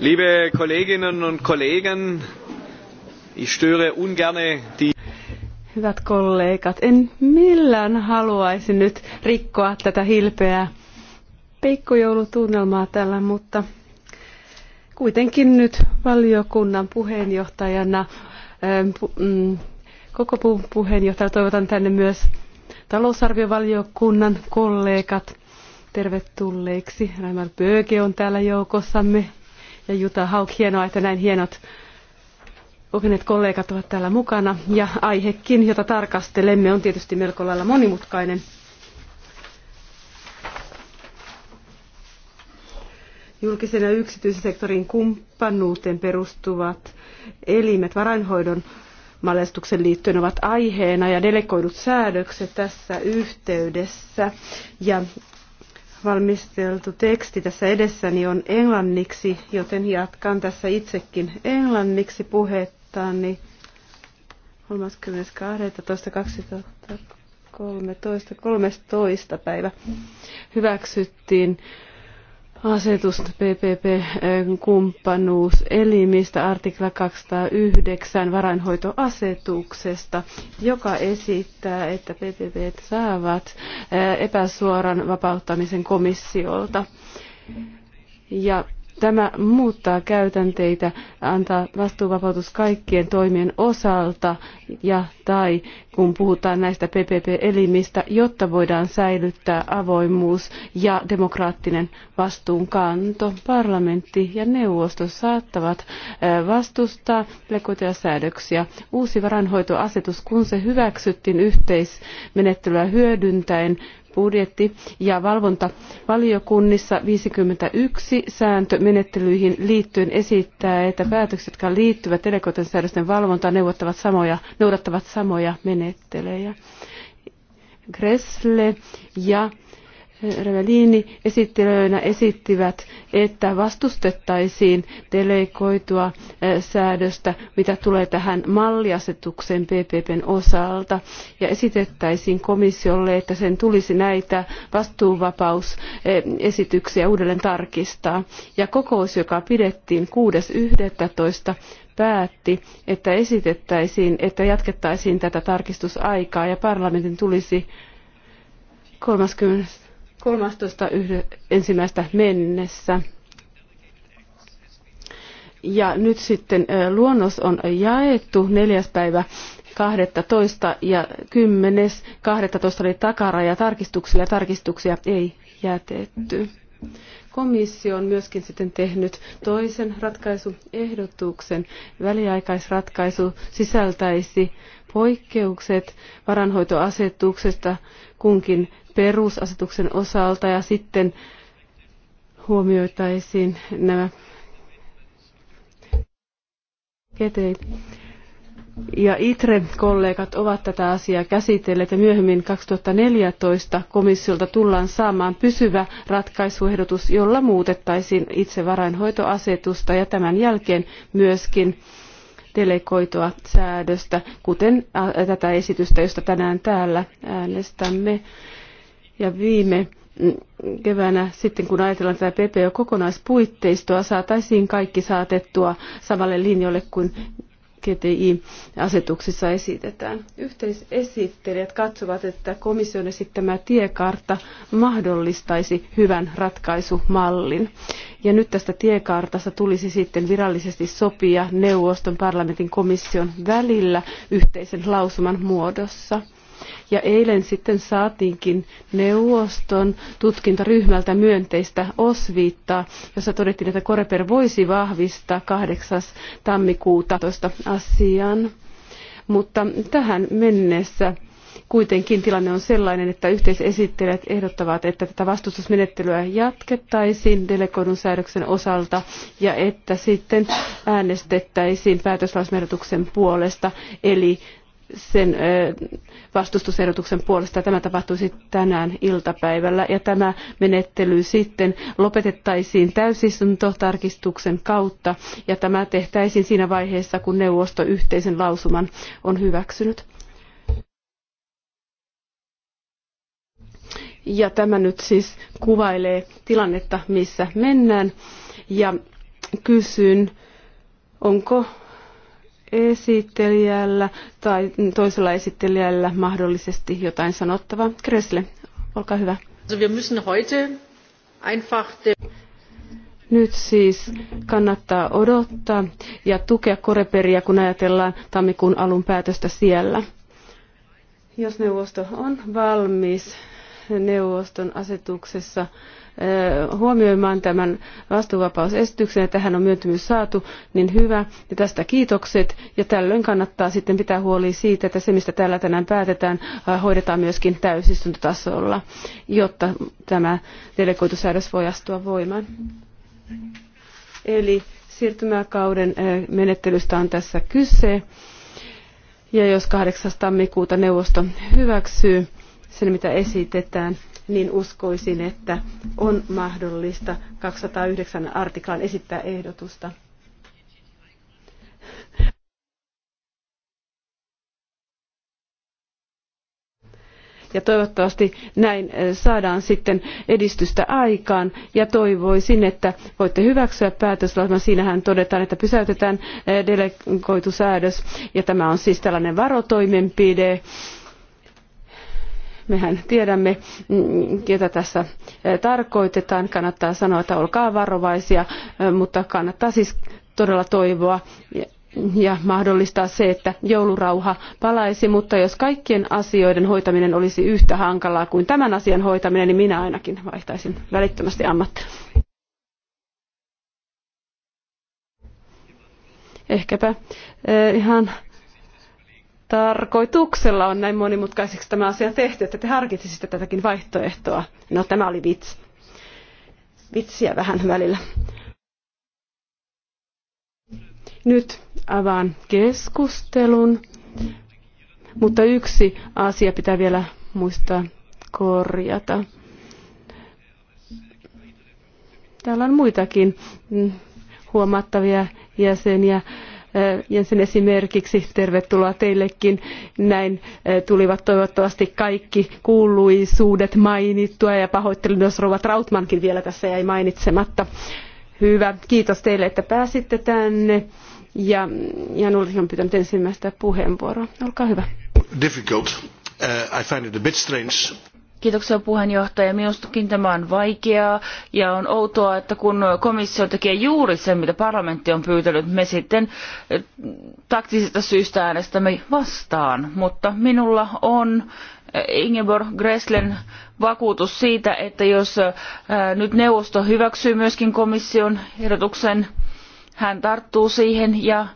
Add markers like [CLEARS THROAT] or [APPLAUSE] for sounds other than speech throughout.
Liebe Kolleginnen und Kollegen, ich störe ungerne die Hyvät kollegat, en millään haluaisi nyt rikkoa tätä hilpeää pikkujoulutunnelmaa tällä, mutta kuitenkin nyt valiokunnan puheenjohtajana, ähm, mm, koko puun puheenjohtajana toivotan tänne myös talousarviovaliokunnan kollegat tervetulleiksi. Raimar Böge on täällä joukossamme ja Jutta Hauk. Hienoa, että näin hienot kokeneet kollegat ovat täällä mukana. Ja aihekin, jota tarkastelemme, on tietysti melko lailla monimutkainen. Julkisen ja yksityisen sektorin kumppanuuteen perustuvat elimet varainhoidon malestuksen liittyen ovat aiheena ja delegoidut säädökset tässä yhteydessä. Ja valmisteltu teksti tässä edessäni on englanniksi, joten jatkan tässä itsekin englanniksi puhettaani 30.12.2013 13. päivä hyväksyttiin asetusta PPP-kumppanuuselimistä eh, artikla 209 varainhoitoasetuksesta, joka esittää, että PPP saavat eh, epäsuoran vapauttamisen komissiolta. Ja Tämä muuttaa käytänteitä, antaa vastuuvapautus kaikkien toimien osalta ja tai kun puhutaan näistä PPP-elimistä, jotta voidaan säilyttää avoimuus ja demokraattinen vastuunkanto. Parlamentti ja neuvosto saattavat vastustaa lekotia säädöksiä. Uusi varainhoitoasetus, kun se hyväksyttiin yhteismenettelyä hyödyntäen, budjetti- ja valvontavaliokunnissa 51 sääntömenettelyihin liittyen esittää, että päätökset, jotka liittyvät delegoiden valvontaan, neuvottavat samoja, noudattavat samoja menettelyjä. Gressle ja Revelini esittelijöinä esittivät, että vastustettaisiin delegoitua eh, säädöstä, mitä tulee tähän malliasetukseen PPPn osalta, ja esitettäisiin komissiolle, että sen tulisi näitä vastuuvapausesityksiä eh, uudelleen tarkistaa. Ja kokous, joka pidettiin 6.11 päätti, että esitettäisiin, että jatkettaisiin tätä tarkistusaikaa ja parlamentin tulisi 30 13. ensimmäistä mennessä. Ja nyt sitten luonnos on jaettu neljäs päivä 12. ja 10.12. oli takaraja tarkistuksilla ja tarkistuksia ei jätetty. Komissio on myöskin sitten tehnyt toisen ratkaisuehdotuksen. Väliaikaisratkaisu sisältäisi poikkeukset varanhoitoasetuksesta kunkin perusasetuksen osalta ja sitten huomioitaisiin nämä keteit. Ja ITRE-kollegat ovat tätä asiaa käsitelleet ja myöhemmin 2014 komissiolta tullaan saamaan pysyvä ratkaisuehdotus, jolla muutettaisiin itse varainhoitoasetusta ja tämän jälkeen myöskin delegoitua säädöstä, kuten tätä esitystä, josta tänään täällä äänestämme. Ja viime mm, keväänä sitten, kun ajatellaan tätä PPO-kokonaispuitteistoa, saataisiin kaikki saatettua samalle linjalle kuin GTI-asetuksissa esitetään. Yhteisesittelijät katsovat, että komission esittämä tiekartta mahdollistaisi hyvän ratkaisumallin. Ja nyt tästä tiekartasta tulisi sitten virallisesti sopia neuvoston, parlamentin, komission välillä yhteisen lausuman muodossa. Ja eilen sitten saatiinkin neuvoston tutkintaryhmältä myönteistä osviittaa, jossa todettiin, että Koreper voisi vahvistaa 8. tammikuuta asian. Mutta tähän mennessä Kuitenkin tilanne on sellainen, että yhteisesittelijät ehdottavat, että tätä vastustusmenettelyä jatkettaisiin delegoidun säädöksen osalta ja että sitten äänestettäisiin päätöslauselmaehdotuksen puolesta, eli sen vastustusehdotuksen puolesta. Tämä tapahtuisi tänään iltapäivällä ja tämä menettely sitten lopetettaisiin täysistuntotarkistuksen kautta ja tämä tehtäisiin siinä vaiheessa, kun neuvosto yhteisen lausuman on hyväksynyt. Ja tämä nyt siis kuvailee tilannetta, missä mennään. Ja kysyn, onko esittelijällä tai toisella esittelijällä mahdollisesti jotain sanottavaa. Kresle, olkaa hyvä. Nyt siis kannattaa odottaa ja tukea Koreperia, kun ajatellaan tammikuun alun päätöstä siellä. Jos neuvosto on valmis neuvoston asetuksessa eh, huomioimaan tämän vastuuvapausesityksen ja tähän on myöntymys saatu, niin hyvä. Ja tästä kiitokset. Ja tällöin kannattaa sitten pitää huoli siitä, että se mistä täällä tänään päätetään eh, hoidetaan myöskin täysistuntotasolla, jotta tämä delegoitusäädös voi astua voimaan. Eli siirtymäkauden eh, menettelystä on tässä kyse. Ja jos 8. tammikuuta neuvosto hyväksyy sen, mitä esitetään, niin uskoisin, että on mahdollista 209 artiklan esittää ehdotusta. ja toivottavasti näin eh, saadaan sitten edistystä aikaan ja toivoisin että voitte hyväksyä päätöslauselman siinähän todetaan että pysäytetään eh, delegoitusäädös. ja tämä on siis tällainen varotoimenpide Mehän tiedämme, mm, ketä tässä e, tarkoitetaan. Kannattaa sanoa, että olkaa varovaisia, e, mutta kannattaa siis todella toivoa ja mahdollistaa se, että joulurauha palaisi, mutta jos kaikkien asioiden hoitaminen olisi yhtä hankalaa kuin tämän asian hoitaminen, niin minä ainakin vaihtaisin välittömästi ammattia. Ehkäpä e, ihan tarkoituksella on näin monimutkaiseksi tämä asia tehty, että te harkitsisitte tätäkin vaihtoehtoa. No tämä oli vitsi. Vitsiä vähän välillä. Nyt avaan keskustelun, mutta yksi asia pitää vielä muistaa korjata. Täällä on muitakin mm, huomattavia jäseniä. Jensen esimerkiksi, tervetuloa teillekin. Näin tulivat toivottavasti kaikki kuuluisuudet mainittua ja pahoittelen, jos Rova Trautmankin vielä tässä jäi mainitsematta. Hyvä, kiitos teille, että pääsitte tänne. Ja Jan Ulrich on pyytänyt ensimmäistä puheenvuoroa. Olkaa hyvä. Difficult. Uh, I find it a bit strange Kiitoksia puheenjohtaja. Minustakin tämä on vaikeaa ja on outoa, että kun komissio tekee juuri sen, mitä parlamentti on pyytänyt, me sitten eh, taktisista syistä äänestämme vastaan. Mutta minulla on eh, Ingeborg Greslen vakuutus siitä, että jos eh, nyt neuvosto hyväksyy myöskin komission ehdotuksen, hän tarttuu siihen ja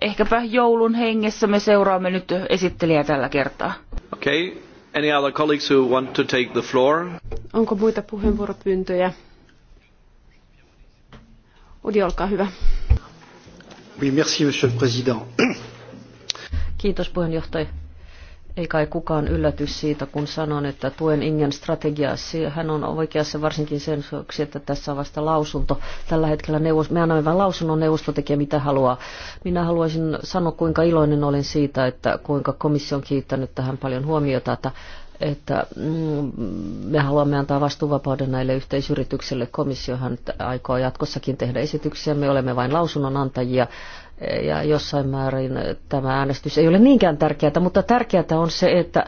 ehkäpä joulun hengessä me seuraamme nyt esittelijää tällä kertaa. Okay. Any other colleagues who want to take the floor? Onko muita puheenvuoropyyntöjä? Udi, olkaa hyvä. Oui, merci, monsieur le président. Kiitos puheenjohtaja ei kai kukaan yllätys siitä, kun sanon, että tuen Ingen strategiaa. Hän on oikeassa varsinkin sen vuoksi, että tässä on vasta lausunto. Tällä hetkellä neuvos, me annamme vain lausunnon, neuvosto tekee mitä haluaa. Minä haluaisin sanoa, kuinka iloinen olen siitä, että kuinka komissio on kiittänyt tähän paljon huomiota, että että mm, me haluamme antaa vastuuvapauden näille yhteisyrityksille. Komissiohan aikoo jatkossakin tehdä esityksiä. Me olemme vain lausunnonantajia ja jossain määrin tämä äänestys ei ole niinkään tärkeää, mutta tärkeää on se, että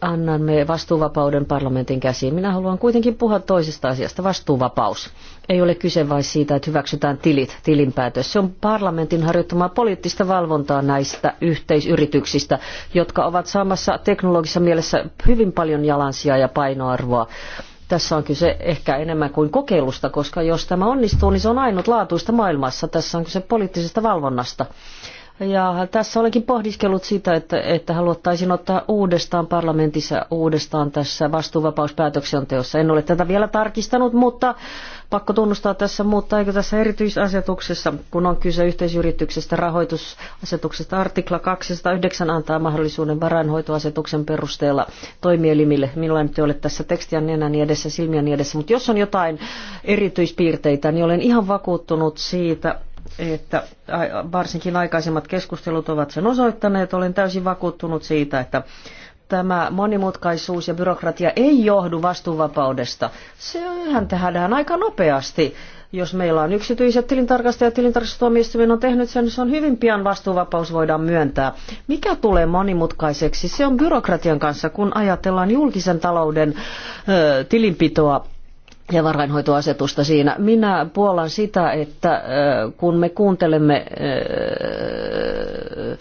annamme vastuuvapauden parlamentin käsiin. Minä haluan kuitenkin puhua toisesta asiasta, vastuuvapaus. Ei ole kyse vain siitä, että hyväksytään tilit, tilinpäätös. Se on parlamentin harjoittamaa poliittista valvontaa näistä yhteisyrityksistä, jotka ovat saamassa teknologisessa mielessä hyvin paljon jalansia ja painoarvoa tässä on kyse ehkä enemmän kuin kokeilusta, koska jos tämä onnistuu, niin se on ainutlaatuista maailmassa. Tässä on kyse poliittisesta valvonnasta. Ja tässä olenkin pohdiskellut sitä, että, että haluttaisiin ottaa uudestaan parlamentissa uudestaan tässä vastuuvapauspäätöksenteossa. En ole tätä vielä tarkistanut, mutta pakko tunnustaa tässä, mutta eikö tässä erityisasetuksessa, kun on kyse yhteisyrityksestä, rahoitusasetuksesta, artikla 209 antaa mahdollisuuden varainhoitoasetuksen perusteella toimielimille. Minulla nyt ei ole tässä tekstiä nenäni edessä, silmiäni edessä, mutta jos on jotain erityispiirteitä, niin olen ihan vakuuttunut siitä, että varsinkin aikaisemmat keskustelut ovat sen osoittaneet. Olen täysin vakuuttunut siitä, että tämä monimutkaisuus ja byrokratia ei johdu vastuuvapaudesta. Sehän tehdään aika nopeasti. Jos meillä on yksityiset tilintarkastajat, tilintarkastustuomioistuin on tehnyt sen, se on hyvin pian vastuuvapaus voidaan myöntää. Mikä tulee monimutkaiseksi? Se on byrokratian kanssa, kun ajatellaan julkisen talouden ö, tilinpitoa ja varainhoitoasetusta siinä. Minä puolan sitä, että äh, kun me kuuntelemme äh, äh,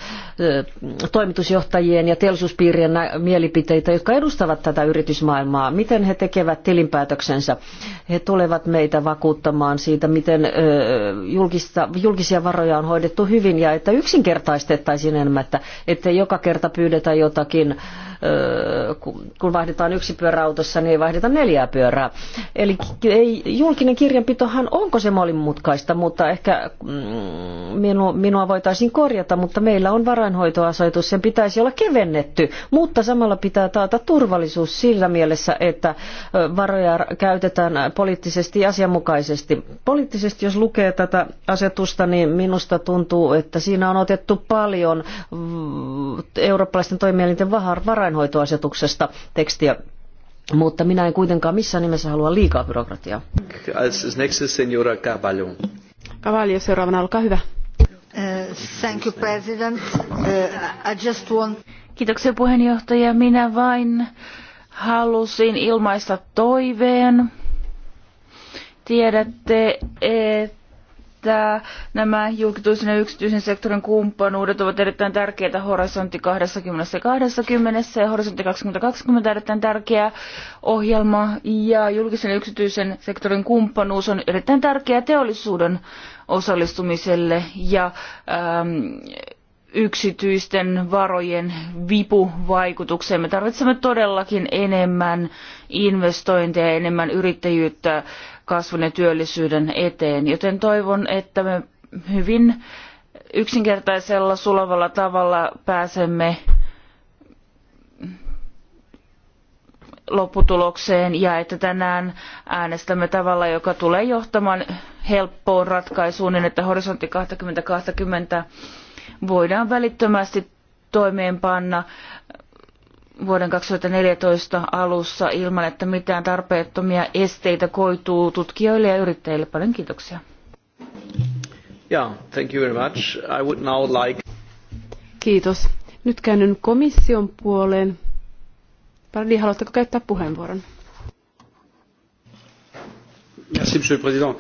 toimitusjohtajien ja teollisuuspiirien mielipiteitä, jotka edustavat tätä yritysmaailmaa, miten he tekevät tilinpäätöksensä. He tulevat meitä vakuuttamaan siitä, miten julkista, julkisia varoja on hoidettu hyvin ja että yksinkertaistettaisiin enemmän, että ettei joka kerta pyydetä jotakin kun vaihdetaan yksi pyörä autossa, niin ei vaihdeta neljää pyörää. Eli ei, julkinen kirjanpitohan onko se monimutkaista, mutta ehkä mm, minu, minua voitaisiin korjata, mutta meillä on varainhoitoasoitus, sen pitäisi olla kevennetty, mutta samalla pitää taata turvallisuus sillä mielessä, että varoja käytetään poliittisesti ja asianmukaisesti. Poliittisesti, jos lukee tätä asetusta, niin minusta tuntuu, että siinä on otettu paljon mm, eurooppalaisten toimielinten varainhoitoa varainhoitoasetuksesta tekstiä. Mutta minä en kuitenkaan missään nimessä halua liikaa byrokratiaa. Als nächstes Senora Cavallo. Cavallo, seuraavana, olkaa hyvä. Uh, thank you, President. Uh, I just want... Kiitoksia puheenjohtaja. Minä vain halusin ilmaista toiveen. Tiedätte, että että nämä julkituisen ja yksityisen sektorin kumppanuudet ovat erittäin tärkeitä horisontti 2020 ja 2020 ja horisontti 2020 erittäin tärkeä ohjelma ja julkisen ja yksityisen sektorin kumppanuus on erittäin tärkeä teollisuuden osallistumiselle ja ähm, yksityisten varojen vipuvaikutukseen. Me tarvitsemme todellakin enemmän investointeja, enemmän yrittäjyyttä kasvun ja työllisyyden eteen. Joten toivon, että me hyvin yksinkertaisella sulavalla tavalla pääsemme lopputulokseen ja että tänään äänestämme tavalla, joka tulee johtamaan helppoon ratkaisuun, niin että horisontti 2020 voidaan välittömästi toimeenpanna vuoden 2014 alussa ilman, että mitään tarpeettomia esteitä koituu tutkijoille ja yrittäjille. Paljon kiitoksia. Yeah, thank you very much. I would now like... Kiitos. Nyt käännyn komission puoleen. Pardi, haluatteko käyttää puheenvuoron? Merci, monsieur le président.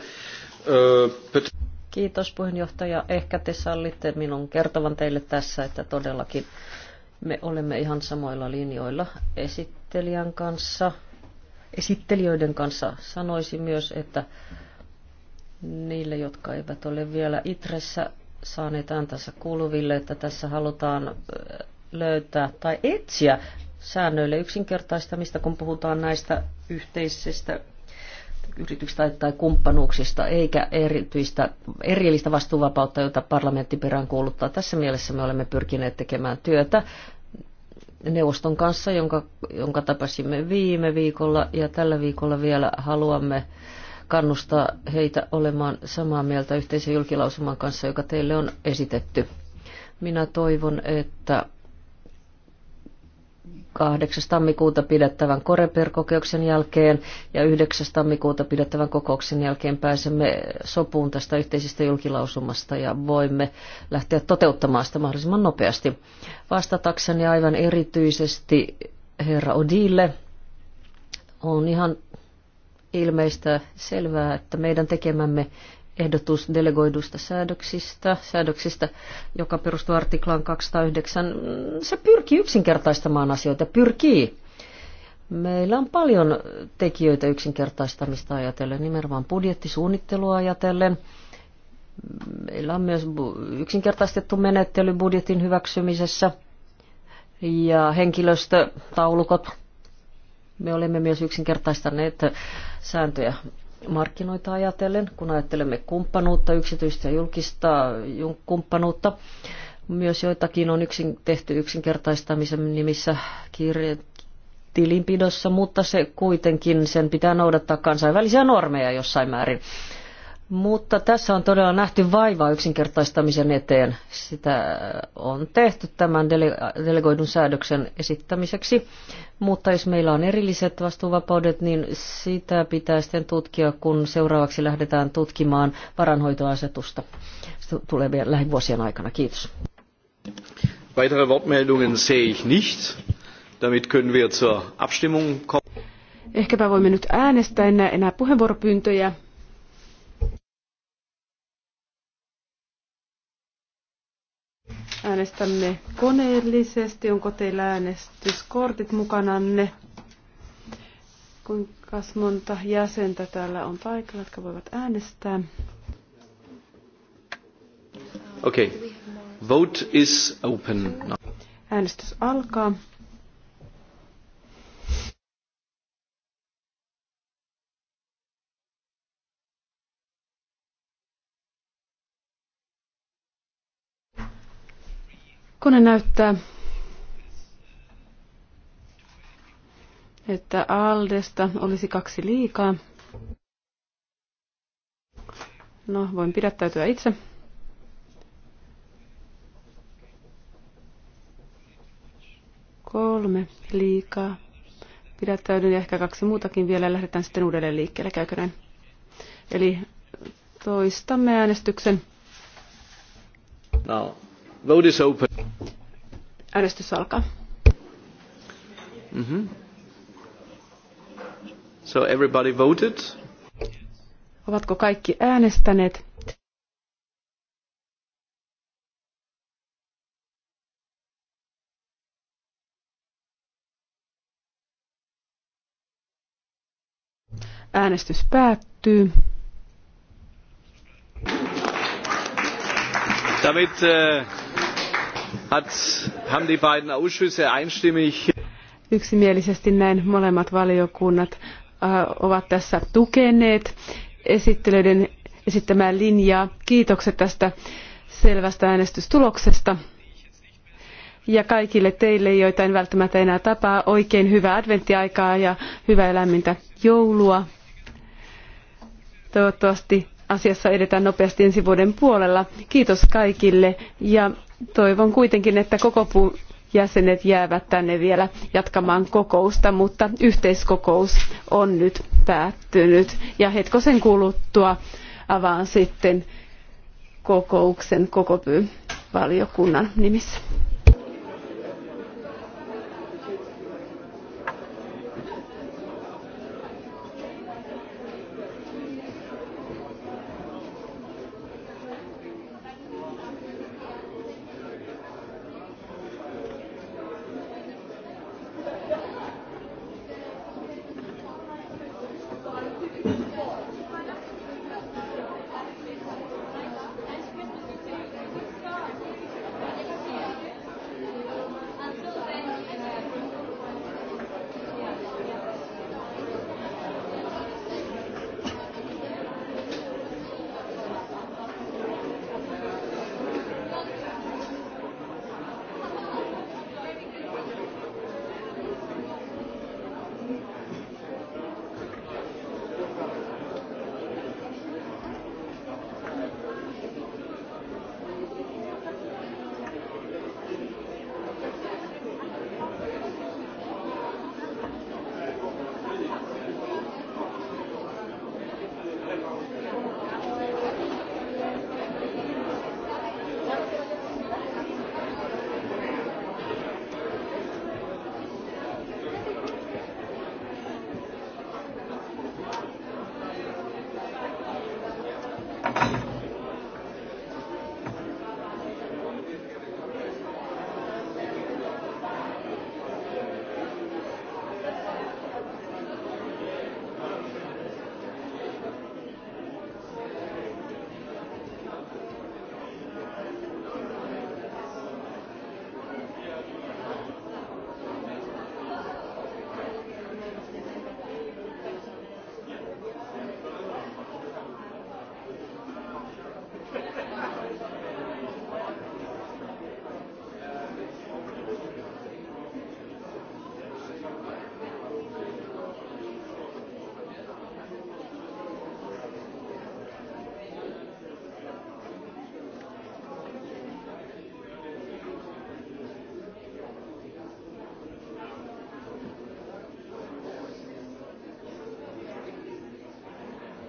Euh, Kiitos puheenjohtaja. Ehkä te sallitte minun kertovan teille tässä, että todellakin me olemme ihan samoilla linjoilla esittelijän kanssa. Esittelijöiden kanssa sanoisin myös, että niille, jotka eivät ole vielä itressä saaneet tässä kuuluville, että tässä halutaan löytää tai etsiä säännöille yksinkertaistamista, kun puhutaan näistä yhteisistä yrityksistä tai, tai kumppanuuksista, eikä erityistä, erillistä vastuuvapautta, jota parlamentti peräänkuuluttaa. Tässä mielessä me olemme pyrkineet tekemään työtä neuvoston kanssa, jonka, jonka tapasimme viime viikolla ja tällä viikolla vielä haluamme kannustaa heitä olemaan samaa mieltä yhteisen julkilausuman kanssa, joka teille on esitetty. Minä toivon, että 8. tammikuuta pidettävän Koreper-kokouksen jälkeen ja 9. tammikuuta pidettävän kokouksen jälkeen pääsemme sopuun tästä yhteisestä julkilausumasta ja voimme lähteä toteuttamaan sitä mahdollisimman nopeasti. Vastatakseni aivan erityisesti herra Odille on ihan ilmeistä selvää, että meidän tekemämme ehdotus delegoidusta säädöksistä, säädöksistä, joka perustuu artiklaan 209. Se pyrkii yksinkertaistamaan asioita, pyrkii. Meillä on paljon tekijöitä yksinkertaistamista ajatellen, nimenomaan budjettisuunnittelua ajatellen. Meillä on myös yksinkertaistettu menettely budjetin hyväksymisessä ja henkilöstötaulukot. Me olemme myös yksinkertaistaneet sääntöjä markkinoita ajatellen, kun ajattelemme kumppanuutta, yksityistä ja julkista kumppanuutta. Myös joitakin on yksin, tehty yksinkertaistamisen nimissä kirje, tilinpidossa, mutta se kuitenkin sen pitää noudattaa kansainvälisiä normeja jossain määrin. Mutta tässä on todella nähty vaivaa yksinkertaistamisen eteen. Sitä on tehty tämän dele- delegoidun säädöksen esittämiseksi. Mutta jos meillä on erilliset vastuuvapaudet, niin sitä pitää sitten tutkia, kun seuraavaksi lähdetään tutkimaan varanhoitoasetusta. Se tulee vielä lähivuosien aikana. Kiitos. Weitere Wortmeldungen sehe ich nicht. Damit können wir zur Abstimmung kommen. Ehkäpä voimme nyt äänestää enää, enää puheenvuoropyyntöjä. Äänestämme koneellisesti. Onko teillä äänestyskortit mukananne? Kuinka monta jäsentä täällä on paikalla, jotka voivat äänestää? Okei. Okay. Vote is open now. Äänestys alkaa. Kone näyttää, että Aldesta olisi kaksi liikaa. No, voin pidättäytyä itse. Kolme liikaa. Pidättäydyn ja ehkä kaksi muutakin vielä. Lähdetään sitten uudelleen liikkeelle. Käykö näin? Eli toistamme äänestyksen. No, Äänestys alkaa. Mm-hmm. So everybody voted. Ovatko kaikki äänestäneet? Äänestys päättyy. Damit, äh uh, haben die beiden Ausschüsse einstimmig Yksimielisesti näin molemmat valiokunnat äh, ovat tässä tukeneet esittelyiden esittämää linjaa. Kiitokset tästä selvästä äänestystuloksesta. Ja kaikille teille, joita en välttämättä enää tapaa, oikein hyvää adventtiaikaa ja hyvää lämmintä joulua. Toivottavasti asiassa edetään nopeasti ensi vuoden puolella. Kiitos kaikille ja toivon kuitenkin, että koko jäsenet jäävät tänne vielä jatkamaan kokousta, mutta yhteiskokous on nyt päättynyt ja hetkosen kuluttua avaan sitten kokouksen koko valiokunnan nimissä.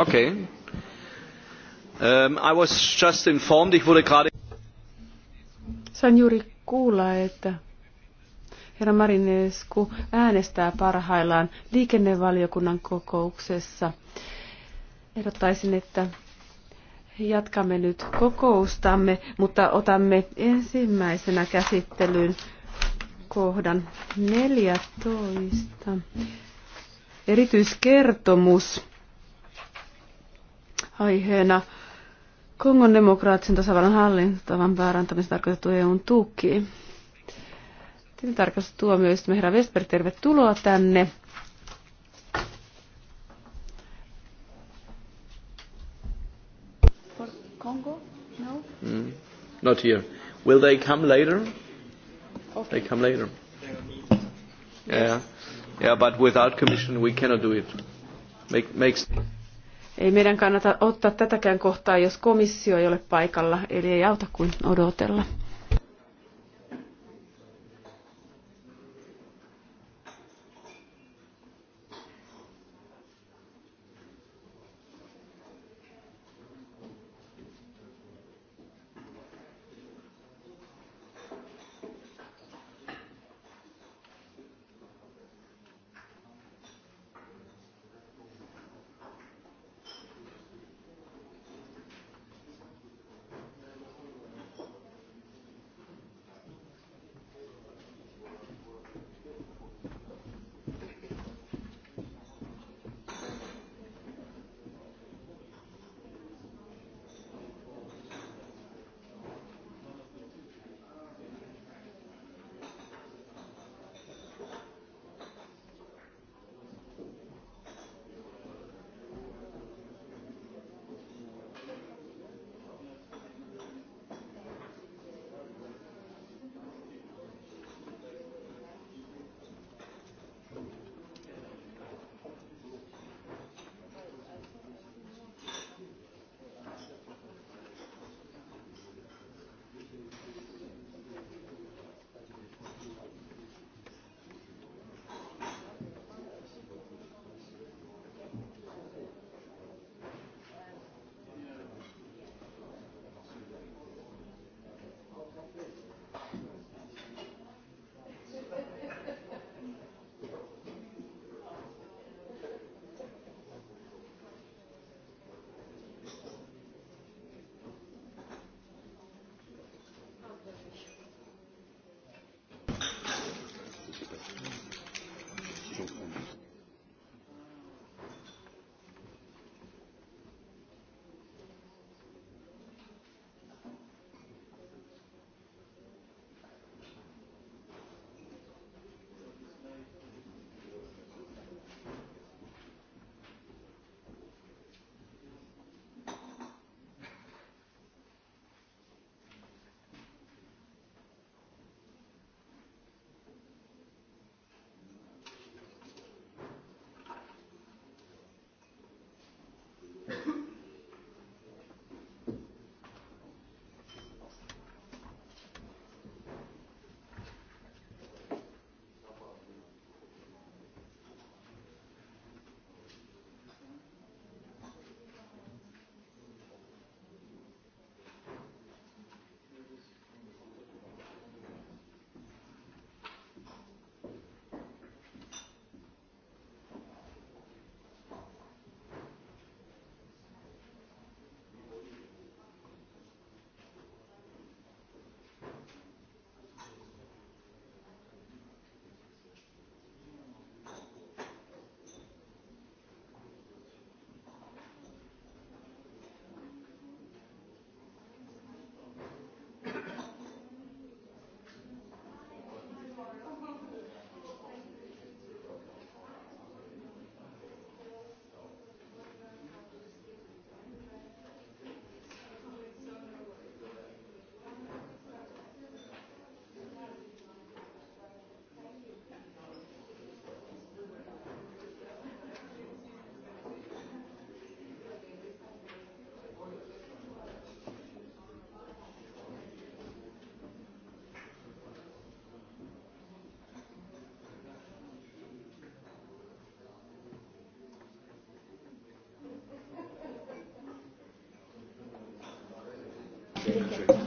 Um, I was just informed, Sain juuri kuulla, että herra Marinescu äänestää parhaillaan liikennevaliokunnan kokouksessa. Ehdottaisin, että jatkamme nyt kokoustamme, mutta otamme ensimmäisenä käsittelyyn kohdan 14. Erityiskertomus aiheena Kongon demokraattisen tasavallan hallintavan vaarantamista tarkoitettu EUn tuki. myös herra Vesper, tervetuloa tänne. For Congo? No? Mm. Not here. Will they come later? Okay. They come later. Yeah. yeah, but without commission we cannot do it. Make, makes... Ei meidän kannata ottaa tätäkään kohtaa, jos komissio ei ole paikalla, eli ei auta kuin odotella. Thank you.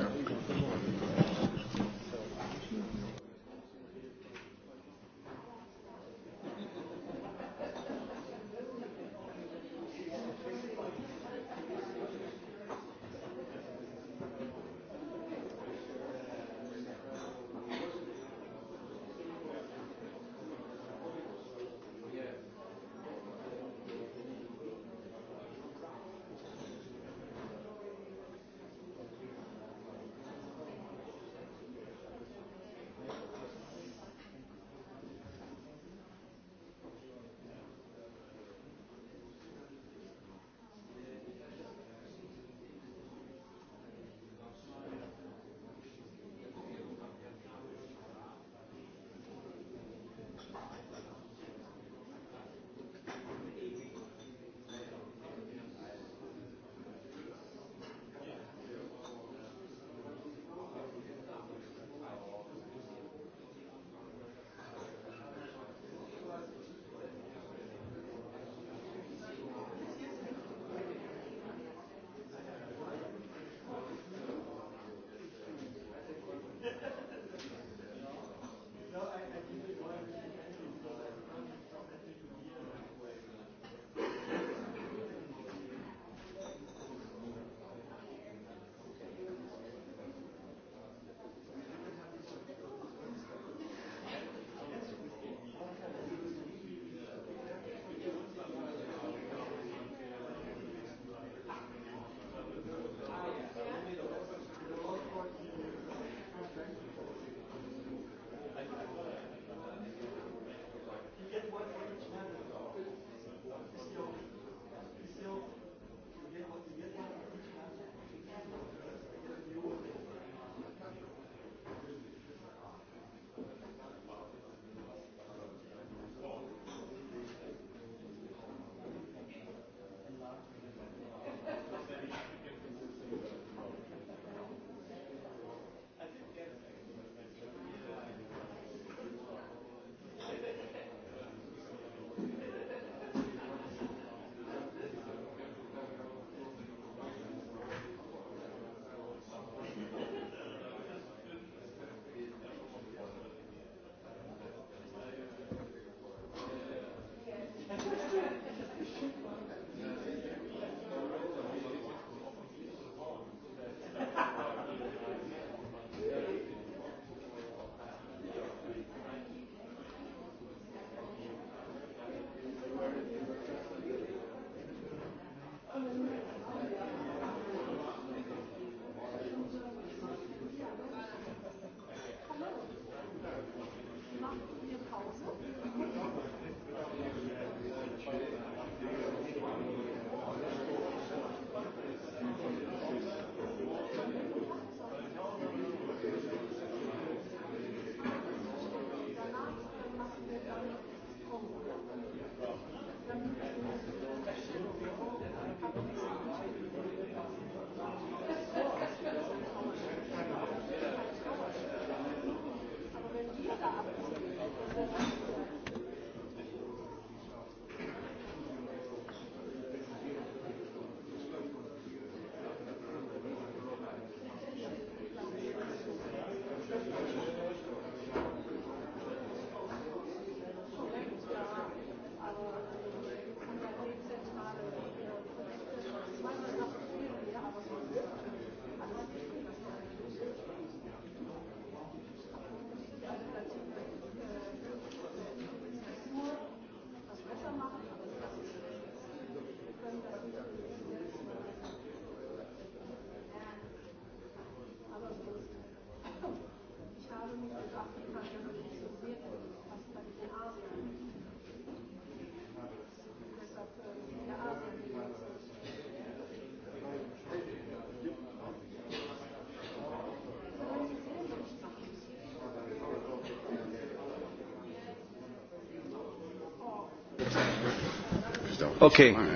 dauert okay. nicht lange.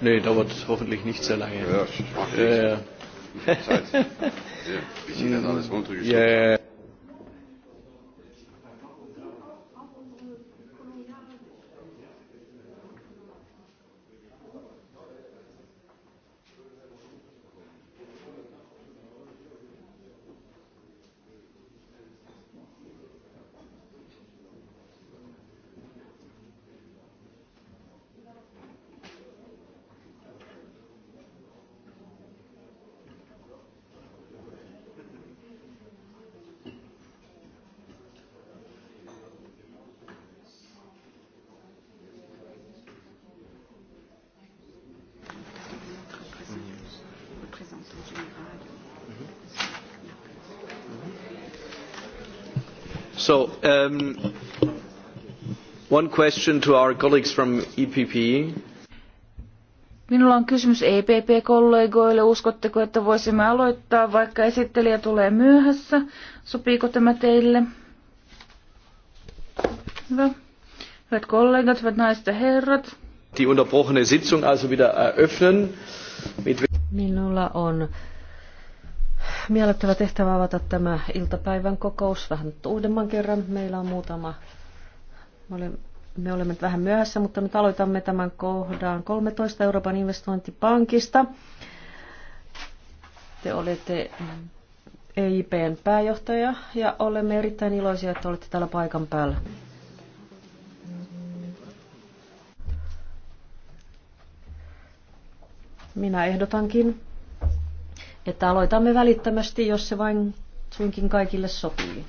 Nee, dauert hoffentlich nicht sehr lange. Ja, ich mache [LAUGHS] mm, ja, ja. Zeit. Ja, bis ich das alles runtergeschluckt yeah. habe. Um, one question to our colleagues from EPP. Minulla on kysymys EPP-kollegoille. Uskotteko, että voisimme aloittaa, vaikka esittelijä tulee myöhässä? Sopiiko tämä teille? Hyvä. Hyvät kollegat, hyvät naiset ja herrat. Die unterbrochene Sitzung also wieder eröffnen. Minulla on miellyttävä tehtävä avata tämä iltapäivän kokous vähän uudemman kerran. Meillä on muutama, me olemme vähän myöhässä, mutta nyt aloitamme tämän kohdan 13 Euroopan investointipankista. Te olette EIPn pääjohtaja ja olemme erittäin iloisia, että olette täällä paikan päällä. Minä ehdotankin, että aloitamme välittömästi, jos se vain suinkin kaikille sopii.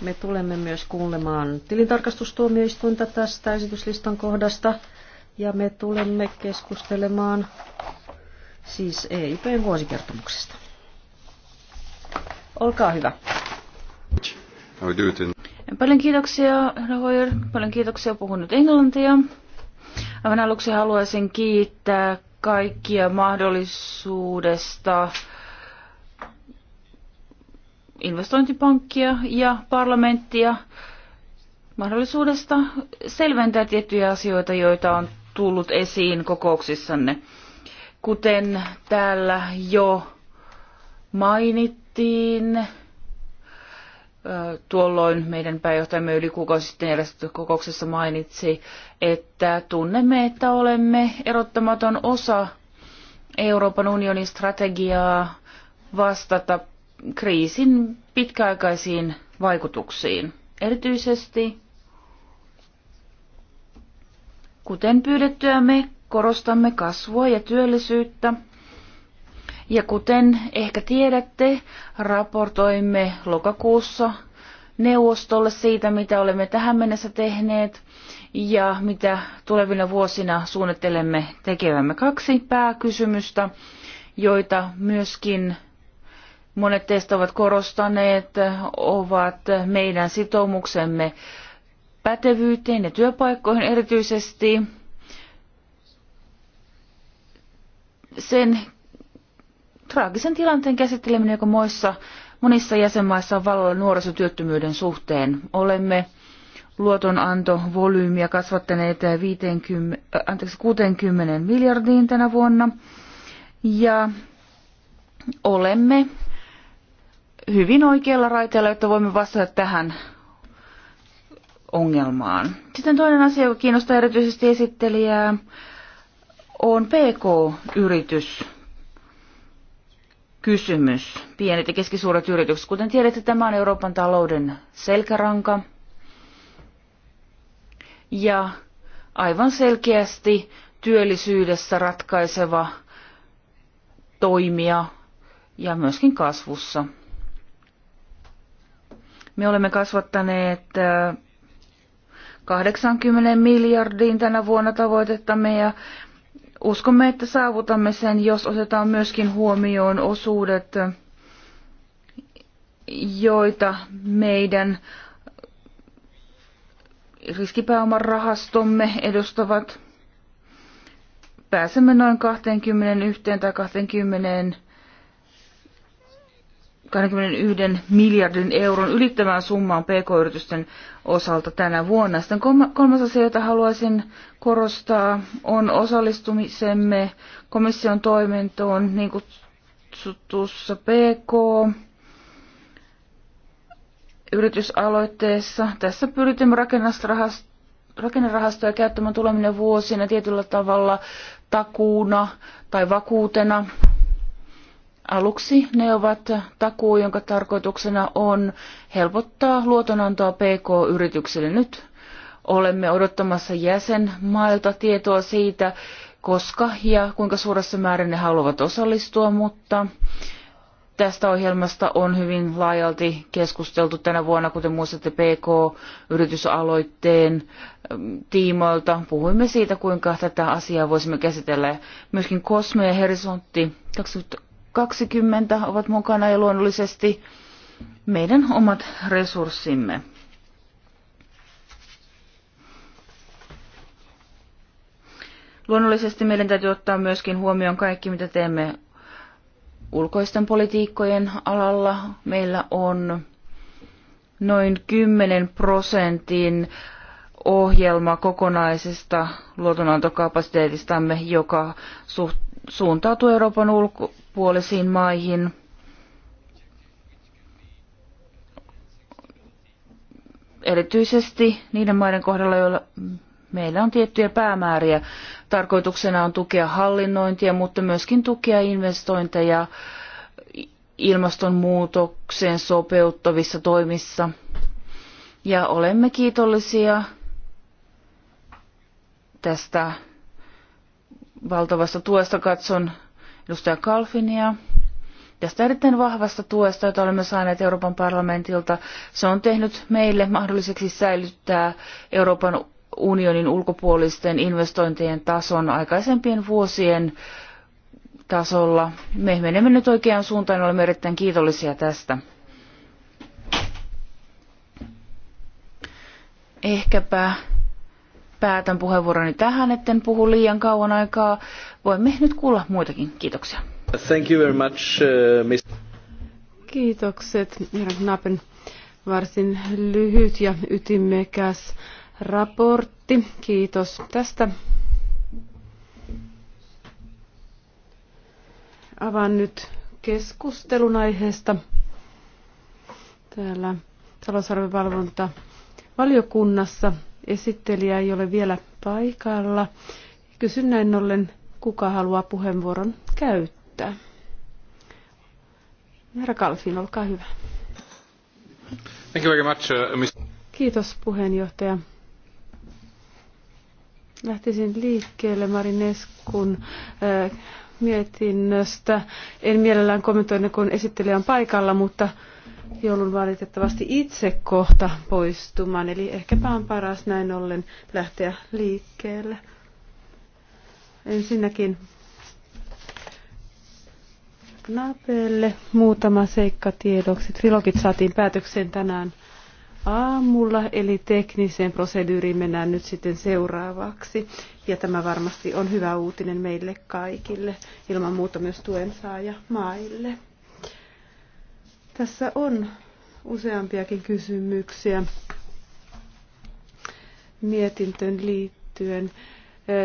Me tulemme myös kuulemaan tilintarkastustuomioistuinta tästä esityslistan kohdasta ja me tulemme keskustelemaan siis EIPn vuosikertomuksesta. Olkaa hyvä. Paljon kiitoksia, Rahoyer. Paljon kiitoksia. Puhun nyt englantia. Aivan aluksi haluaisin kiittää kaikkia mahdollisuudesta investointipankkia ja parlamenttia mahdollisuudesta selventää tiettyjä asioita, joita on tullut esiin kokouksissanne. Kuten täällä jo mainittiin, Tuolloin meidän pääjohtajamme yli kuukausi sitten järjestetyssä kokouksessa mainitsi, että tunnemme, että olemme erottamaton osa Euroopan unionin strategiaa vastata kriisin pitkäaikaisiin vaikutuksiin. Erityisesti, kuten pyydettyä, me korostamme kasvua ja työllisyyttä – ja kuten ehkä tiedätte, raportoimme lokakuussa neuvostolle siitä, mitä olemme tähän mennessä tehneet ja mitä tulevina vuosina suunnittelemme tekevämme kaksi pääkysymystä, joita myöskin monet teistä ovat korostaneet, ovat meidän sitoumuksemme pätevyyteen ja työpaikkoihin erityisesti sen traagisen tilanteen käsitteleminen, joka moissa, monissa jäsenmaissa on valolla nuorisotyöttömyyden suhteen. Olemme luotonantovolyymiä kasvattaneet 50, äh, anteeksi, 60 miljardiin tänä vuonna. Ja olemme hyvin oikealla raiteella, jotta voimme vastata tähän ongelmaan. Sitten toinen asia, joka kiinnostaa erityisesti esittelijää, on PK-yritys kysymys. Pienet ja keskisuuret yritykset. Kuten tiedätte, tämä on Euroopan talouden selkäranka. Ja aivan selkeästi työllisyydessä ratkaiseva toimija ja myöskin kasvussa. Me olemme kasvattaneet 80 äh, miljardiin tänä vuonna tavoitettamme ja Uskomme, että saavutamme sen, jos otetaan myöskin huomioon osuudet, joita meidän riskipääoman rahastomme edustavat. Pääsemme noin 21 tai 20 21 miljardin euron ylittävään summaan pk-yritysten osalta tänä vuonna. Sitten kolmas asia, jota haluaisin korostaa, on osallistumisemme komission toimintoon niin kutsutussa pk yritysaloitteessa. Tässä pyritämme rakennerahastoja käyttämään tuleminen vuosina tietyllä tavalla takuuna tai vakuutena Aluksi ne ovat takuu, jonka tarkoituksena on helpottaa luotonantoa PK-yrityksille. Nyt olemme odottamassa jäsenmailta tietoa siitä, koska ja kuinka suuressa määrin ne haluavat osallistua, mutta tästä ohjelmasta on hyvin laajalti keskusteltu tänä vuonna, kuten muistatte PK-yritysaloitteen tiimoilta. Puhuimme siitä, kuinka tätä asiaa voisimme käsitellä. Myöskin Kosme ja Horisontti 20 ovat mukana ja luonnollisesti meidän omat resurssimme. Luonnollisesti meidän täytyy ottaa myöskin huomioon kaikki, mitä teemme ulkoisten politiikkojen alalla. Meillä on noin 10 prosentin ohjelma kokonaisesta luotonantokapasiteetistamme, joka suht- suuntautuu Euroopan ulko- puolisiin maihin. Erityisesti niiden maiden kohdalla, joilla meillä on tiettyjä päämääriä. Tarkoituksena on tukea hallinnointia, mutta myöskin tukea investointeja ilmastonmuutokseen sopeuttavissa toimissa. Ja olemme kiitollisia tästä valtavasta tuesta katson edustaja Kalfinia tästä erittäin vahvasta tuesta, jota olemme saaneet Euroopan parlamentilta. Se on tehnyt meille mahdolliseksi säilyttää Euroopan unionin ulkopuolisten investointien tason aikaisempien vuosien tasolla. Me menemme nyt oikeaan suuntaan ja olemme erittäin kiitollisia tästä. Ehkäpä päätän puheenvuoroni tähän, etten puhu liian kauan aikaa voimme nyt kuulla muitakin. Kiitoksia. Thank you very much, uh, Ms. Kiitokset, herra Knappen. Varsin lyhyt ja ytimekäs raportti. Kiitos tästä. Avaan nyt keskustelun aiheesta. Täällä talousarvivalvonta valiokunnassa esittelijä ei ole vielä paikalla. Kysyn näin ollen kuka haluaa puheenvuoron käyttää. Herra Kalfin, olkaa hyvä. Thank you very much, uh, Kiitos puheenjohtaja. Lähtisin liikkeelle Marineskun äh, mietinnöstä. En mielellään kommentoi, kun esittelijä on paikalla, mutta joulun valitettavasti itse kohta poistumaan, eli ehkäpä on paras näin ollen lähteä liikkeelle. Ensinnäkin napelle muutama seikka tiedoksi. Trilogit saatiin päätökseen tänään aamulla, eli tekniseen proseduuriin mennään nyt sitten seuraavaksi. Ja tämä varmasti on hyvä uutinen meille kaikille, ilman muuta myös tuen saaja maille. Tässä on useampiakin kysymyksiä mietintöön liittyen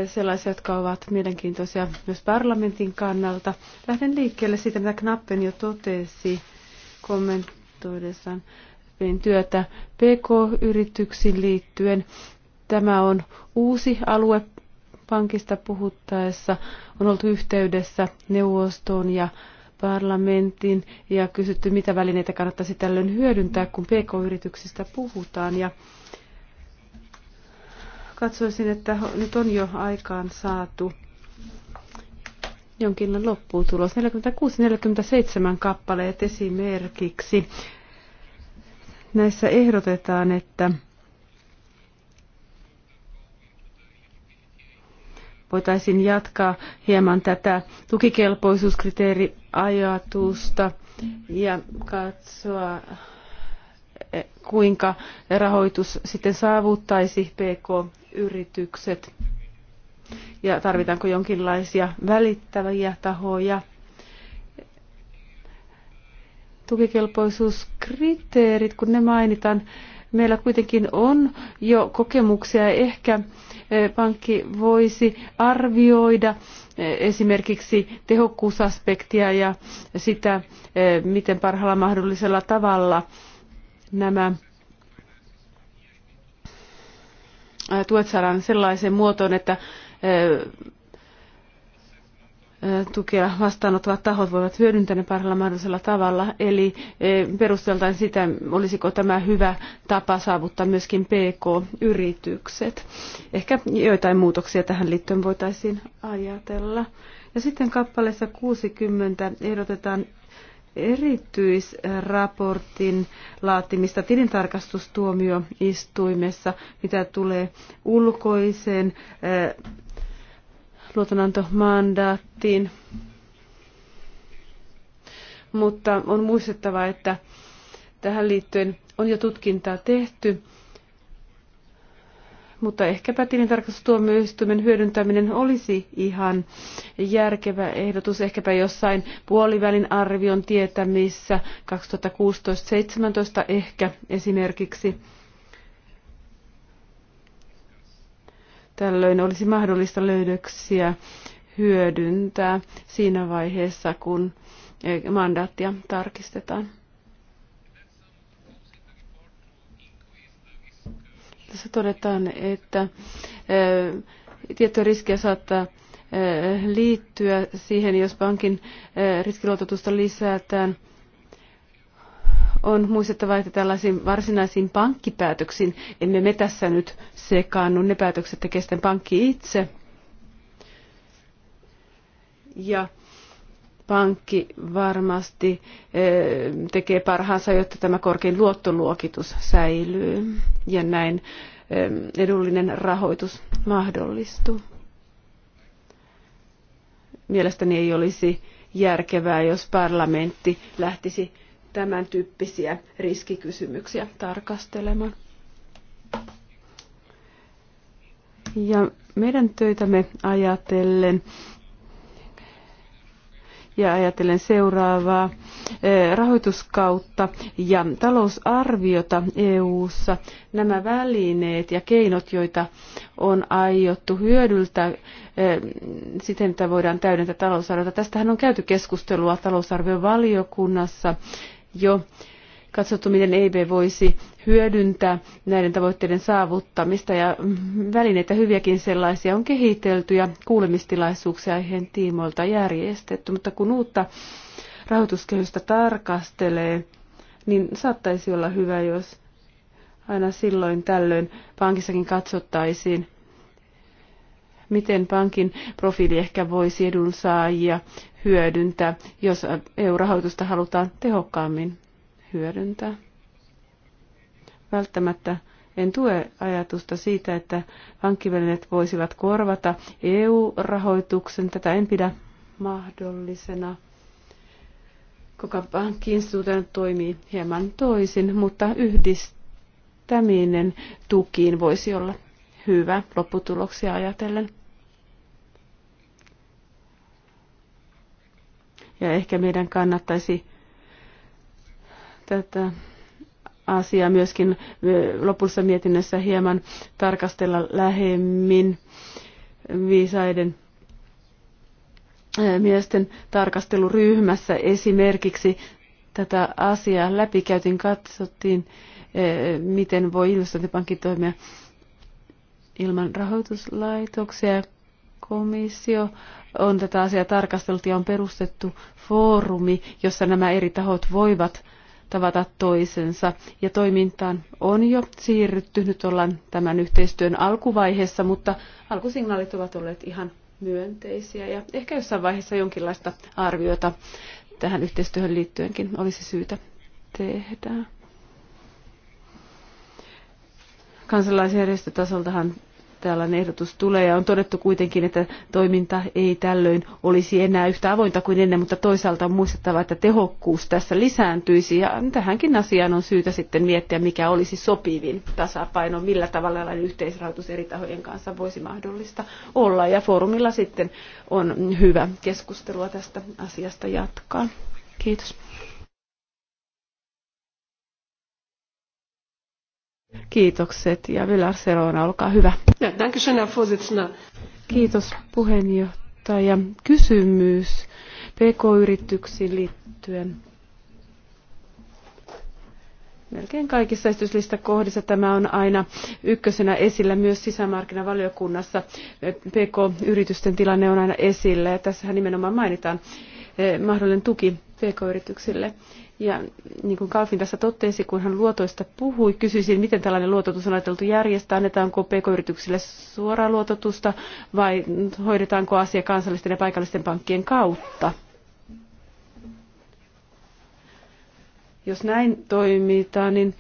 sellaisia, jotka ovat mielenkiintoisia myös parlamentin kannalta. Lähden liikkeelle siitä, mitä Knappen jo totesi kommentoidessaan työtä PK-yrityksiin liittyen. Tämä on uusi alue pankista puhuttaessa. On oltu yhteydessä neuvostoon ja parlamentin ja kysytty, mitä välineitä kannattaisi tällöin hyödyntää, kun PK-yrityksistä puhutaan. Ja katsoisin, että nyt on jo aikaan saatu jonkinlainen lopputulos. 46-47 kappaleet esimerkiksi. Näissä ehdotetaan, että voitaisiin jatkaa hieman tätä tukikelpoisuuskriteeriajatusta ja katsoa, eh, kuinka rahoitus sitten saavuttaisi PK yritykset ja tarvitaanko jonkinlaisia välittäviä tahoja. Tukikelpoisuuskriteerit, kun ne mainitaan, meillä kuitenkin on jo kokemuksia. ja Ehkä e, pankki voisi arvioida e, esimerkiksi tehokkuusaspektia ja sitä, e, miten parhaalla mahdollisella tavalla nämä tuet saadaan sellaiseen muotoon, että tukea vastaanottavat tahot voivat hyödyntää ne parhaalla mahdollisella tavalla. Eli perusteltaan sitä, olisiko tämä hyvä tapa saavuttaa myöskin PK-yritykset. Ehkä joitain muutoksia tähän liittyen voitaisiin ajatella. Ja sitten kappaleessa 60 ehdotetaan erityisraportin laatimista tilintarkastustuomioistuimessa, mitä tulee ulkoiseen eh, luotonantomandaattiin. Mutta on muistettava, että tähän liittyen on jo tutkintaa tehty mutta ehkäpä tilintarkastustuomioistuimen hyödyntäminen olisi ihan järkevä ehdotus, ehkäpä jossain puolivälin arvion tietämissä 2016-2017 ehkä esimerkiksi. Tällöin olisi mahdollista löydöksiä hyödyntää siinä vaiheessa, kun eh, mandaattia tarkistetaan. Tässä todetaan, että tiettyä riskiä saattaa liittyä siihen, jos pankin riskiluototusta lisätään. On muistettava, että tällaisiin varsinaisiin pankkipäätöksiin emme me tässä nyt sekaannu. Ne päätökset tekee sitten pankki itse. Ja pankki varmasti eh, tekee parhaansa, jotta tämä korkein luottoluokitus säilyy ja näin eh, edullinen rahoitus mahdollistuu. Mielestäni ei olisi järkevää, jos parlamentti lähtisi tämän tyyppisiä riskikysymyksiä tarkastelemaan. Ja meidän töitämme ajatellen ja ajatellen seuraavaa eh, rahoituskautta ja talousarviota EU:ssa nämä välineet ja keinot, joita on aiottu hyödyntää eh, siten, että voidaan täydentää talousarviota. Tästähän on käyty keskustelua talousarvion valiokunnassa jo katsottu, miten EIB voisi hyödyntää näiden tavoitteiden saavuttamista ja välineitä hyviäkin sellaisia on kehitelty ja kuulemistilaisuuksia aiheen tiimoilta järjestetty, mutta kun uutta rahoituskehystä tarkastelee, niin saattaisi olla hyvä, jos aina silloin tällöin pankissakin katsottaisiin, miten pankin profiili ehkä voisi edunsaajia hyödyntää, jos EU-rahoitusta halutaan tehokkaammin hyödyntää. Välttämättä en tue ajatusta siitä, että pankkivälineet voisivat korvata EU-rahoituksen. Tätä en pidä mahdollisena. Koko pankkiinstituutio toimii hieman toisin, mutta yhdistäminen tukiin voisi olla hyvä lopputuloksia ajatellen. Ja ehkä meidän kannattaisi tätä asiaa myöskin lopussa mietinnössä hieman tarkastella lähemmin viisaiden miesten tarkasteluryhmässä esimerkiksi tätä asiaa läpikäytin, katsottiin, miten voi investointipankki toimia ilman rahoituslaitoksia. Komissio on tätä asiaa tarkastellut ja on perustettu foorumi, jossa nämä eri tahot voivat tavata toisensa. Ja toimintaan on jo siirrytty, nyt ollaan tämän yhteistyön alkuvaiheessa, mutta alkusignaalit ovat olleet ihan myönteisiä ja ehkä jossain vaiheessa jonkinlaista arviota tähän yhteistyöhön liittyenkin olisi syytä tehdä. Kansalaisjärjestötasoltahan tällainen ehdotus tulee ja on todettu kuitenkin, että toiminta ei tällöin olisi enää yhtä avointa kuin ennen, mutta toisaalta on muistettava, että tehokkuus tässä lisääntyisi ja tähänkin asiaan on syytä sitten miettiä, mikä olisi sopivin tasapaino, millä tavalla tällainen yhteisrahoitus eri tahojen kanssa voisi mahdollista olla ja foorumilla sitten on hyvä keskustelua tästä asiasta jatkaa. Kiitos. Kiitokset ja Vilar Serona, olkaa hyvä. Kiitos puheenjohtaja. Kysymys PK-yrityksiin liittyen. Melkein kaikissa kohdissa tämä on aina ykkösenä esillä myös sisämarkkinavaliokunnassa. PK-yritysten tilanne on aina esillä ja tässähän nimenomaan mainitaan eh, mahdollinen tuki PK-yrityksille. Ja niin kuin Kalfin tässä totesi, kun hän luotoista puhui, kysyisin, miten tällainen luototus on ajateltu järjestää, annetaanko pk-yrityksille suoraa luototusta vai hoidetaanko asia kansallisten ja paikallisten pankkien kautta? Jos näin toimitaan, niin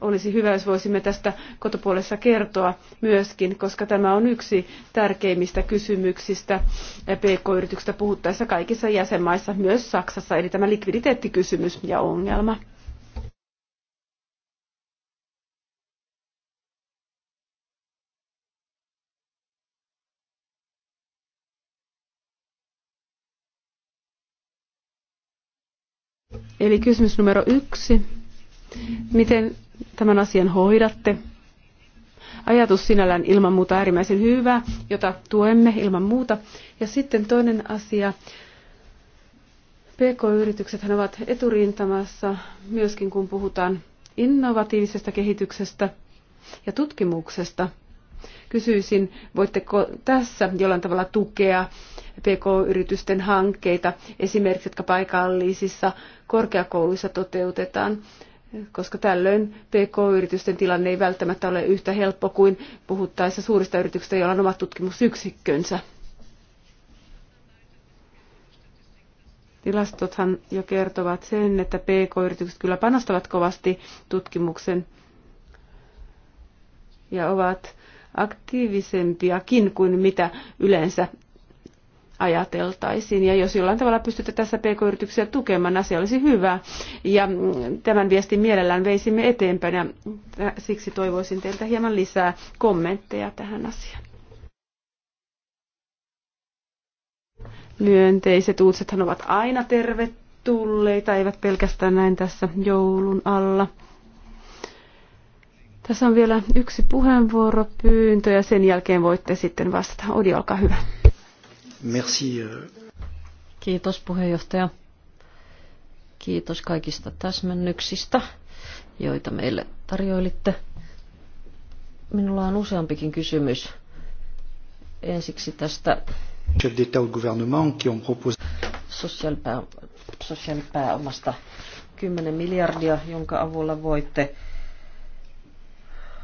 olisi hyvä, jos voisimme tästä kotopuolessa kertoa myöskin, koska tämä on yksi tärkeimmistä kysymyksistä PK-yrityksistä puhuttaessa kaikissa jäsenmaissa, myös Saksassa, eli tämä likviditeettikysymys ja ongelma. Eli kysymys numero yksi. Miten tämän asian hoidatte? Ajatus sinällään ilman muuta äärimmäisen hyvää, jota tuemme ilman muuta. Ja sitten toinen asia. PK-yritykset ovat eturintamassa myöskin, kun puhutaan innovatiivisesta kehityksestä ja tutkimuksesta. Kysyisin, voitteko tässä jollain tavalla tukea PK-yritysten hankkeita, esimerkiksi jotka paikallisissa korkeakouluissa toteutetaan, koska tällöin PK-yritysten tilanne ei välttämättä ole yhtä helppo kuin puhuttaessa suurista yrityksistä, joilla on omat tutkimusyksikkönsä. Tilastothan jo kertovat sen, että PK-yritykset kyllä panostavat kovasti tutkimuksen ja ovat aktiivisempiakin kuin mitä yleensä ajateltaisiin. Ja jos jollain tavalla pystytte tässä pk-yrityksiä tukemaan, asia olisi hyvä. Ja mm, tämän viestin mielellään veisimme eteenpäin ja siksi toivoisin teiltä hieman lisää kommentteja tähän asiaan. Myönteiset uutisethan ovat aina tervetulleita, eivät pelkästään näin tässä joulun alla. Tässä on vielä yksi puheenvuoropyyntö ja sen jälkeen voitte sitten vastata. Odi, olkaa hyvä. Merci. Euh. Kiitos puheenjohtaja. Kiitos kaikista täsmennyksistä, joita meille tarjoilitte. Minulla on useampikin kysymys. Ensiksi tästä chef d'État au gouvernement qui ont proposé sosiaalipää, sosiaalipääomasta 10 miljardia, jonka avulla voitte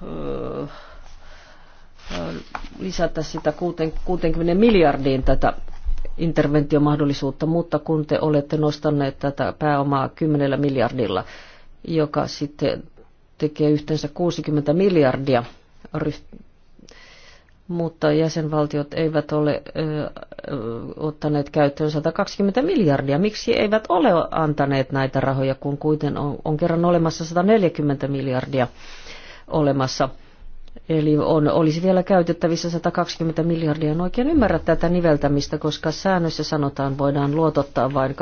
öö, lisätä sitä 60 miljardiin tätä interventiomahdollisuutta, mutta kun te olette nostaneet tätä pääomaa 10 miljardilla, joka sitten tekee yhteensä 60 miljardia, mutta jäsenvaltiot eivät ole ö, ottaneet käyttöön 120 miljardia. Miksi eivät ole antaneet näitä rahoja, kun kuitenkin on, on kerran olemassa 140 miljardia olemassa? Eli on, olisi vielä käytettävissä 120 miljardia. En oikein ymmärrä tätä niveltämistä, koska säännössä sanotaan voidaan luotottaa vain 2,5,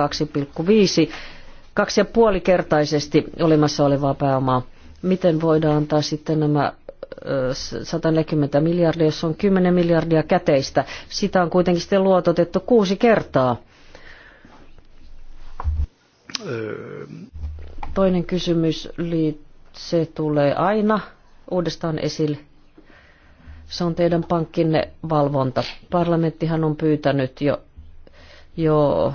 2,5 kertaisesti olemassa olevaa pääomaa. Miten voidaan antaa sitten nämä 140 miljardia, jos on 10 miljardia käteistä. Sitä on kuitenkin sitten luototettu kuusi kertaa. Öö. Toinen kysymys, se tulee aina uudestaan esille. Se on teidän pankkinne valvonta. Parlamenttihan on pyytänyt jo, jo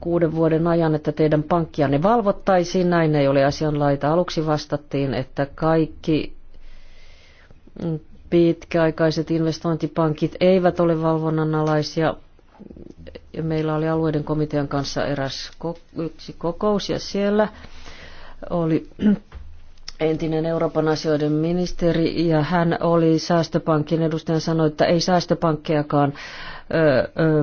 kuuden vuoden ajan, että teidän pankkianne valvottaisiin. Näin ei ole asianlaita. Aluksi vastattiin, että kaikki pitkäaikaiset investointipankit eivät ole valvonnan alaisia. Ja meillä oli alueiden komitean kanssa eräs yksi kokous ja siellä oli entinen Euroopan asioiden ministeri ja hän oli säästöpankin edustaja sanoi, että ei säästöpankkejakaan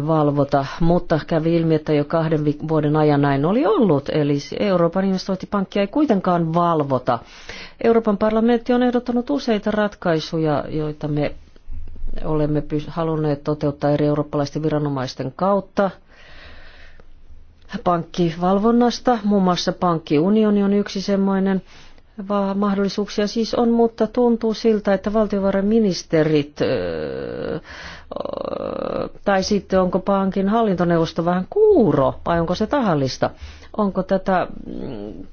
valvota, mutta kävi ilmi, että jo kahden vuoden ajan näin oli ollut, eli Euroopan investointipankkia ei kuitenkaan valvota. Euroopan parlamentti on ehdottanut useita ratkaisuja, joita me olemme halunneet toteuttaa eri eurooppalaisten viranomaisten kautta. Pankkivalvonnasta, muun muassa pankkiunioni on yksi semmoinen, vaan mahdollisuuksia siis on, mutta tuntuu siltä, että valtiovarainministerit tai sitten onko pankin hallintoneuvosto vähän kuuro vai onko se tahallista? Onko tätä mm,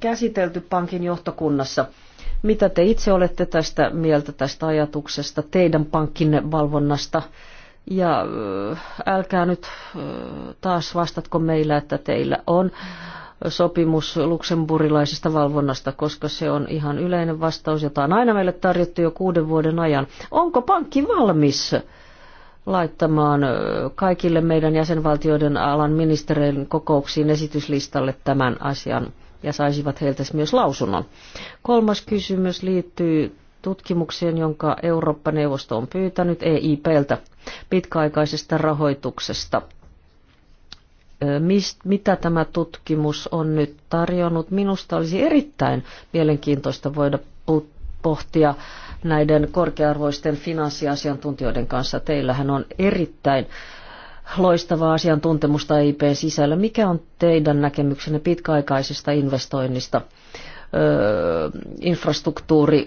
käsitelty pankin johtokunnassa? Mitä te itse olette tästä mieltä tästä ajatuksesta, teidän pankkinne valvonnasta? Ja älkää nyt taas vastatko meillä, että teillä on sopimus luksemburilaisesta valvonnasta, koska se on ihan yleinen vastaus, jota on aina meille tarjottu jo kuuden vuoden ajan. Onko pankki valmis laittamaan kaikille meidän jäsenvaltioiden alan ministereiden kokouksiin esityslistalle tämän asian ja saisivat heiltä myös lausunnon. Kolmas kysymys liittyy tutkimukseen, jonka Eurooppa-neuvosto on pyytänyt EIPltä pitkäaikaisesta rahoituksesta mist, mitä tämä tutkimus on nyt tarjonnut. Minusta olisi erittäin mielenkiintoista voida pohtia näiden korkearvoisten finanssiasiantuntijoiden kanssa. Teillähän on erittäin loistavaa asiantuntemusta IP sisällä. Mikä on teidän näkemyksenne pitkäaikaisesta investoinnista? infrastruktuuri,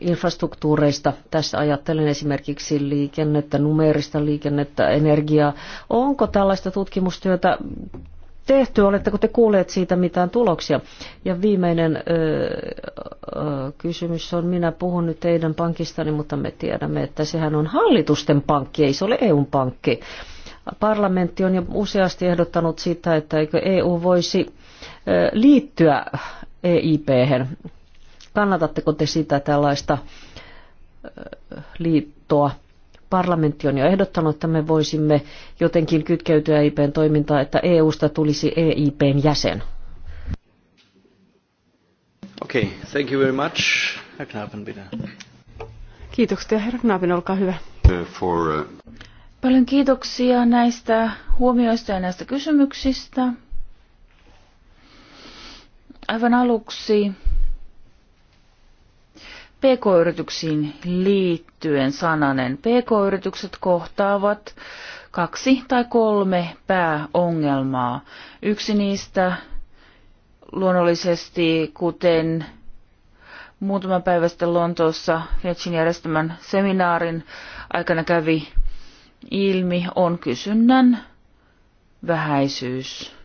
infrastruktuureista. Tässä ajattelen esimerkiksi liikennettä, numeerista liikennettä, energiaa. Onko tällaista tutkimustyötä tehty? Oletteko te kuulleet siitä mitään tuloksia? Ja viimeinen ö, ö, kysymys on, minä puhun nyt teidän pankistani, mutta me tiedämme, että sehän on hallitusten pankki, ei se ole EU-pankki. Parlamentti on jo useasti ehdottanut sitä, että eikö EU voisi liittyä eip -hän. Kannatatteko te sitä tällaista liittoa? Parlamentti on jo ehdottanut, että me voisimme jotenkin kytkeytyä EIPn toimintaan, että EUsta tulisi EIPn jäsen. okay, thank you very much. Kiitoksia, herra Knaapin, olkaa hyvä. For, uh, Paljon kiitoksia näistä huomioista ja näistä kysymyksistä. Aivan aluksi PK-yrityksiin liittyen sananen. PK-yritykset kohtaavat kaksi tai kolme pääongelmaa. Yksi niistä luonnollisesti, kuten muutama päivä sitten Lontoossa Fetchin järjestämän seminaarin aikana kävi ilmi, on kysynnän vähäisyys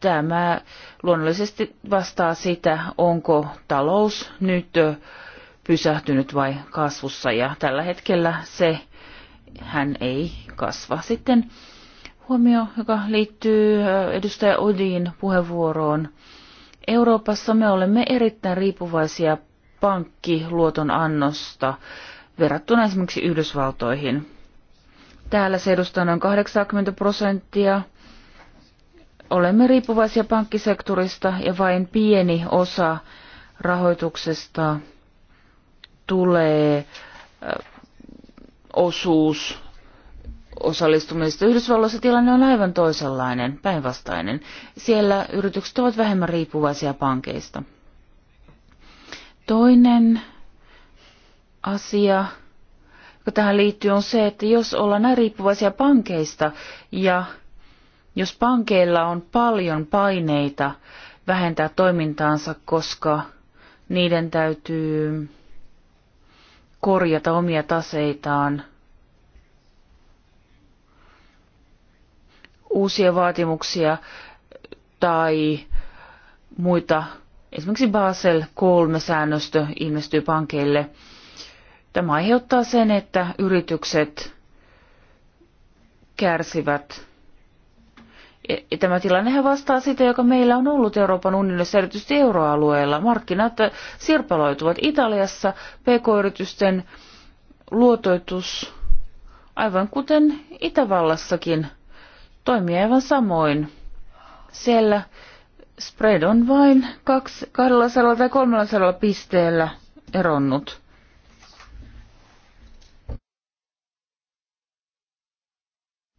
tämä luonnollisesti vastaa sitä, onko talous nyt pysähtynyt vai kasvussa. Ja tällä hetkellä se hän ei kasva. Sitten huomio, joka liittyy edustaja Odin puheenvuoroon. Euroopassa me olemme erittäin riippuvaisia pankkiluoton annosta verrattuna esimerkiksi Yhdysvaltoihin. Täällä se edustaa noin 80 prosenttia olemme riippuvaisia pankkisektorista ja vain pieni osa rahoituksesta tulee osuus osallistumisesta. Yhdysvalloissa tilanne on aivan toisenlainen, päinvastainen. Siellä yritykset ovat vähemmän riippuvaisia pankeista. Toinen asia, joka tähän liittyy, on se, että jos ollaan näin riippuvaisia pankeista ja jos pankeilla on paljon paineita vähentää toimintaansa, koska niiden täytyy korjata omia taseitaan, uusia vaatimuksia tai muita, esimerkiksi Basel 3-säännöstö ilmestyy pankeille. Tämä aiheuttaa sen, että yritykset kärsivät Tämä tilannehan vastaa sitä, joka meillä on ollut Euroopan unionissa, erityisesti euroalueella. Markkinat sirpaloituvat. Italiassa pk-yritysten luotoitus, aivan kuten Itävallassakin, toimii aivan samoin. Siellä spread on vain 200 tai 300 pisteellä eronnut.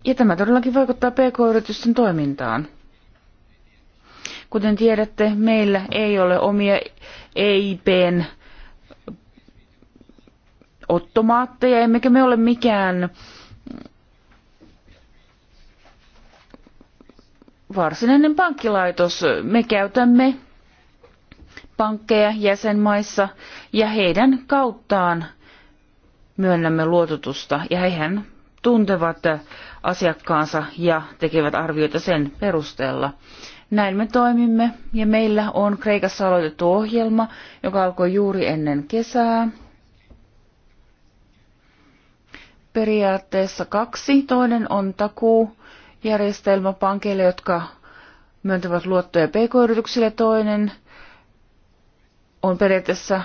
Ja tämä todellakin vaikuttaa pk-yritysten toimintaan. Kuten tiedätte, meillä ei ole omia EIPn ottomaatteja, emmekä me ole mikään varsinainen pankkilaitos. Me käytämme pankkeja jäsenmaissa ja heidän kauttaan myönnämme luototusta ja hehän tuntevat asiakkaansa ja tekevät arvioita sen perusteella. Näin me toimimme ja meillä on Kreikassa aloitettu ohjelma, joka alkoi juuri ennen kesää. Periaatteessa kaksi. Toinen on takuujärjestelmä pankeille, jotka myöntävät luottoja pk-yrityksille. Toinen on periaatteessa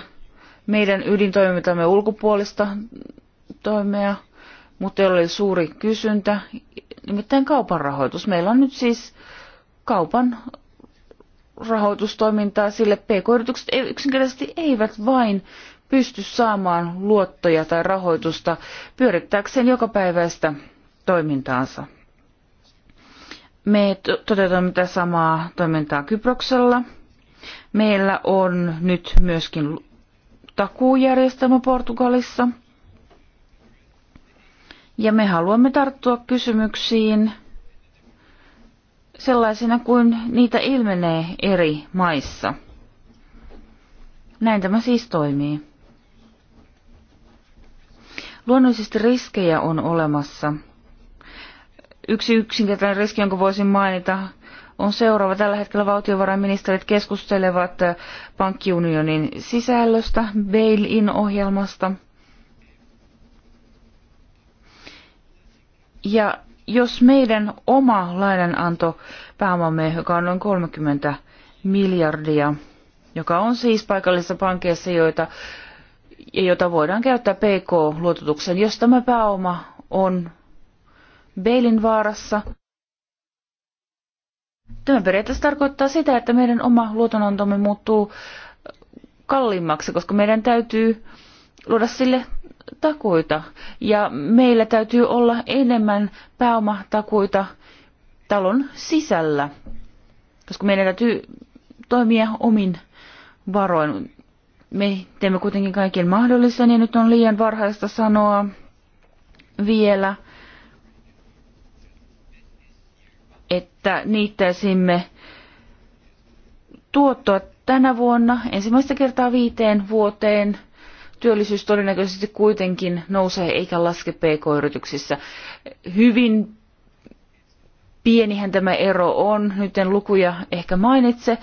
meidän ydintoimintamme ulkopuolista toimea – mutta ei ole suuri kysyntä, nimittäin kaupan rahoitus. Meillä on nyt siis kaupan rahoitustoimintaa, sille pk-yritykset yksinkertaisesti eivät vain pysty saamaan luottoja tai rahoitusta pyörittääkseen päiväistä toimintaansa. Me toteutamme tätä samaa toimintaa Kyproksella. Meillä on nyt myöskin takuujärjestelmä Portugalissa – ja me haluamme tarttua kysymyksiin sellaisina kuin niitä ilmenee eri maissa. Näin tämä siis toimii. Luonnollisesti riskejä on olemassa. Yksi yksinkertainen riski, jonka voisin mainita, on seuraava. Tällä hetkellä valtiovarainministerit keskustelevat pankkiunionin sisällöstä, bail-in-ohjelmasta – Ja jos meidän oma lainananto pääomamme, joka on noin 30 miljardia, joka on siis paikallisissa pankeissa, joita, ja jota voidaan käyttää pk luototuksen jos tämä pääoma on Beilin vaarassa, Tämä periaatteessa tarkoittaa sitä, että meidän oma luotonantomme muuttuu kalliimmaksi, koska meidän täytyy luoda sille takuita ja meillä täytyy olla enemmän pääomatakuita talon sisällä, koska meidän täytyy toimia omin varoin. Me teemme kuitenkin kaiken mahdollista, niin nyt on liian varhaista sanoa vielä, että niittäisimme tuottoa tänä vuonna ensimmäistä kertaa viiteen vuoteen – työllisyys todennäköisesti kuitenkin nousee eikä laske pk-yrityksissä. Hyvin pienihän tämä ero on, nyt en lukuja ehkä mainitse,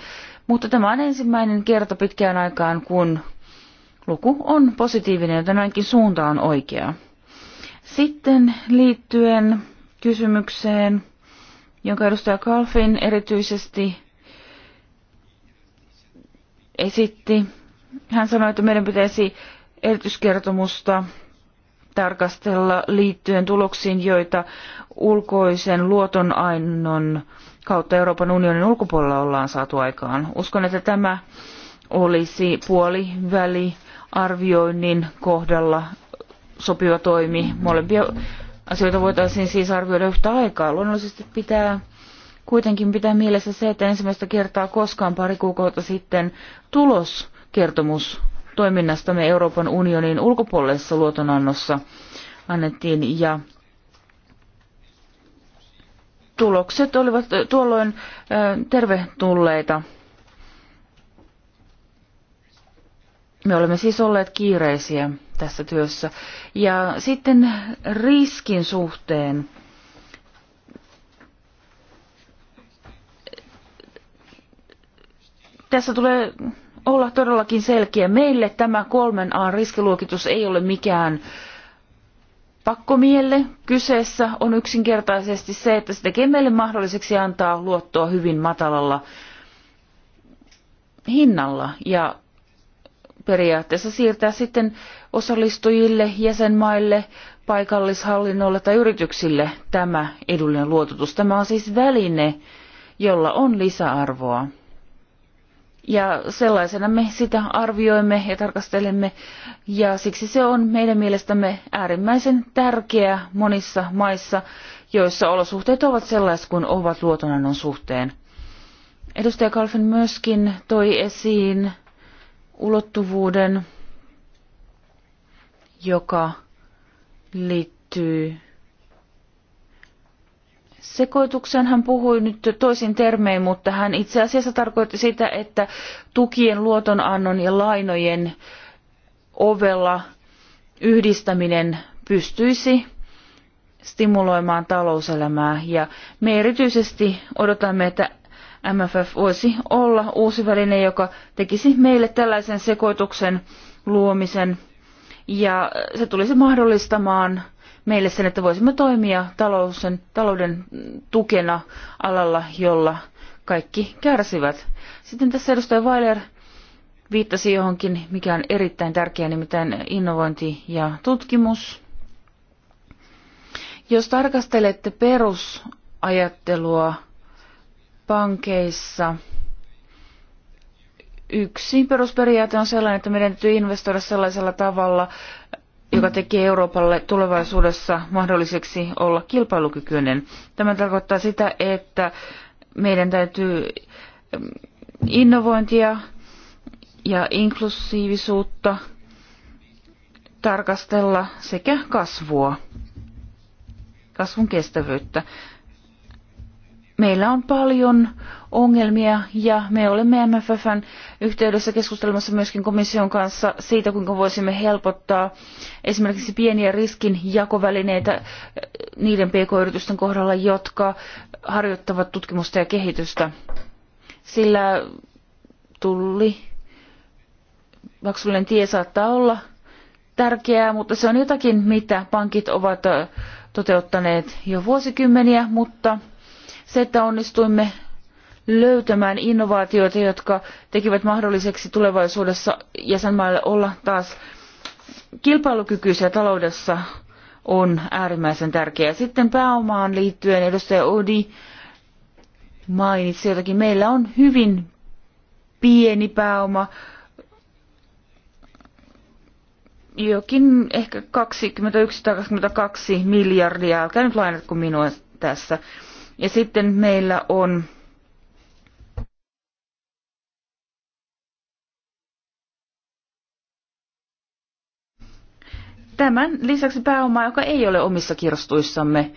mutta tämä on ensimmäinen kerta pitkään aikaan, kun luku on positiivinen, joten ainakin suunta on oikea. Sitten liittyen kysymykseen, jonka edustaja Kalfin erityisesti esitti. Hän sanoi, että meidän pitäisi erityiskertomusta tarkastella liittyen tuloksiin, joita ulkoisen luotonainon kautta Euroopan unionin ulkopuolella ollaan saatu aikaan. Uskon, että tämä olisi puoliväli arvioinnin kohdalla sopiva toimi. Molempia asioita voitaisiin siis arvioida yhtä aikaa. Luonnollisesti pitää kuitenkin pitää mielessä se, että ensimmäistä kertaa koskaan pari kuukautta sitten tuloskertomus toiminnastamme Euroopan unionin ulkopuolisessa luotonannossa annettiin ja tulokset olivat tuolloin tervetulleita. Me olemme siis olleet kiireisiä tässä työssä. Ja sitten riskin suhteen. Tässä tulee olla todellakin selkeä. Meille tämä 3A riskiluokitus ei ole mikään pakkomielle. Kyseessä on yksinkertaisesti se, että se tekee meille mahdolliseksi antaa luottoa hyvin matalalla hinnalla ja periaatteessa siirtää sitten osallistujille, jäsenmaille, paikallishallinnolle tai yrityksille tämä edullinen luototus. Tämä on siis väline, jolla on lisäarvoa. Ja sellaisena me sitä arvioimme ja tarkastelemme, ja siksi se on meidän mielestämme äärimmäisen tärkeä monissa maissa, joissa olosuhteet ovat sellaiset kuin ovat luotonannon suhteen. Edustaja Kalfen myöskin toi esiin ulottuvuuden, joka liittyy sekoituksen. Hän puhui nyt toisin termein, mutta hän itse asiassa tarkoitti sitä, että tukien, luotonannon ja lainojen ovella yhdistäminen pystyisi stimuloimaan talouselämää. Ja me erityisesti odotamme, että MFF voisi olla uusi väline, joka tekisi meille tällaisen sekoituksen luomisen ja se tulisi mahdollistamaan – meille sen, että voisimme toimia talousen, talouden tukena alalla, jolla kaikki kärsivät. Sitten tässä edustaja Weiler viittasi johonkin, mikä on erittäin tärkeää, nimittäin innovointi ja tutkimus. Jos tarkastelette perusajattelua pankeissa, yksi perusperiaate on sellainen, että meidän täytyy investoida sellaisella tavalla, joka tekee Euroopalle tulevaisuudessa mahdolliseksi olla kilpailukykyinen. Tämä tarkoittaa sitä, että meidän täytyy mm, innovointia ja inklusiivisuutta tarkastella sekä kasvua, kasvun kestävyyttä meillä on paljon ongelmia ja me olemme MFFn yhteydessä keskustelemassa myöskin komission kanssa siitä, kuinka voisimme helpottaa esimerkiksi pieniä riskinjakovälineitä eh, niiden pk-yritysten kohdalla, jotka harjoittavat tutkimusta ja kehitystä. Sillä tulli, maksullinen tie saattaa olla tärkeää, mutta se on jotakin, mitä pankit ovat eh, toteuttaneet jo vuosikymmeniä, mutta se, että onnistuimme löytämään innovaatioita, jotka tekivät mahdolliseksi tulevaisuudessa jäsenmaille olla taas kilpailukykyisiä taloudessa, on äärimmäisen tärkeää. Sitten pääomaan liittyen edustaja Odi mainitsi jotakin. Meillä on hyvin pieni pääoma, jokin ehkä 21 tai 22 miljardia. Älkää nyt lainatko minua tässä. Ja sitten meillä on tämän lisäksi pääoma, joka ei ole omissa kirstuissamme.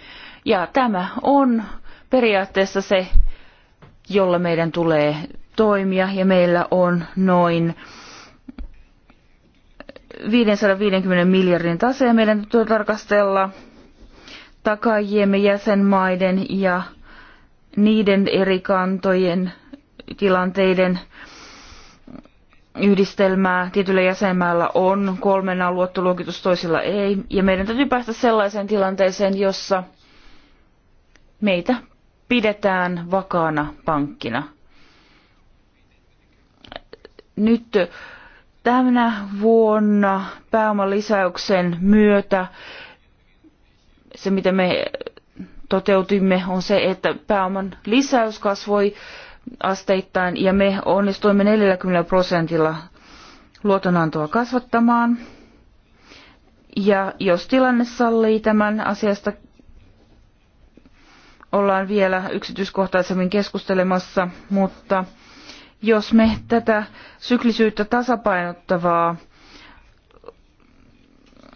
Ja tämä on periaatteessa se, jolla meidän tulee toimia ja meillä on noin 550 miljardin tase ja meidän tulee tarkastella takajiemme jäsenmaiden ja niiden eri kantojen tilanteiden yhdistelmää. Tietyllä jäsenmaalla on kolmen luottoluokitus, toisilla ei. Ja meidän täytyy päästä sellaiseen tilanteeseen, jossa meitä pidetään vakaana pankkina. Nyt tänä vuonna lisäyksen myötä se, mitä me toteutimme, on se, että pääoman lisäys kasvoi asteittain ja me onnistuimme 40 prosentilla luotonantoa kasvattamaan. Ja jos tilanne sallii tämän asiasta, ollaan vielä yksityiskohtaisemmin keskustelemassa, mutta jos me tätä syklisyyttä tasapainottavaa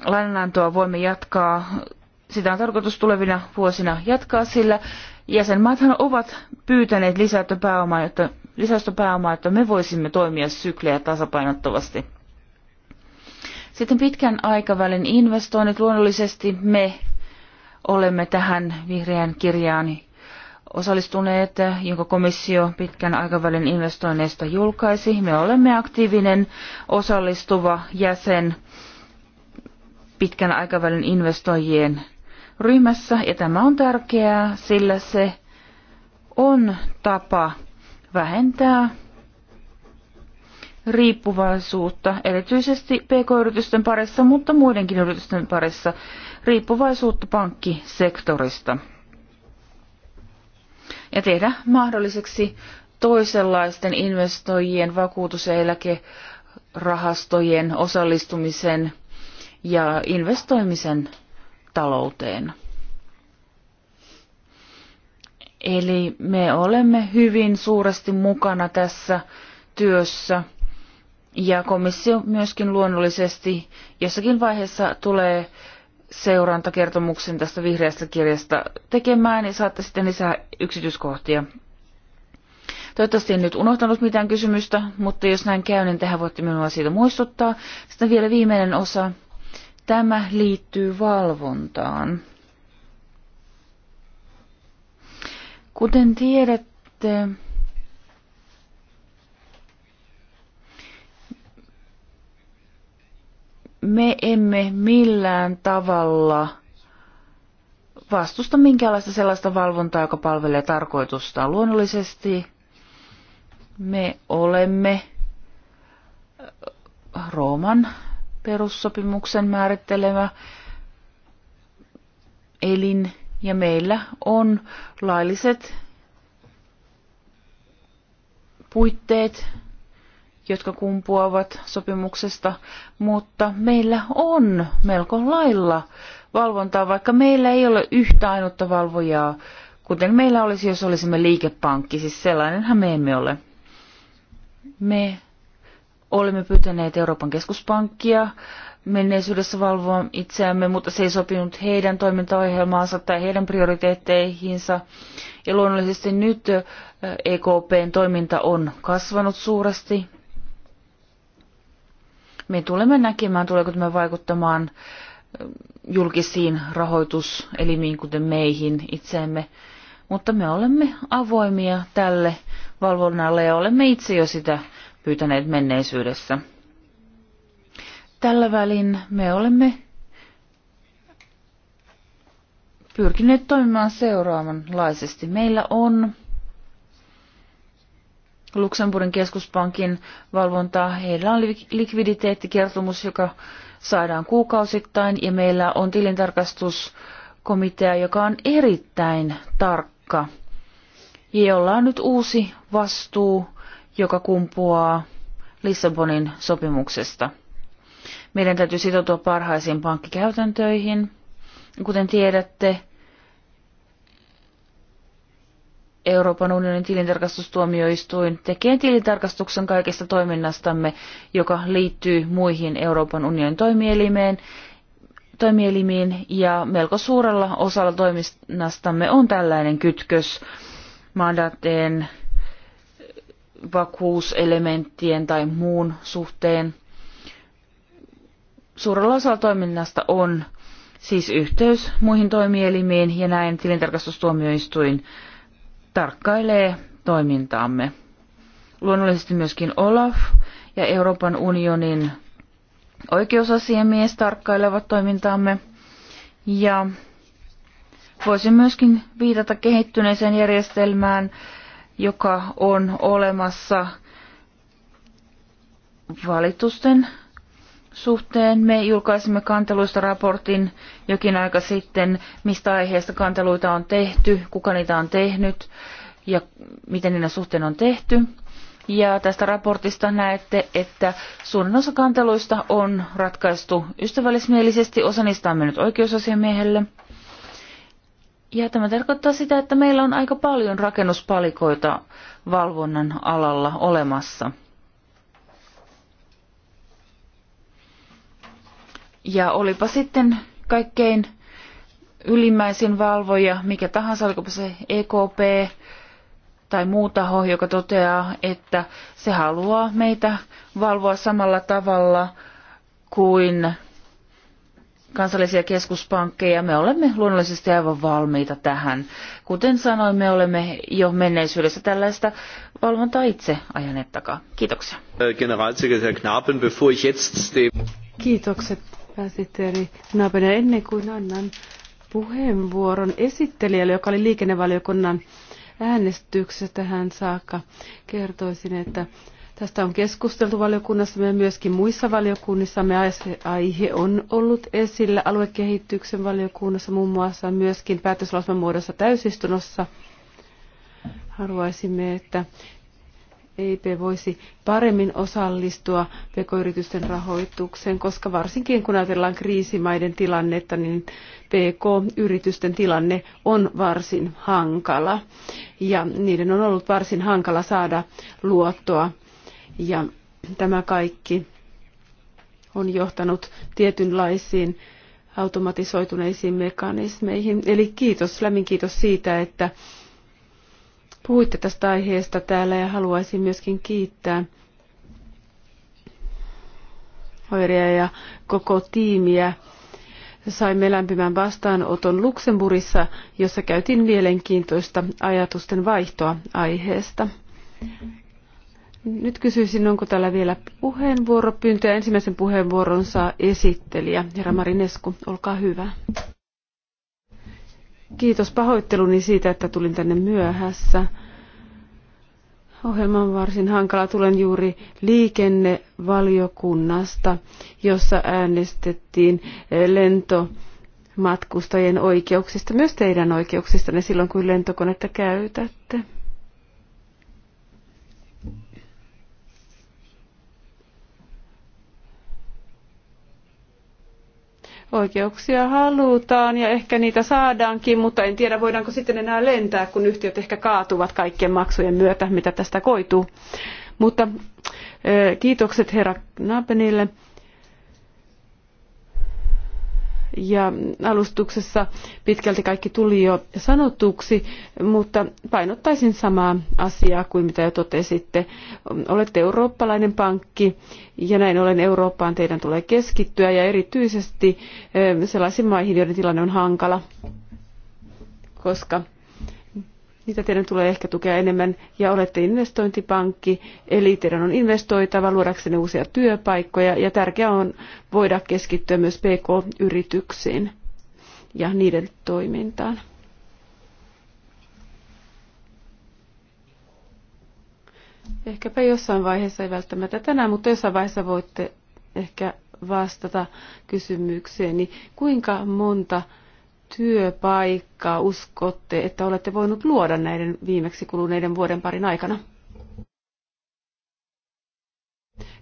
lainanantoa voimme jatkaa sitä on tarkoitus tulevina vuosina jatkaa, sillä jäsenmaathan ovat pyytäneet lisäystä pääomaa, jotta, lisäystä jotta me voisimme toimia syklejä tasapainottavasti. Sitten pitkän aikavälin investoinnit luonnollisesti me olemme tähän vihreän kirjaan osallistuneet, jonka komissio pitkän aikavälin investoinneista julkaisi. Me olemme aktiivinen, osallistuva jäsen pitkän aikavälin investoijien ryhmässä, ja tämä on tärkeää, sillä se on tapa vähentää riippuvaisuutta, erityisesti pk-yritysten parissa, mutta muidenkin yritysten parissa, riippuvaisuutta pankkisektorista. Ja tehdä mahdolliseksi toisenlaisten investoijien, vakuutus- ja eläkerahastojen osallistumisen ja investoimisen talouteen. Eli me olemme hyvin suuresti mukana tässä työssä ja komissio myöskin luonnollisesti jossakin vaiheessa tulee seurantakertomuksen tästä vihreästä kirjasta tekemään ja saatte sitten lisää yksityiskohtia. Toivottavasti en nyt unohtanut mitään kysymystä, mutta jos näin käy, niin tähän voitte minua siitä muistuttaa. Sitten vielä viimeinen osa Tämä liittyy valvontaan. Kuten tiedätte, me emme millään tavalla vastusta minkäänlaista sellaista valvontaa, joka palvelee tarkoitustaan. Luonnollisesti me olemme Rooman perussopimuksen määrittelemä elin ja meillä on lailliset puitteet, jotka kumpuavat sopimuksesta, mutta meillä on melko lailla valvontaa, vaikka meillä ei ole yhtä ainutta valvojaa, kuten meillä olisi, jos olisimme liikepankki, siis sellainenhan me emme ole. Me Olemme pyytäneet Euroopan keskuspankkia menneisyydessä valvoa itseämme, mutta se ei sopinut heidän toimintaohjelmaansa tai heidän prioriteetteihinsa. Ja luonnollisesti nyt EKPn toiminta on kasvanut suuresti. Me tulemme näkemään, tuleeko tämä vaikuttamaan julkisiin rahoituselimiin, kuten meihin itseemme. Mutta me olemme avoimia tälle valvonnalle ja olemme itse jo sitä pyytäneet menneisyydessä. Tällä välin me olemme pyrkineet toimimaan seuraavanlaisesti. Meillä on Luxemburgin keskuspankin valvontaa. Heillä on likviditeettikertomus, joka saadaan kuukausittain, ja meillä on tilintarkastuskomitea, joka on erittäin tarkka, ja jolla on nyt uusi vastuu joka kumpuaa Lissabonin sopimuksesta. Meidän täytyy sitoutua parhaisiin pankkikäytäntöihin. Kuten tiedätte, Euroopan unionin tilintarkastustuomioistuin tekee tilintarkastuksen kaikesta toiminnastamme, joka liittyy muihin Euroopan unionin toimielimeen, toimielimiin ja melko suurella osalla toiminnastamme on tällainen kytkös mandaatteen vakuuselementtien tai muun suhteen. Suurella osalla toiminnasta on siis yhteys muihin toimielimiin ja näin tilintarkastustuomioistuin tarkkailee toimintaamme. Luonnollisesti myöskin Olaf ja Euroopan unionin oikeusasiamies tarkkailevat toimintaamme. Ja voisin myöskin viitata kehittyneeseen järjestelmään, joka on olemassa valitusten suhteen. Me julkaisimme kanteluista raportin jokin aika sitten, mistä aiheesta kanteluita on tehty, kuka niitä on tehnyt ja miten niiden suhteen on tehty. Ja tästä raportista näette, että suurin osa kanteluista on ratkaistu ystävällismielisesti, osa niistä on mennyt oikeusasiamiehelle. Ja tämä tarkoittaa sitä, että meillä on aika paljon rakennuspalikoita valvonnan alalla olemassa. Ja olipa sitten kaikkein ylimmäisin valvoja, mikä tahansa, oliko se EKP tai muu taho, joka toteaa, että se haluaa meitä valvoa samalla tavalla kuin kansallisia keskuspankkeja. Me olemme luonnollisesti aivan valmiita tähän. Kuten sanoin, me olemme jo menneisyydessä tällaista valvontaa itse ajaneet takaa. Kiitoksia. Äh, Generalsekretär Knapen, bevor ich jetzt dem... Kiitokset pääsihteeri Knapen. ennen kuin annan puheenvuoron esittelijälle, joka oli liikennevaliokunnan äänestyksestä tähän saakka, kertoisin, että Tästä on keskusteltu valiokunnassa, ja myöskin muissa me Aihe on ollut esillä aluekehityksen valiokunnassa muun muassa myöskin päätöslausuman muodossa täysistunnossa. Haluaisimme, että EIP voisi paremmin osallistua pk-yritysten rahoitukseen, koska varsinkin kun ajatellaan kriisimaiden tilannetta, niin pk-yritysten tilanne on varsin hankala. Ja niiden on ollut varsin hankala saada luottoa ja tämä kaikki on johtanut tietynlaisiin automatisoituneisiin mekanismeihin. Eli kiitos, lämmin kiitos siitä, että puhuitte tästä aiheesta täällä ja haluaisin myöskin kiittää hoiria ja koko tiimiä. Saimme lämpimän vastaanoton Luxemburissa, jossa käytiin mielenkiintoista ajatusten vaihtoa aiheesta. Nyt kysyisin, onko täällä vielä puheenvuoropyyntöjä. Ensimmäisen puheenvuoron saa esittelijä. Herra Marinesku, olkaa hyvä. Kiitos pahoitteluni siitä, että tulin tänne myöhässä. Ohjelma on varsin hankala. Tulen juuri liikennevaliokunnasta, jossa äänestettiin lento matkustajien oikeuksista, myös teidän oikeuksistanne silloin, kun lentokonetta käytätte. Oikeuksia halutaan ja ehkä niitä saadaankin, mutta en tiedä voidaanko sitten enää lentää, kun yhtiöt ehkä kaatuvat kaikkien maksujen myötä, mitä tästä koituu. Mutta kiitokset herra Napenille ja alustuksessa pitkälti kaikki tuli jo sanotuksi, mutta painottaisin samaa asiaa kuin mitä jo totesitte. Olette eurooppalainen pankki ja näin ollen Eurooppaan teidän tulee keskittyä ja erityisesti eh, sellaisiin maihin, joiden tilanne on hankala, koska niitä teidän tulee ehkä tukea enemmän ja olette investointipankki, eli teidän on investoitava luodaksenne uusia työpaikkoja ja tärkeää on voida keskittyä myös PK-yrityksiin ja niiden toimintaan. Ehkäpä jossain vaiheessa, ei välttämättä tänään, mutta jossain vaiheessa voitte ehkä vastata kysymykseeni, kuinka monta työpaikkaa uskotte, että olette voinut luoda näiden viimeksi kuluneiden vuoden parin aikana?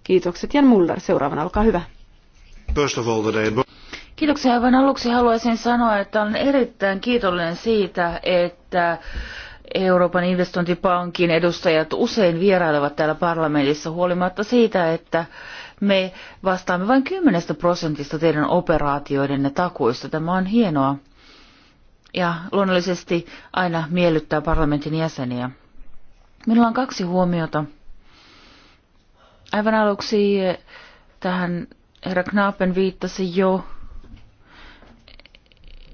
Kiitokset Jan Muller. Seuraavana, olkaa hyvä. Kiitoksia. Aivan aluksi haluaisin sanoa, että olen erittäin kiitollinen siitä, että Euroopan investointipankin edustajat usein vierailevat täällä parlamentissa huolimatta siitä, että me vastaamme vain 10 prosentista teidän operaatioidenne takuista. Tämä on hienoa ja luonnollisesti aina miellyttää parlamentin jäseniä. Minulla on kaksi huomiota. Aivan aluksi tähän herra Knapen viittasi jo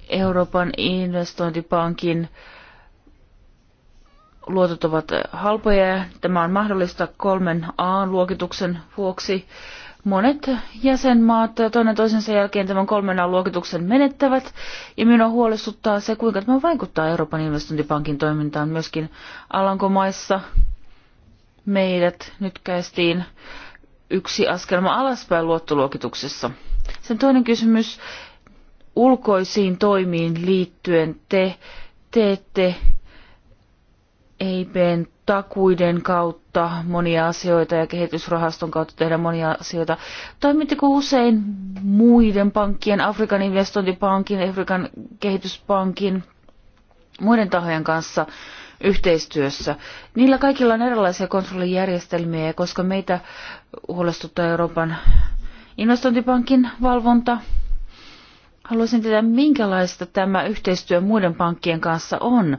Euroopan investointipankin luotot ovat halpoja ja tämä on mahdollista kolmen A-luokituksen vuoksi monet jäsenmaat toinen toisensa jälkeen tämän kolmen luokituksen menettävät, ja minua huolestuttaa se, kuinka tämä vaikuttaa Euroopan investointipankin toimintaan myöskin Alankomaissa. Meidät nyt kästiin yksi askelma alaspäin luottoluokituksessa. Sen toinen kysymys ulkoisiin toimiin liittyen te teette te, EIPn takuiden kautta monia asioita ja kehitysrahaston kautta tehdä monia asioita. Toimitteko usein muiden pankkien, Afrikan investointipankin, Afrikan kehityspankin, muiden tahojen kanssa yhteistyössä? Niillä kaikilla on erilaisia kontrollijärjestelmiä, koska meitä huolestuttaa Euroopan investointipankin valvonta, Haluaisin tietää, minkälaista tämä yhteistyö muiden pankkien kanssa on.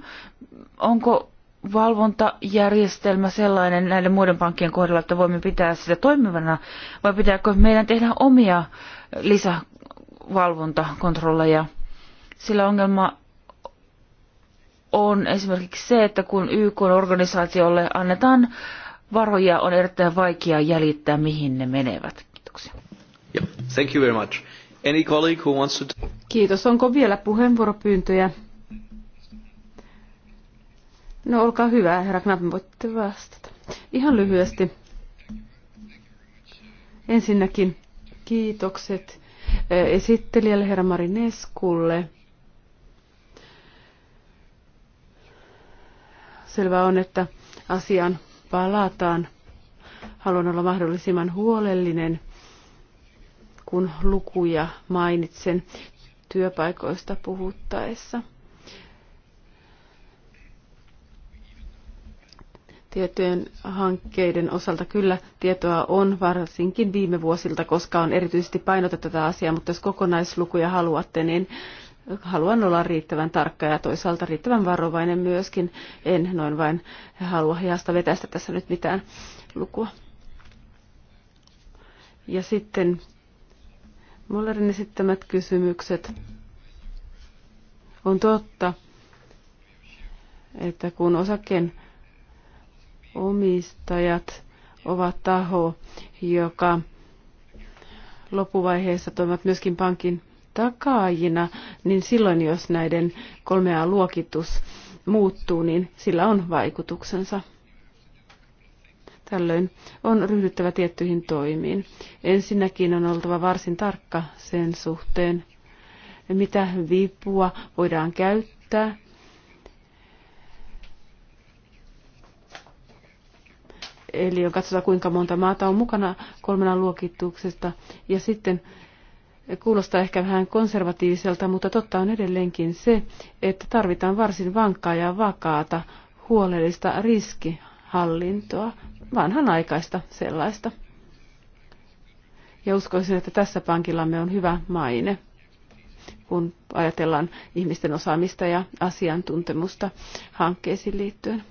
Onko valvontajärjestelmä sellainen näiden muiden pankkien kohdalla, että voimme pitää sitä toimivana, vai pitääkö meidän tehdä omia lisävalvontakontrolleja? Sillä ongelma on esimerkiksi se, että kun YK-organisaatiolle annetaan varoja, on erittäin vaikea jäljittää, mihin ne menevät. Kiitoksia. Yep. Thank you very much. Any colleague who wants to... Kiitos. Onko vielä puheenvuoropyyntöjä? No olkaa hyvä, herra Knapp, voitte vastata. Ihan lyhyesti. Ensinnäkin kiitokset eh, esittelijälle herra Marineskulle. Selvä on, että asiaan palataan. Haluan olla mahdollisimman huolellinen, kun lukuja mainitsen työpaikoista puhuttaessa. Tiettyjen hankkeiden osalta kyllä tietoa on varsinkin viime vuosilta, koska on erityisesti painotettu tätä asiaa, mutta jos kokonaislukuja haluatte, niin haluan olla riittävän tarkka ja toisaalta riittävän varovainen myöskin. En noin vain halua hiasta vetästä tässä nyt mitään lukua. Ja sitten Mullerin esittämät kysymykset. On totta, että kun osakkeen omistajat ovat taho, joka loppuvaiheessa toimivat myöskin pankin takaajina, niin silloin jos näiden kolmea luokitus muuttuu, niin sillä on vaikutuksensa. Tällöin on ryhdyttävä tiettyihin toimiin. Ensinnäkin on oltava varsin tarkka sen suhteen, mitä vipua voidaan käyttää Eli on katsotaan, kuinka monta maata on mukana kolmena luokituksesta. Ja sitten kuulostaa ehkä vähän konservatiiviselta, mutta totta on edelleenkin se, että tarvitaan varsin vankkaa ja vakaata huolellista riskihallintoa, vanhanaikaista sellaista. Ja uskoisin, että tässä pankillamme on hyvä maine, kun ajatellaan ihmisten osaamista ja asiantuntemusta hankkeisiin liittyen.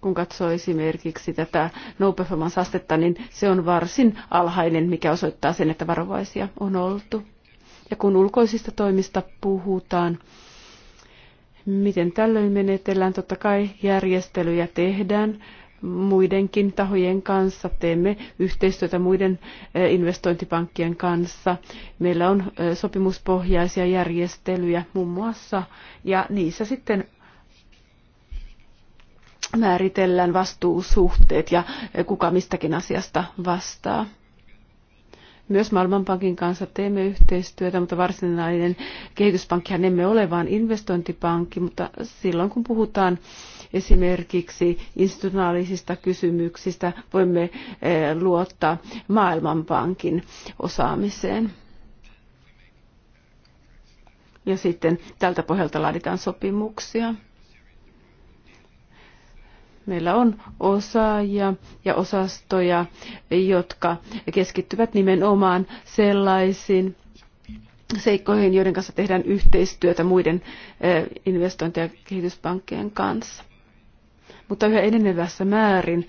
kun katsoo esimerkiksi tätä no performance-astetta, niin se on varsin alhainen, mikä osoittaa sen, että varovaisia on oltu. Ja kun ulkoisista toimista puhutaan, miten tällöin menetellään, totta kai järjestelyjä tehdään muidenkin tahojen kanssa, teemme yhteistyötä muiden eh, investointipankkien kanssa. Meillä on eh, sopimuspohjaisia järjestelyjä muun muassa, ja niissä sitten määritellään vastuusuhteet ja kuka mistäkin asiasta vastaa. Myös Maailmanpankin kanssa teemme yhteistyötä, mutta varsinainen kehityspankkihan emme ole, vaan investointipankki. Mutta silloin kun puhutaan esimerkiksi institutionaalisista kysymyksistä, voimme eh, luottaa Maailmanpankin osaamiseen. Ja sitten tältä pohjalta laaditaan sopimuksia. Meillä on osaajia ja osastoja, jotka keskittyvät nimenomaan sellaisiin seikkoihin, joiden kanssa tehdään yhteistyötä muiden eh, investointi- ja kehityspankkien kanssa. Mutta yhä enenevässä määrin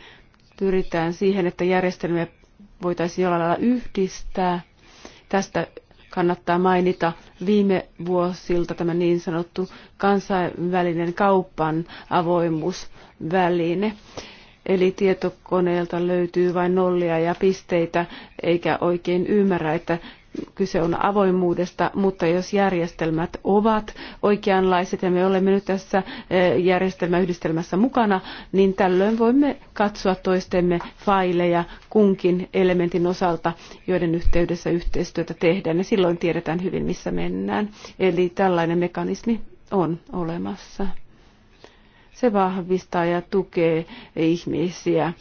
pyritään siihen, että järjestelmiä voitaisiin jollain lailla yhdistää. Tästä kannattaa mainita viime vuosilta tämä niin sanottu kansainvälinen kaupan avoimuusväline. Eli tietokoneelta löytyy vain nollia ja pisteitä, eikä oikein ymmärrä, että kyse on avoimuudesta, mutta jos järjestelmät ovat oikeanlaiset ja me olemme nyt tässä eh, järjestelmäyhdistelmässä mukana, niin tällöin voimme katsoa toistemme faileja kunkin elementin osalta, joiden yhteydessä yhteistyötä tehdään ja silloin tiedetään hyvin, missä mennään. Eli tällainen mekanismi on olemassa. Se vahvistaa ja tukee ihmisiä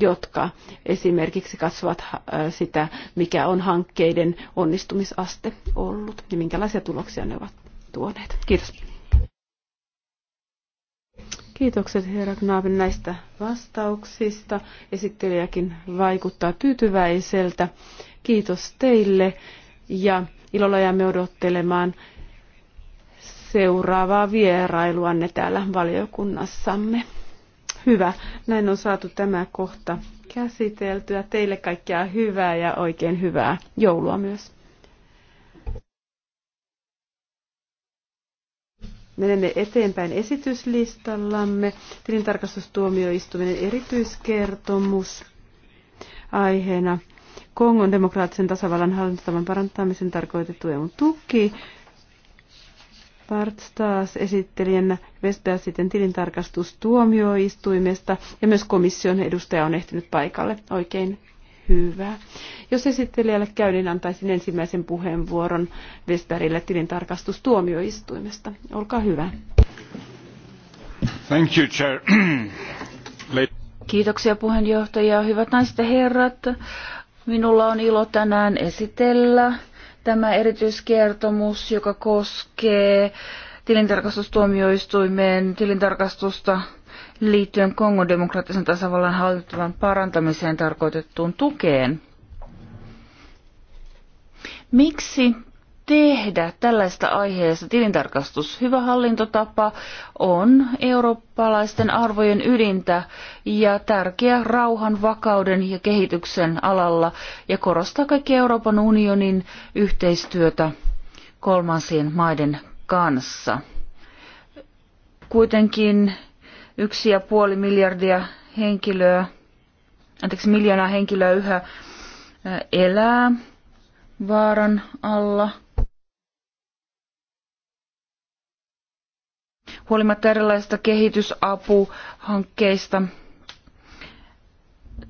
jotka esimerkiksi katsovat äh, sitä, mikä on hankkeiden onnistumisaste ollut ja minkälaisia tuloksia ne ovat tuoneet. Kiitos. Kiitokset herra Knaaben näistä vastauksista. Esittelijäkin vaikuttaa tyytyväiseltä. Kiitos teille ja ilolla jäämme odottelemaan seuraavaa vierailuanne täällä valiokunnassamme. Hyvä. Näin on saatu tämä kohta käsiteltyä. Teille kaikkea hyvää ja oikein hyvää joulua myös. Menemme eteenpäin esityslistallamme. Tilintarkastustuomioistuminen erityiskertomus aiheena Kongon demokraattisen tasavallan hallintotavan parantamisen tarkoitettu EUn tuki Bart taas esittelijänä, Vespää sitten tilintarkastustuomioistuimesta ja myös komission edustaja on ehtinyt paikalle. Oikein hyvä. Jos esittelijälle käy, niin antaisin ensimmäisen puheenvuoron Vesperille tilintarkastustuomioistuimesta. Olkaa hyvä. Thank you, chair. Kiitoksia puheenjohtaja. Hyvät naiset ja herrat, minulla on ilo tänään esitellä Tämä erityiskertomus, joka koskee tilintarkastustuomioistuimeen tilintarkastusta liittyen Kongon demokraattisen tasavallan hallittavan parantamiseen tarkoitettuun tukeen. Miksi tehdä tällaista aiheesta tilintarkastus. Hyvä hallintotapa on eurooppalaisten arvojen ydintä ja tärkeä rauhan, vakauden ja kehityksen alalla ja korostaa kaikki Euroopan unionin yhteistyötä kolmansien maiden kanssa. Kuitenkin yksi ja puoli miljardia henkilöä, anteeksi miljoonaa henkilöä yhä elää vaaran alla – huolimatta erilaisista kehitysapuhankkeista.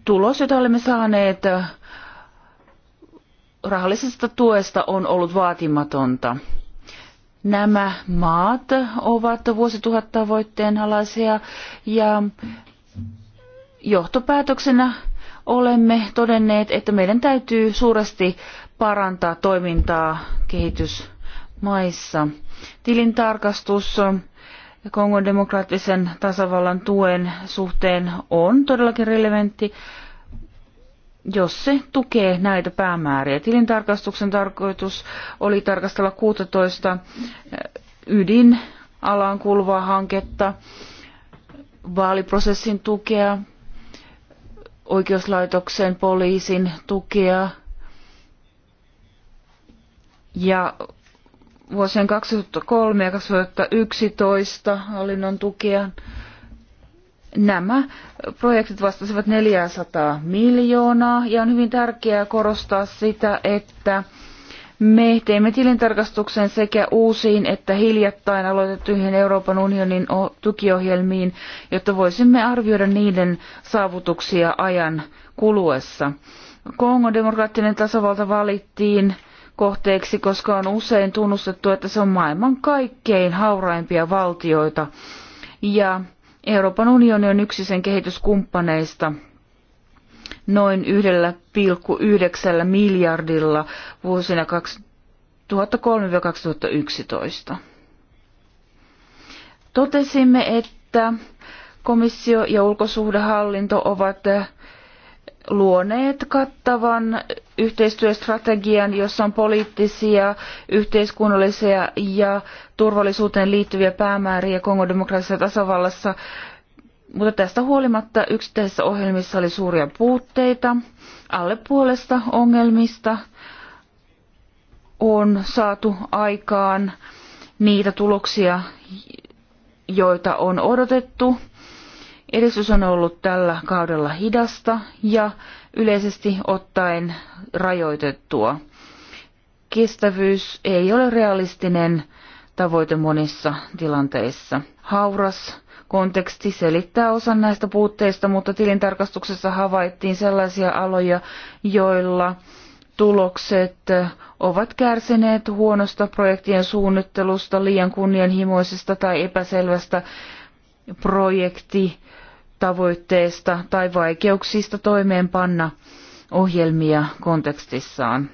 Tulos, jota olemme saaneet eh, rahallisesta tuesta, on ollut vaatimatonta. Nämä maat ovat vuosituhattavoitteen alaisia ja johtopäätöksenä olemme todenneet, että meidän täytyy suuresti parantaa toimintaa kehitysmaissa. Tilintarkastus Kongon demokraattisen tasavallan tuen suhteen on todellakin relevantti, jos se tukee näitä päämääriä. Tilintarkastuksen tarkoitus oli tarkastella 16 eh, ydinalaan kuuluvaa hanketta, vaaliprosessin tukea, oikeuslaitoksen, poliisin tukea ja vuosien 2003 ja 2011 hallinnon tukea. Nämä projektit vastasivat 400 miljoonaa ja on hyvin tärkeää korostaa sitä, että me teimme tilintarkastuksen sekä uusiin että hiljattain aloitettuihin Euroopan unionin tukiohjelmiin, jotta voisimme arvioida niiden saavutuksia ajan kuluessa. Kongon demokraattinen tasavalta valittiin kohteeksi, koska on usein tunnustettu, että se on maailman kaikkein hauraimpia valtioita. Ja Euroopan unioni on yksi sen kehityskumppaneista noin 1,9 miljardilla vuosina 2003-2011. Totesimme, että komissio ja ulkosuhdehallinto ovat luoneet kattavan yhteistyöstrategian, jossa on poliittisia, yhteiskunnallisia ja turvallisuuteen liittyviä päämääriä Kongon demokraattisessa tasavallassa. Mutta tästä huolimatta yksittäisissä ohjelmissa oli suuria puutteita. Alle puolesta ongelmista on saatu aikaan niitä tuloksia, joita on odotettu. Edistys on ollut tällä kaudella hidasta ja yleisesti ottaen rajoitettua. Kestävyys ei ole realistinen tavoite monissa tilanteissa. Hauras konteksti selittää osan näistä puutteista, mutta tilintarkastuksessa havaittiin sellaisia aloja, joilla tulokset ovat kärsineet huonosta projektien suunnittelusta, liian kunnianhimoisesta tai epäselvästä projekti tavoitteesta tai vaikeuksista toimeenpanna ohjelmia kontekstissaan.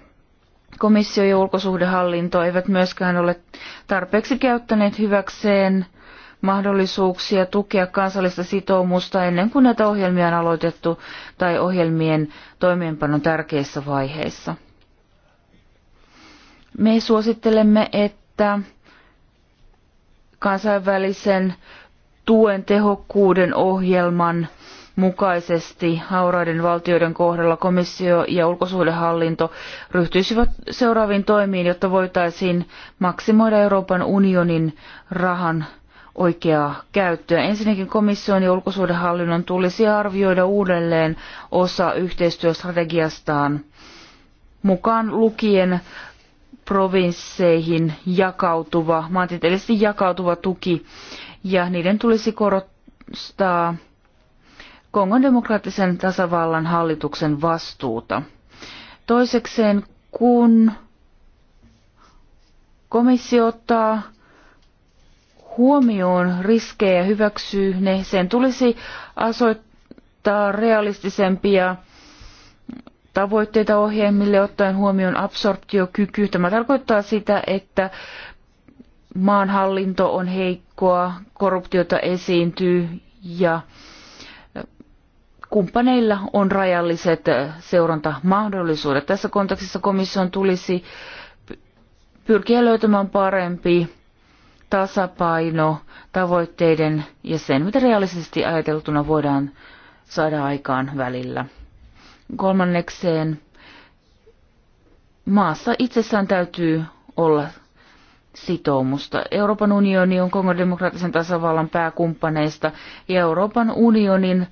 Komissio ja ulkosuhdehallinto eivät myöskään ole tarpeeksi käyttäneet hyväkseen mahdollisuuksia tukea kansallista sitoumusta ennen kuin näitä ohjelmia on aloitettu tai ohjelmien toimeenpanon tärkeissä vaiheissa. Me suosittelemme, että kansainvälisen tuen tehokkuuden ohjelman mukaisesti hauraiden valtioiden kohdalla komissio ja ulkosuhdehallinto ryhtyisivät seuraaviin toimiin, jotta voitaisiin maksimoida Euroopan unionin rahan oikeaa käyttöä. Ensinnäkin komission ja ulkosuhdehallinnon tulisi arvioida uudelleen osa yhteistyöstrategiastaan mukaan lukien provinsseihin jakautuva, maantieteellisesti jakautuva tuki ja niiden tulisi korostaa Kongon demokraattisen tasavallan hallituksen vastuuta. Toisekseen, kun komissio ottaa huomioon riskejä ja hyväksyy ne, sen tulisi asoittaa realistisempia tavoitteita ohjeemmille ottaen huomioon absorptiokyky. Tämä tarkoittaa sitä, että maanhallinto on heikkoa, korruptiota esiintyy ja kumppaneilla on rajalliset seurantamahdollisuudet. Tässä kontekstissa komission tulisi pyrkiä löytämään parempi tasapaino tavoitteiden ja sen, mitä realistisesti ajateltuna voidaan saada aikaan välillä. Kolmannekseen maassa itsessään täytyy olla sitoumusta. Euroopan unioni on Kongon demokraattisen tasavallan pääkumppaneista ja Euroopan unionin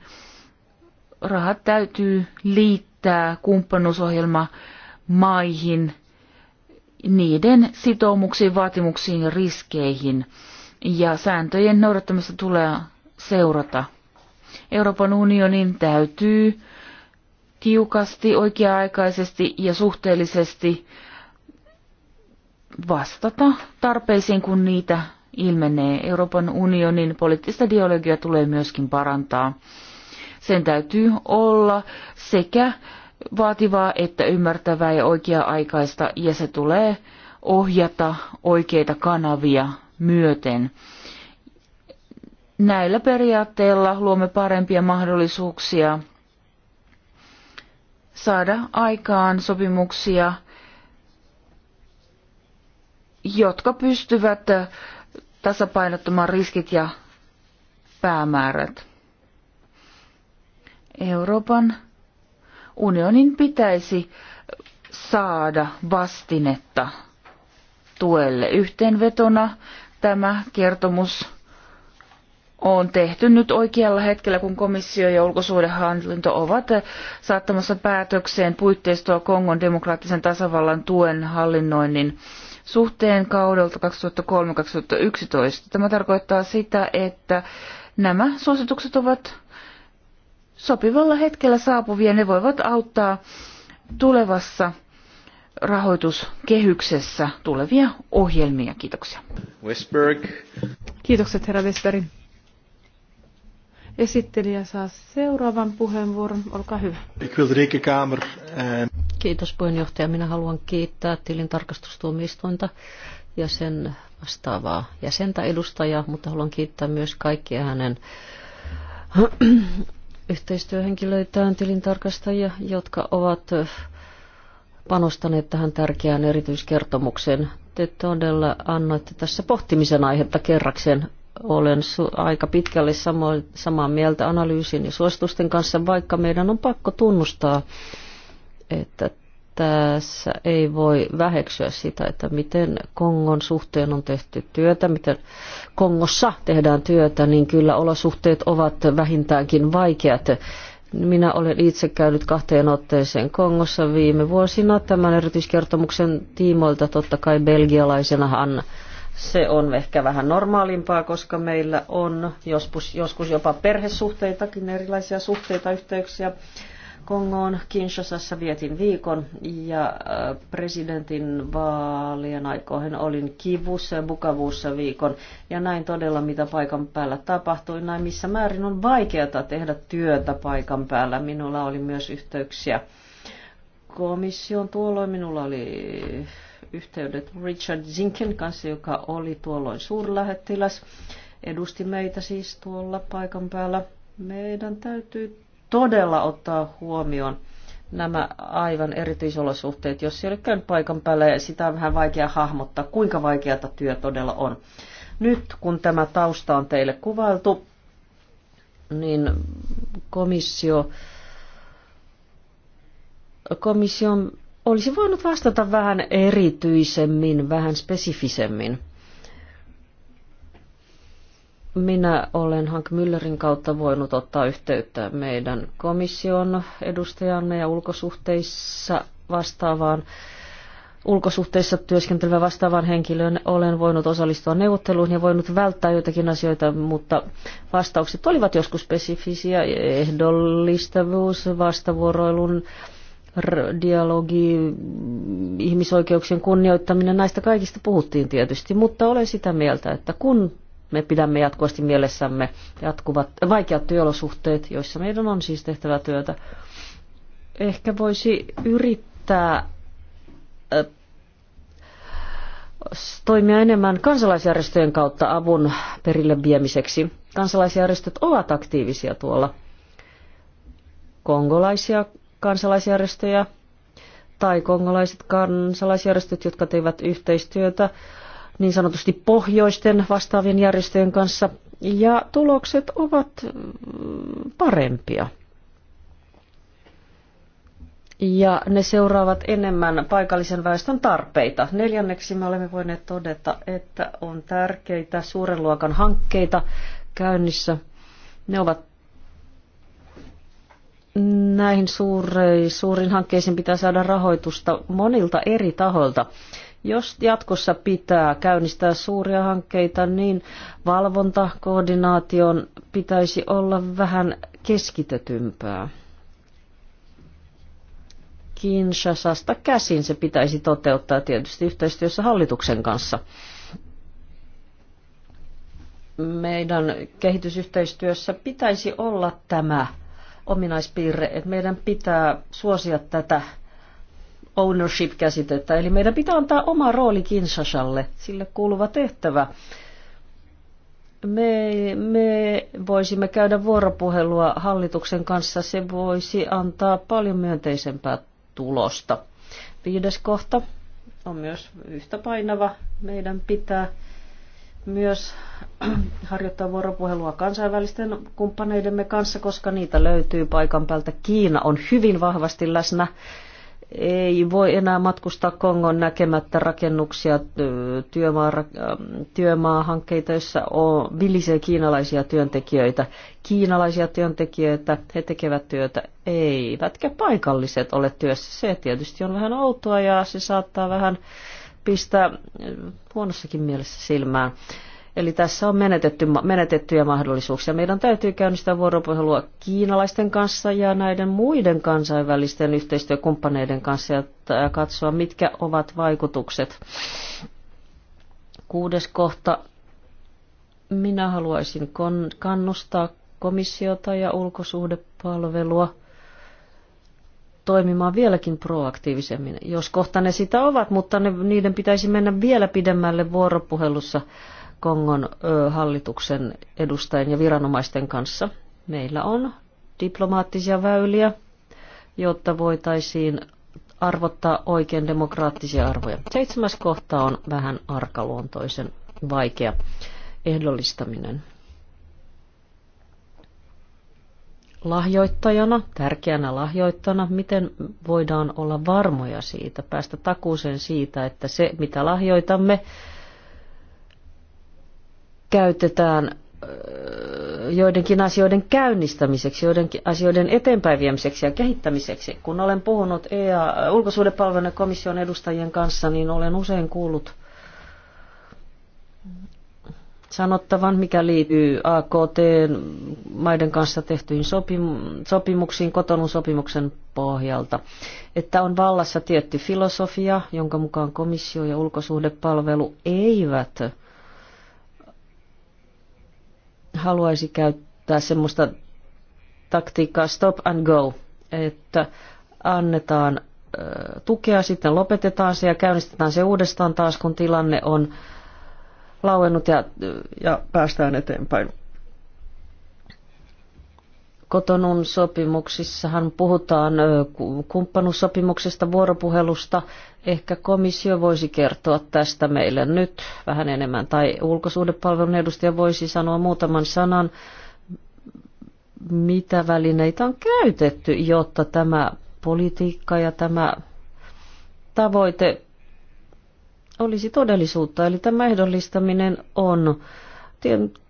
rahat täytyy liittää kumppanuusohjelma maihin niiden sitoumuksiin, vaatimuksiin ja riskeihin. Ja sääntöjen noudattamista tulee seurata. Euroopan unionin täytyy tiukasti, oikea-aikaisesti ja suhteellisesti vastata tarpeisiin, kun niitä ilmenee. Euroopan unionin poliittista dialogia tulee myöskin parantaa. Sen täytyy olla sekä vaativaa että ymmärtävää ja oikea-aikaista, ja se tulee ohjata oikeita kanavia myöten. Näillä periaatteilla luomme parempia mahdollisuuksia saada aikaan sopimuksia – jotka pystyvät eh, tasapainottamaan riskit ja päämäärät. Euroopan unionin pitäisi saada vastinetta tuelle. Yhteenvetona tämä kertomus on tehty nyt oikealla hetkellä, kun komissio ja ulkosuhdehallinto ovat saattamassa päätökseen puitteistoa Kongon demokraattisen tasavallan tuen hallinnoinnin suhteen kaudelta 2003-2011. Tämä tarkoittaa sitä, että nämä suositukset ovat sopivalla hetkellä saapuvia. Ne voivat auttaa tulevassa rahoituskehyksessä tulevia ohjelmia. Kiitoksia. Westberg. Kiitokset herra Westberg. Esittelijä saa seuraavan puheenvuoron. Olkaa hyvä. Eh, Kiitos puheenjohtaja. Minä haluan kiittää tilintarkastustuomioistuinta ja sen vastaavaa jäsentä edustajaa, mutta haluan kiittää myös kaikkia hänen [CLEARS THROAT] yhteistyöhenkilöitään, tilintarkastajia, jotka ovat panostaneet tähän tärkeään erityiskertomukseen. Te todella annoitte tässä pohtimisen aihetta kerrakseen olen aika pitkälle samaa mieltä analyysin ja suositusten kanssa, vaikka meidän on pakko tunnustaa, että tässä ei voi väheksyä sitä, että miten Kongon suhteen on tehty työtä, miten Kongossa tehdään työtä, niin kyllä olosuhteet ovat vähintäänkin vaikeat. Minä olen itse käynyt kahteen otteeseen Kongossa viime vuosina tämän erityiskertomuksen tiimoilta, totta kai belgialaisena Anna. Se on ehkä vähän normaalimpaa, koska meillä on joskus, joskus jopa perhesuhteitakin, erilaisia suhteita, yhteyksiä. Kongoon Kinshasassa vietin viikon ja äh, presidentin vaalien aikoihin olin kivussa ja bukavuussa viikon. Ja näin todella, mitä paikan päällä tapahtui, näin missä määrin on vaikeata tehdä työtä paikan päällä. Minulla oli myös yhteyksiä komission tuolloin, minulla oli yhteydet Richard Zinken kanssa, joka oli tuolloin suurlähettiläs. Edusti meitä siis tuolla paikan päällä. Meidän täytyy todella ottaa huomioon nämä aivan erityisolosuhteet, jos ei ole käynyt paikan päällä ja sitä on vähän vaikea hahmottaa, kuinka vaikeata työ todella on. Nyt kun tämä tausta on teille kuvailtu, niin komissio komission olisi voinut vastata vähän erityisemmin, vähän spesifisemmin. Minä olen Hank Müllerin kautta voinut ottaa yhteyttä meidän komission edustajamme ja ulkosuhteissa vastaavaan ulkosuhteissa työskentelevä vastaavan henkilön olen voinut osallistua neuvotteluun ja voinut välttää joitakin asioita, mutta vastaukset olivat joskus spesifisiä, ehdollistavuus, vastavuoroilun dialogi, ihmisoikeuksien kunnioittaminen, näistä kaikista puhuttiin tietysti, mutta olen sitä mieltä, että kun me pidämme jatkuvasti mielessämme jatkuvat vaikeat työolosuhteet, joissa meidän on siis tehtävä työtä, ehkä voisi yrittää äh, toimia enemmän kansalaisjärjestöjen kautta avun perille viemiseksi. Kansalaisjärjestöt ovat aktiivisia tuolla. Kongolaisia kansalaisjärjestöjä tai kongolaiset kansalaisjärjestöt, jotka tekevät yhteistyötä niin sanotusti pohjoisten vastaavien järjestöjen kanssa. Ja tulokset ovat parempia. Ja ne seuraavat enemmän paikallisen väestön tarpeita. Neljänneksi me olemme voineet todeta, että on tärkeitä suuren luokan hankkeita käynnissä. Ne ovat näihin suuri, suurin hankkeisiin pitää saada rahoitusta monilta eri tahoilta. Jos jatkossa pitää käynnistää suuria hankkeita, niin valvontakoordinaation pitäisi olla vähän keskitetympää. Kinshasasta käsin se pitäisi toteuttaa tietysti yhteistyössä hallituksen kanssa. Meidän kehitysyhteistyössä pitäisi olla tämä ominaispiirre, että meidän pitää suosia tätä ownership-käsitettä, eli meidän pitää antaa oma rooli Kinsashalle, sille kuuluva tehtävä. Me, me voisimme käydä vuoropuhelua hallituksen kanssa, se voisi antaa paljon myönteisempää tulosta. Viides kohta on myös yhtä painava. Meidän pitää myös [CLEARS THROAT] harjoittaa vuoropuhelua kansainvälisten kumppaneidemme kanssa, koska niitä löytyy paikan päältä. Kiina on hyvin vahvasti läsnä. Ei voi enää matkustaa Kongon näkemättä rakennuksia, työmaa, työmaahankkeita, joissa on, vilisee kiinalaisia työntekijöitä. Kiinalaisia työntekijöitä, he tekevät työtä, eivätkä paikalliset ole työssä. Se tietysti on vähän outoa ja se saattaa vähän pistää huonossakin mielessä silmään. Eli tässä on menetetty, menetettyjä mahdollisuuksia. Meidän täytyy käynnistää vuoropuhelua kiinalaisten kanssa ja näiden muiden kansainvälisten yhteistyökumppaneiden kanssa ja katsoa, mitkä ovat vaikutukset. Kuudes kohta. Minä haluaisin kannustaa komissiota ja ulkosuhdepalvelua toimimaan vieläkin proaktiivisemmin, jos kohta ne sitä ovat, mutta ne, niiden pitäisi mennä vielä pidemmälle vuoropuhelussa Kongon ö, hallituksen edustajien ja viranomaisten kanssa. Meillä on diplomaattisia väyliä, jotta voitaisiin arvottaa oikein demokraattisia arvoja. Seitsemäs kohta on vähän arkaluontoisen vaikea ehdollistaminen. lahjoittajana, tärkeänä lahjoittajana, miten voidaan olla varmoja siitä, päästä takuuseen siitä, että se, mitä lahjoitamme, käytetään äh, joidenkin asioiden käynnistämiseksi, joidenkin asioiden eteenpäin viemiseksi ja kehittämiseksi. Kun olen puhunut EA, äh, ulkosuudepalvelun komission edustajien kanssa, niin olen usein kuullut sanottavan, mikä liittyy AKT-maiden kanssa tehtyihin sopim- sopimuksiin kotonun sopimuksen pohjalta, että on vallassa tietty filosofia, jonka mukaan komissio ja ulkosuhdepalvelu eivät haluaisi käyttää semmoista taktiikkaa stop and go, että annetaan tukea, sitten lopetetaan se ja käynnistetään se uudestaan taas, kun tilanne on äh, lauennut ja, ja päästään eteenpäin. Kotonun sopimuksissahan puhutaan kumppanuussopimuksesta, vuoropuhelusta. Ehkä komissio voisi kertoa tästä meille nyt vähän enemmän, tai ulkosuhdepalvelun edustaja voisi sanoa muutaman sanan, mitä välineitä on käytetty, jotta tämä politiikka ja tämä tavoite olisi todellisuutta. Eli tämä ehdollistaminen on,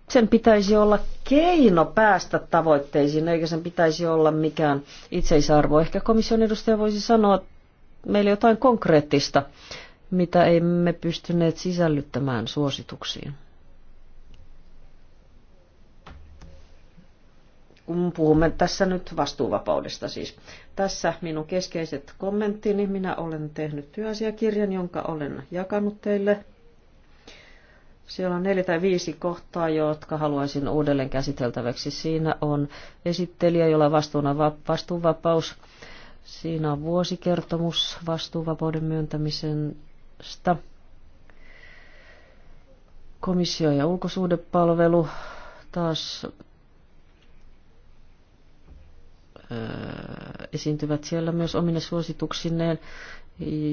sen pitäisi olla keino päästä tavoitteisiin, eikä sen pitäisi olla mikään itseisarvo. Ehkä komission edustaja voisi sanoa meille jotain konkreettista, mitä emme pystyneet sisällyttämään suosituksiin. kun puhumme tässä nyt vastuuvapaudesta siis. Tässä minun keskeiset kommenttini. Minä olen tehnyt työasiakirjan, jonka olen jakanut teille. Siellä on neljä tai viisi kohtaa, jotka haluaisin uudelleen käsiteltäväksi. Siinä on esittelijä, jolla vastuuna va- vastuuvapaus. Siinä on vuosikertomus vastuuvapauden myöntämisestä. Komissio ja ulkosuhdepalvelu taas esiintyvät siellä myös omine suosituksineen,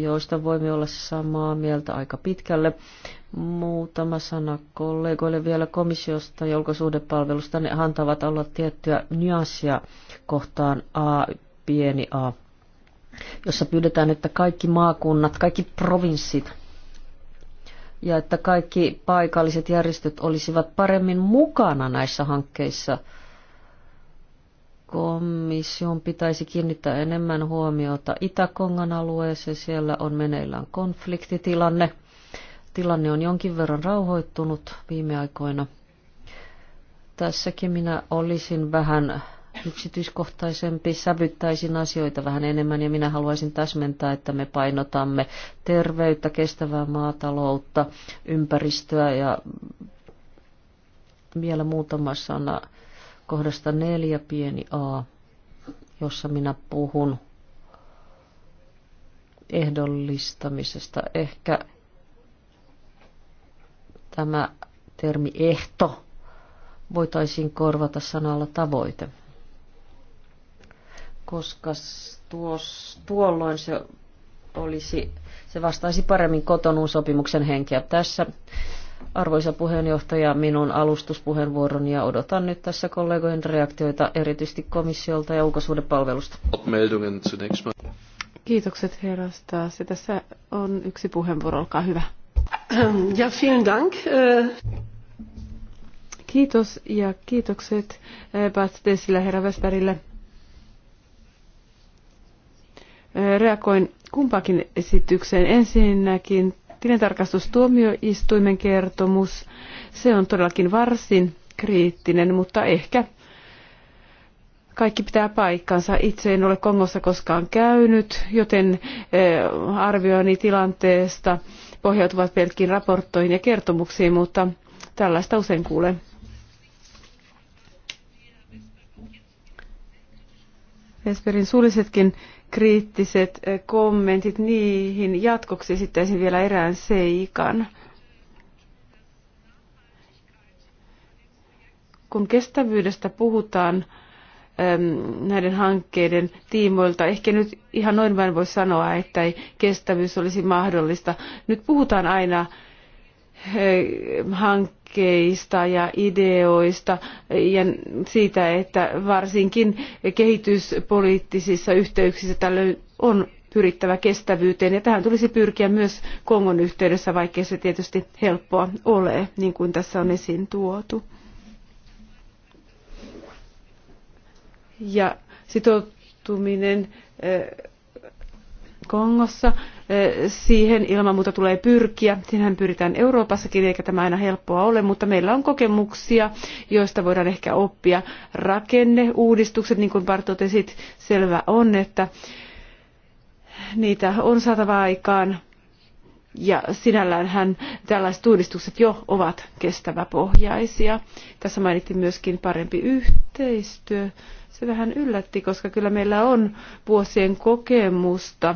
joista voimme olla samaa mieltä aika pitkälle. Muutama sana kollegoille vielä komissiosta ja ulkosuhdepalvelusta. Ne antavat olla tiettyä nyanssia kohtaan A, pieni A, jossa pyydetään, että kaikki maakunnat, kaikki provinssit ja että kaikki paikalliset järjestöt olisivat paremmin mukana näissä hankkeissa – komission pitäisi kiinnittää enemmän huomiota Itä-Kongan alueeseen. Siellä on meneillään konfliktitilanne. Tilanne on jonkin verran rauhoittunut viime aikoina. Tässäkin minä olisin vähän yksityiskohtaisempi, sävyttäisin asioita vähän enemmän ja minä haluaisin täsmentää, että me painotamme terveyttä, kestävää maataloutta, ympäristöä ja vielä muutama sana kohdasta neljä pieni a, jossa minä puhun ehdollistamisesta. Ehkä tämä termi ehto voitaisiin korvata sanalla tavoite, koska tuos, tuolloin se olisi, se vastaisi paremmin kotonuun sopimuksen henkeä. Tässä Arvoisa puheenjohtaja, minun alustuspuheenvuoroni ja odotan nyt tässä kollegojen reaktioita erityisesti komissiolta ja ulkosuhdepalvelusta. Kiitokset herrasta. Se tässä on yksi puheenvuoro, olkaa hyvä. Ja vielen dank. Äh, Kiitos ja kiitokset Päätteisillä äh, herra Vesperille. Äh, reagoin kumpakin esitykseen. Ensinnäkin tilintarkastustuomioistuimen kertomus. Se on todellakin varsin kriittinen, mutta ehkä kaikki pitää paikkansa. Itse en ole Kongossa koskaan käynyt, joten eh, arvioini tilanteesta pohjautuvat pelkkiin raporttoihin ja kertomuksiin, mutta tällaista usein kuulen. Esperin suullisetkin kriittiset eh, kommentit niihin. Jatkoksi esittäisin vielä erään seikan. Kun kestävyydestä puhutaan näiden hankkeiden tiimoilta, ehkä nyt ihan noin vain voi sanoa, että ei kestävyys olisi mahdollista. Nyt puhutaan aina eh, hankkeista hankkeista ja ideoista ja siitä, että varsinkin kehityspoliittisissa yhteyksissä tällöin on pyrittävä kestävyyteen ja tähän tulisi pyrkiä myös Kongon yhteydessä, vaikkei se tietysti helppoa ole, niin kuin tässä on esiin tuotu. Ja sitoutuminen eh, Kongossa siihen ilman muuta tulee pyrkiä. Siinähän pyritään Euroopassakin, eikä tämä aina helppoa ole, mutta meillä on kokemuksia, joista voidaan ehkä oppia. Rakenneuudistukset, niin kuin Bart totesit, selvä on, että niitä on saatava aikaan. Ja sinällään tällaiset uudistukset jo ovat kestäväpohjaisia. Tässä mainittiin myöskin parempi yhteistyö. Se vähän yllätti, koska kyllä meillä on vuosien kokemusta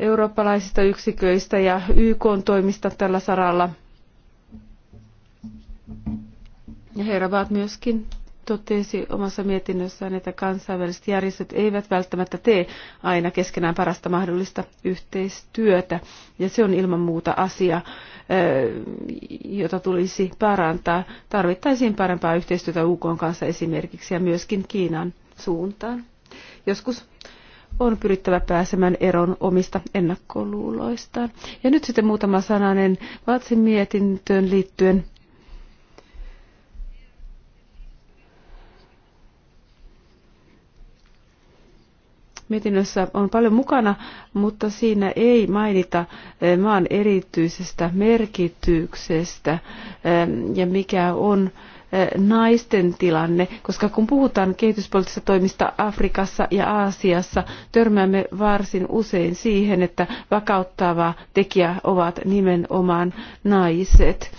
eurooppalaisista yksiköistä ja YK-toimista tällä saralla. Ja herra Vaat myöskin totesi omassa mietinnössään, että kansainväliset järjestöt eivät välttämättä tee aina keskenään parasta mahdollista yhteistyötä. Ja se on ilman muuta asia, jota tulisi parantaa. Tarvittaisiin parempaa yhteistyötä UK kanssa esimerkiksi ja myöskin Kiinan suuntaan. Joskus on pyrittävä pääsemään eroon omista ennakkoluuloistaan. Ja nyt sitten muutama sananen Vatsin mietintöön liittyen. Mietinnössä on paljon mukana, mutta siinä ei mainita eh, maan erityisestä merkityksestä eh, ja mikä on naisten tilanne, koska kun puhutaan kehityspoliittisista toimista Afrikassa ja Aasiassa, törmäämme varsin usein siihen, että vakauttava tekijä ovat nimenomaan naiset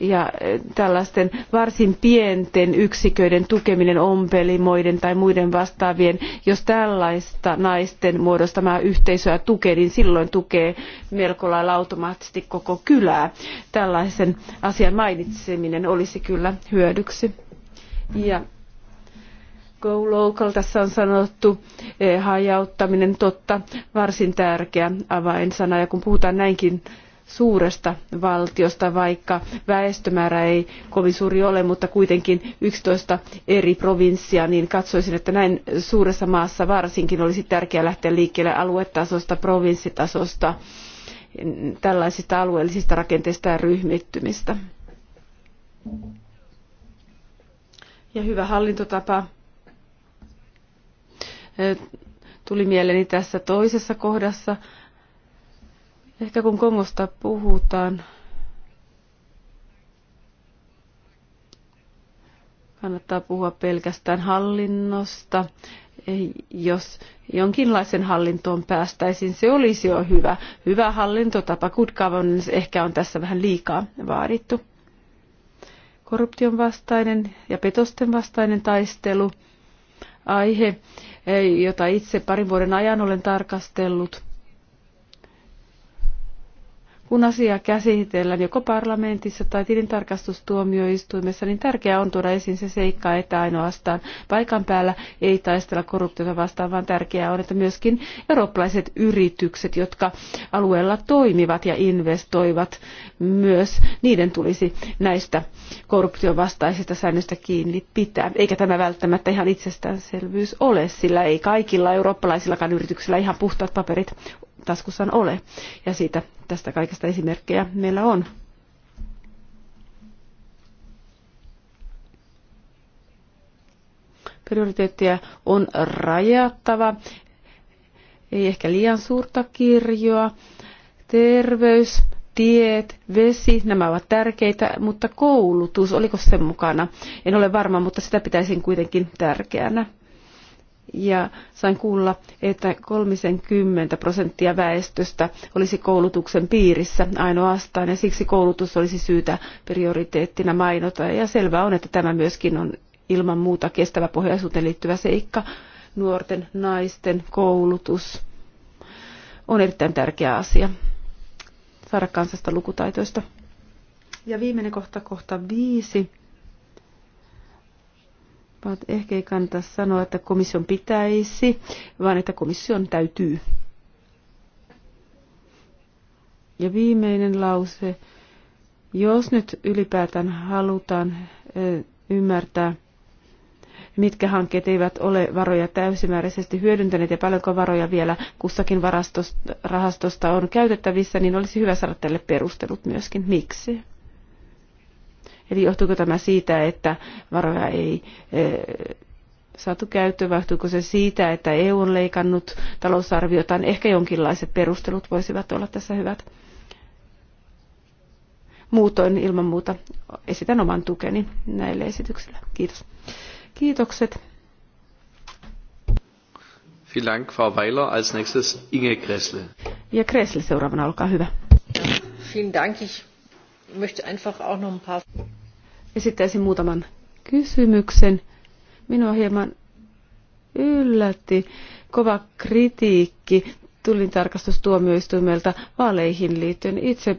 ja e, tällaisten varsin pienten yksiköiden tukeminen ompelimoiden tai muiden vastaavien jos tällaista naisten muodostamaa yhteisöä tukee niin silloin tukee melko lailla automaattisesti koko kylää. tällaisen asian mainitseminen olisi kyllä hyödyksi. Ja go local tässä on sanottu e, hajauttaminen totta varsin tärkeä avainsana ja kun puhutaan näinkin suuresta valtiosta, vaikka väestömäärä ei kovin suuri ole, mutta kuitenkin 11 eri provinssia, niin katsoisin, että näin suuressa maassa varsinkin olisi tärkeää lähteä liikkeelle aluetasosta, provinssitasosta, tällaisista alueellisista rakenteista ja ryhmittymistä. Ja hyvä hallintotapa tuli mieleeni tässä toisessa kohdassa Ehkä kun Kongosta puhutaan, kannattaa puhua pelkästään hallinnosta. Jos jonkinlaisen hallintoon päästäisiin, se olisi jo hyvä. Hyvä hallintotapa, good governance, ehkä on tässä vähän liikaa vaadittu. Korruption vastainen ja petosten vastainen taistelu, aihe, jota itse parin vuoden ajan olen tarkastellut – kun asiaa käsitellään joko parlamentissa tai tilintarkastustuomioistuimessa, niin tärkeää on tuoda esiin se seikka, että ainoastaan paikan päällä ei taistella korruptiota vastaan, vaan tärkeää on, että myöskin eurooppalaiset yritykset, jotka alueella toimivat ja investoivat, myös niiden tulisi näistä korruption vastaisista säännöistä kiinni pitää. Eikä tämä välttämättä ihan itsestäänselvyys ole, sillä ei kaikilla eurooppalaisillakaan yrityksillä ihan puhtaat paperit taskussaan ole. Ja siitä tästä kaikesta esimerkkejä meillä on. Prioriteettia on rajattava, ei ehkä liian suurta kirjoa. Terveys, tiet, vesi, nämä ovat tärkeitä, mutta koulutus, oliko se mukana? En ole varma, mutta sitä pitäisin kuitenkin tärkeänä ja sain kuulla, että 30 prosenttia väestöstä olisi koulutuksen piirissä ainoastaan ja siksi koulutus olisi syytä prioriteettina mainota ja selvää on, että tämä myöskin on ilman muuta kestävä pohjaisuuteen liittyvä seikka, nuorten naisten koulutus on erittäin tärkeä asia saada kansasta lukutaitoista. Ja viimeinen kohta, kohta viisi vaan ehkä ei kannata sanoa, että komission pitäisi, vaan että komission täytyy. Ja viimeinen lause. Jos nyt ylipäätään halutaan ymmärtää, mitkä hankkeet eivät ole varoja täysimääräisesti hyödyntäneet ja paljonko varoja vielä kussakin rahastosta on käytettävissä, niin olisi hyvä saada tälle perustelut myöskin. Miksi? Eli johtuuko tämä siitä, että varoja ei e, saatu käyttöön, vai johtuuko se siitä, että EU on leikannut talousarviotaan? Ehkä jonkinlaiset perustelut voisivat olla tässä hyvät. Muutoin ilman muuta esitän oman tukeni näille esityksille. Kiitos. Kiitokset. Vielen Dank, Frau Weiler. Als nächstes Inge Kressle. Ja Kressle seuraavana, olkaa hyvä. Vielen Dank. Ich möchte einfach auch noch ein paar... Esittäisin muutaman kysymyksen. Minua hieman yllätti kova kritiikki tarkastustuomioistuimelta vaaleihin liittyen. Itse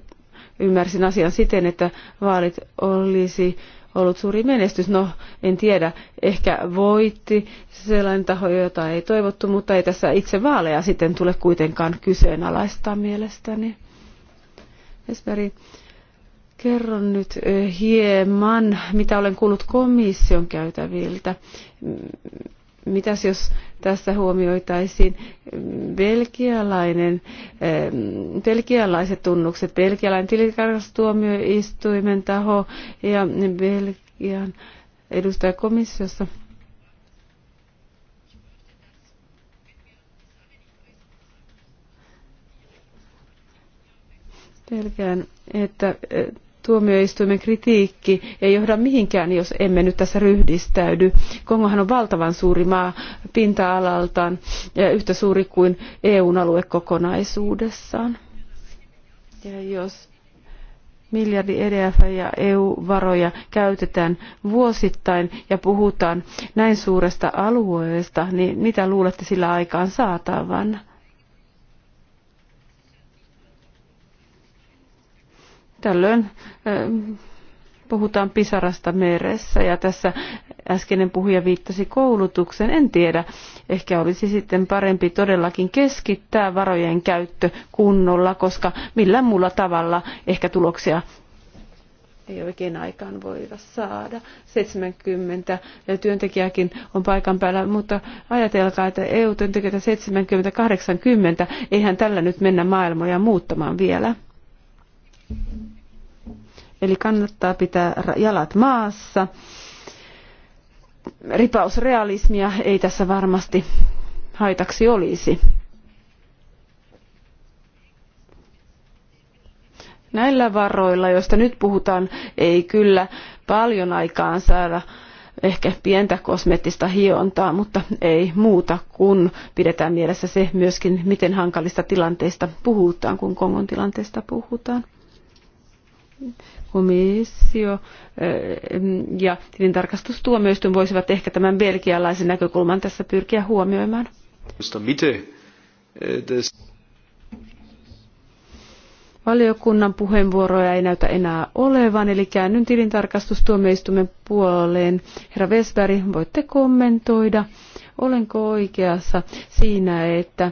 ymmärsin asian siten, että vaalit olisi ollut suuri menestys. No, en tiedä, ehkä voitti sellainen taho, jota ei toivottu, mutta ei tässä itse vaaleja sitten tule kuitenkaan kyseenalaistaa mielestäni. Esperi, Kerron nyt hieman, mitä olen kuullut komission käytäviltä. Mitäs jos tässä huomioitaisiin belgialainen, belgialaiset tunnukset, belgialainen tilitarkastustuomioistuimen taho ja Belgian edustajakomissiossa? Pelkään, että tuomioistuimen kritiikki ei johda mihinkään, jos emme nyt tässä ryhdistäydy. Kongohan on valtavan suuri maa pinta-alaltaan, yhtä suuri kuin EUn alue kokonaisuudessaan. Ja jos miljardi EDF ja EU-varoja käytetään vuosittain ja puhutaan näin suuresta alueesta, niin mitä luulette sillä aikaan saatavan? Tällöin puhutaan pisarasta meressä ja tässä äskeinen puhuja viittasi koulutukseen. En tiedä, ehkä olisi sitten parempi todellakin keskittää varojen käyttö kunnolla, koska millä muulla tavalla ehkä tuloksia ei oikein aikaan voida saada. 70 työntekijäkin on paikan päällä, mutta ajatelkaa, että EU-työntekijöitä 70-80, eihän tällä nyt mennä maailmoja muuttamaan vielä. Thank you. Eli kannattaa pitää jalat maassa. Ripausrealismia ei tässä varmasti haitaksi olisi. Näillä varoilla, joista nyt puhutaan, ei kyllä paljon aikaan saada ehkä pientä kosmeettista hiontaa, mutta ei muuta, kun pidetään mielessä se myöskin, miten hankalista tilanteista puhutaan, kun Kongon tilanteesta puhutaan komissio eh, ja tilintarkastustuomioistuin voisivat ehkä tämän belgialaisen näkökulman tässä pyrkiä huomioimaan. Eh, Valiokunnan puheenvuoroja ei näytä enää olevan, eli käännyn tilintarkastustuomioistuimen puoleen. Herra Vesberg, voitte kommentoida, olenko oikeassa siinä, että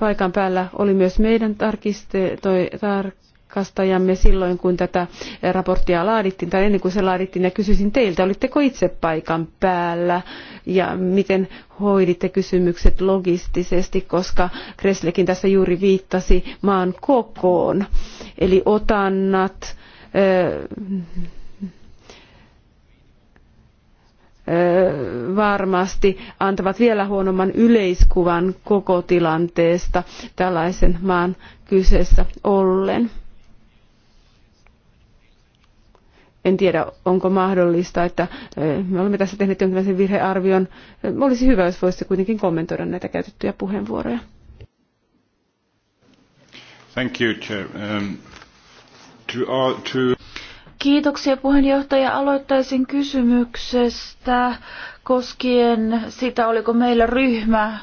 paikan päällä oli myös meidän tarkiste, toi, tar, Kastajamme silloin, kun tätä raporttia laadittiin, tai ennen kuin se laadittiin, ja kysyisin teiltä, olitteko itse paikan päällä, ja miten hoiditte kysymykset logistisesti, koska Kreslekin tässä juuri viittasi maan kokoon. Eli otannat, varmasti antavat vielä huonomman yleiskuvan koko tilanteesta tällaisen maan kyseessä ollen. en tiedä, onko mahdollista, että me olemme tässä tehneet jonkinlaisen virhearvion. Olisi hyvä, jos voisitte kuitenkin kommentoida näitä käytettyjä puheenvuoroja. Thank you, Chair. Um, to, to... Kiitoksia puheenjohtaja. Aloittaisin kysymyksestä koskien sitä, oliko meillä ryhmä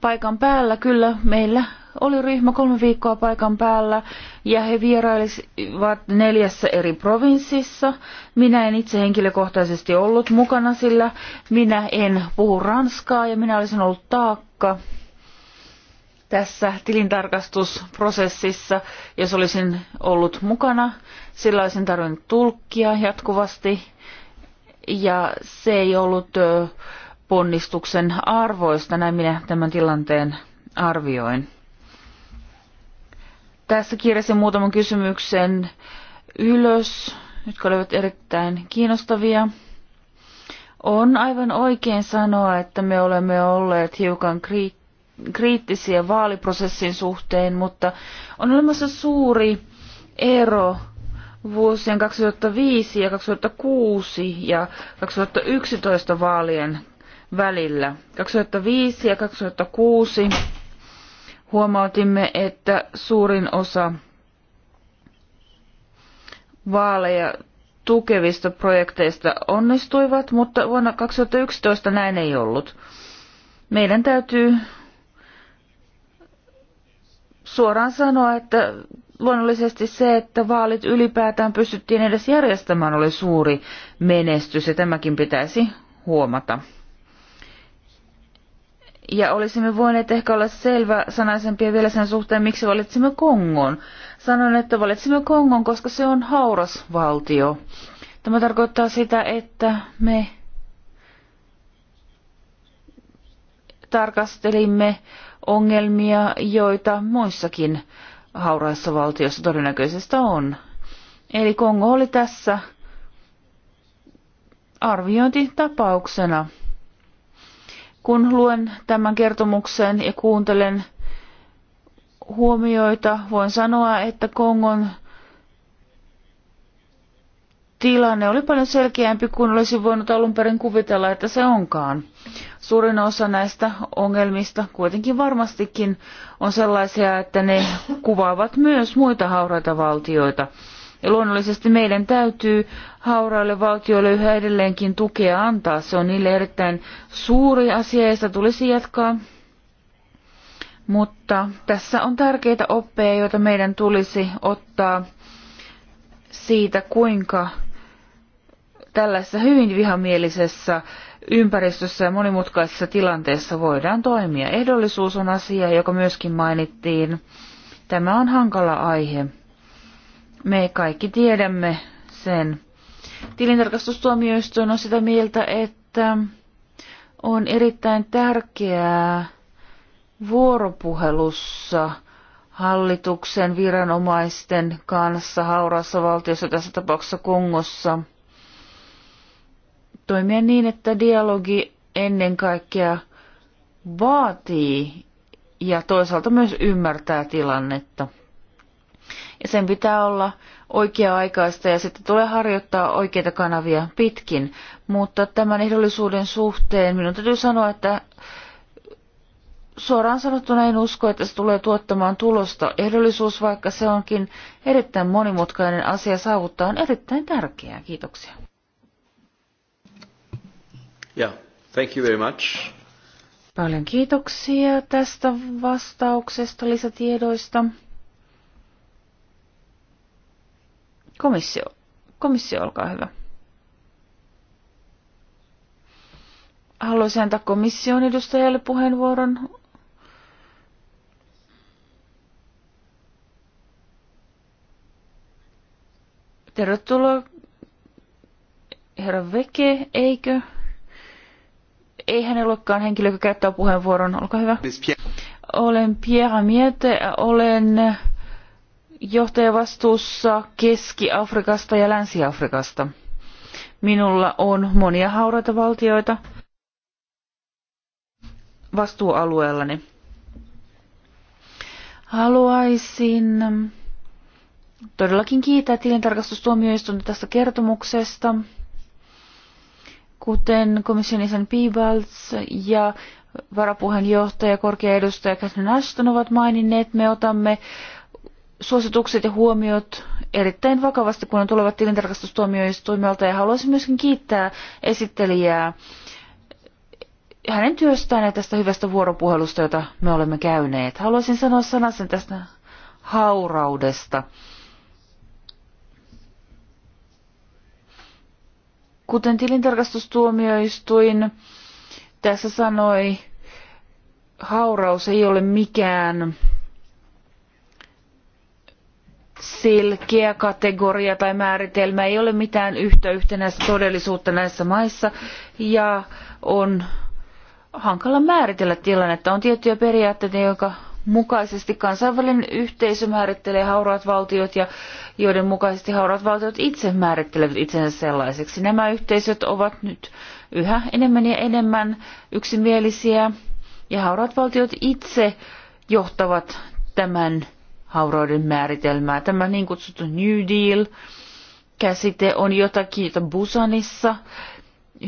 paikan päällä. Kyllä meillä oli ryhmä kolme viikkoa paikan päällä ja he vierailivat neljässä eri provinssissa. Minä en itse henkilökohtaisesti ollut mukana, sillä minä en puhu ranskaa ja minä olisin ollut taakka tässä tilintarkastusprosessissa, jos olisin ollut mukana, sillä olisin tarvinnut tulkkia jatkuvasti. Ja se ei ollut ponnistuksen arvoista, näin minä tämän tilanteen arvioin. Tässä kirjasin muutaman kysymyksen ylös, jotka olivat erittäin kiinnostavia. On aivan oikein sanoa, että me olemme olleet hiukan kriittisiä vaaliprosessin suhteen, mutta on olemassa suuri ero vuosien 2005 ja 2006 ja 2011 vaalien välillä. 2005 ja 2006 huomautimme, että suurin osa vaaleja tukevista projekteista onnistuivat, mutta vuonna 2011 näin ei ollut. Meidän täytyy suoraan sanoa, että luonnollisesti se, että vaalit ylipäätään pystyttiin edes järjestämään, oli suuri menestys ja tämäkin pitäisi huomata. Ja olisimme voineet ehkä olla selvä sanaisempia vielä sen suhteen, miksi valitsimme Kongon. Sanon, että valitsimme Kongon, koska se on hauras valtio. Tämä tarkoittaa sitä, että me tarkastelimme ongelmia, joita muissakin hauraissa valtioissa todennäköisesti on. Eli Kongo oli tässä arviointitapauksena. Kun luen tämän kertomuksen ja kuuntelen huomioita, voin sanoa, että Kongon tilanne oli paljon selkeämpi kuin olisi voinut alun perin kuvitella, että se onkaan. Suurin osa näistä ongelmista kuitenkin varmastikin on sellaisia, että ne kuvaavat myös muita hauraita valtioita – ja luonnollisesti meidän täytyy hauraille valtioille yhä edelleenkin tukea antaa. Se on niille erittäin suuri asia ja sitä tulisi jatkaa. Mutta tässä on tärkeitä oppeja, joita meidän tulisi ottaa siitä, kuinka tällaisessa hyvin vihamielisessä ympäristössä ja monimutkaisessa tilanteessa voidaan toimia. Ehdollisuus on asia, joka myöskin mainittiin. Tämä on hankala aihe. Me kaikki tiedämme sen. Tilintarkastustuomioistuin on sitä mieltä, että on erittäin tärkeää vuoropuhelussa hallituksen viranomaisten kanssa hauraassa valtiossa, tässä tapauksessa Kongossa, toimia niin, että dialogi ennen kaikkea vaatii ja toisaalta myös ymmärtää tilannetta ja sen pitää olla oikea-aikaista ja sitten tulee harjoittaa oikeita kanavia pitkin. Mutta tämän ehdollisuuden suhteen minun täytyy sanoa, että suoraan sanottuna en usko, että se tulee tuottamaan tulosta. Ehdollisuus, vaikka se onkin erittäin monimutkainen asia saavuttaa, on erittäin tärkeää. Kiitoksia. Yeah, thank you very much. Paljon kiitoksia tästä vastauksesta, lisätiedoista. Komissio, komissio olkaa hyvä. Haluaisin antaa komission edustajalle puheenvuoron. Tervetuloa, herra Veke, eikö? Ei hänellä olekaan henkilö, joka käyttää puheenvuoron. Olkaa hyvä. Olen Pierre miette, olen johtajavastuussa Keski-Afrikasta ja Länsi-Afrikasta. Minulla on monia hauraita valtioita vastuualueellani. Haluaisin todellakin kiittää tilintarkastustuomioistuinta tästä kertomuksesta. Kuten komission jäsen Peebles ja varapuheenjohtaja, korkea edustaja Catherine Ashton ovat maininneet, me otamme suositukset ja huomiot erittäin vakavasti, kun ne tulevat tilintarkastustuomioistuimelta ja haluaisin myöskin kiittää esittelijää hänen työstään ja tästä hyvästä vuoropuhelusta, jota me olemme käyneet. Haluaisin sanoa sanasen tästä hauraudesta. Kuten tilintarkastustuomioistuin tässä sanoi, hauraus ei ole mikään selkeä kategoria tai määritelmä, ei ole mitään yhtä yhtenäistä todellisuutta näissä maissa ja on hankala määritellä tilannetta. On tiettyjä periaatteita, jotka mukaisesti kansainvälinen yhteisö määrittelee hauraat valtiot ja joiden mukaisesti hauraat valtiot itse määrittelevät itsensä sellaiseksi. Nämä yhteisöt ovat nyt yhä enemmän ja enemmän yksimielisiä ja hauraat valtiot itse johtavat tämän haurauden määritelmää. Tämä niin kutsuttu New Deal-käsite on jotakin, jota Busanissa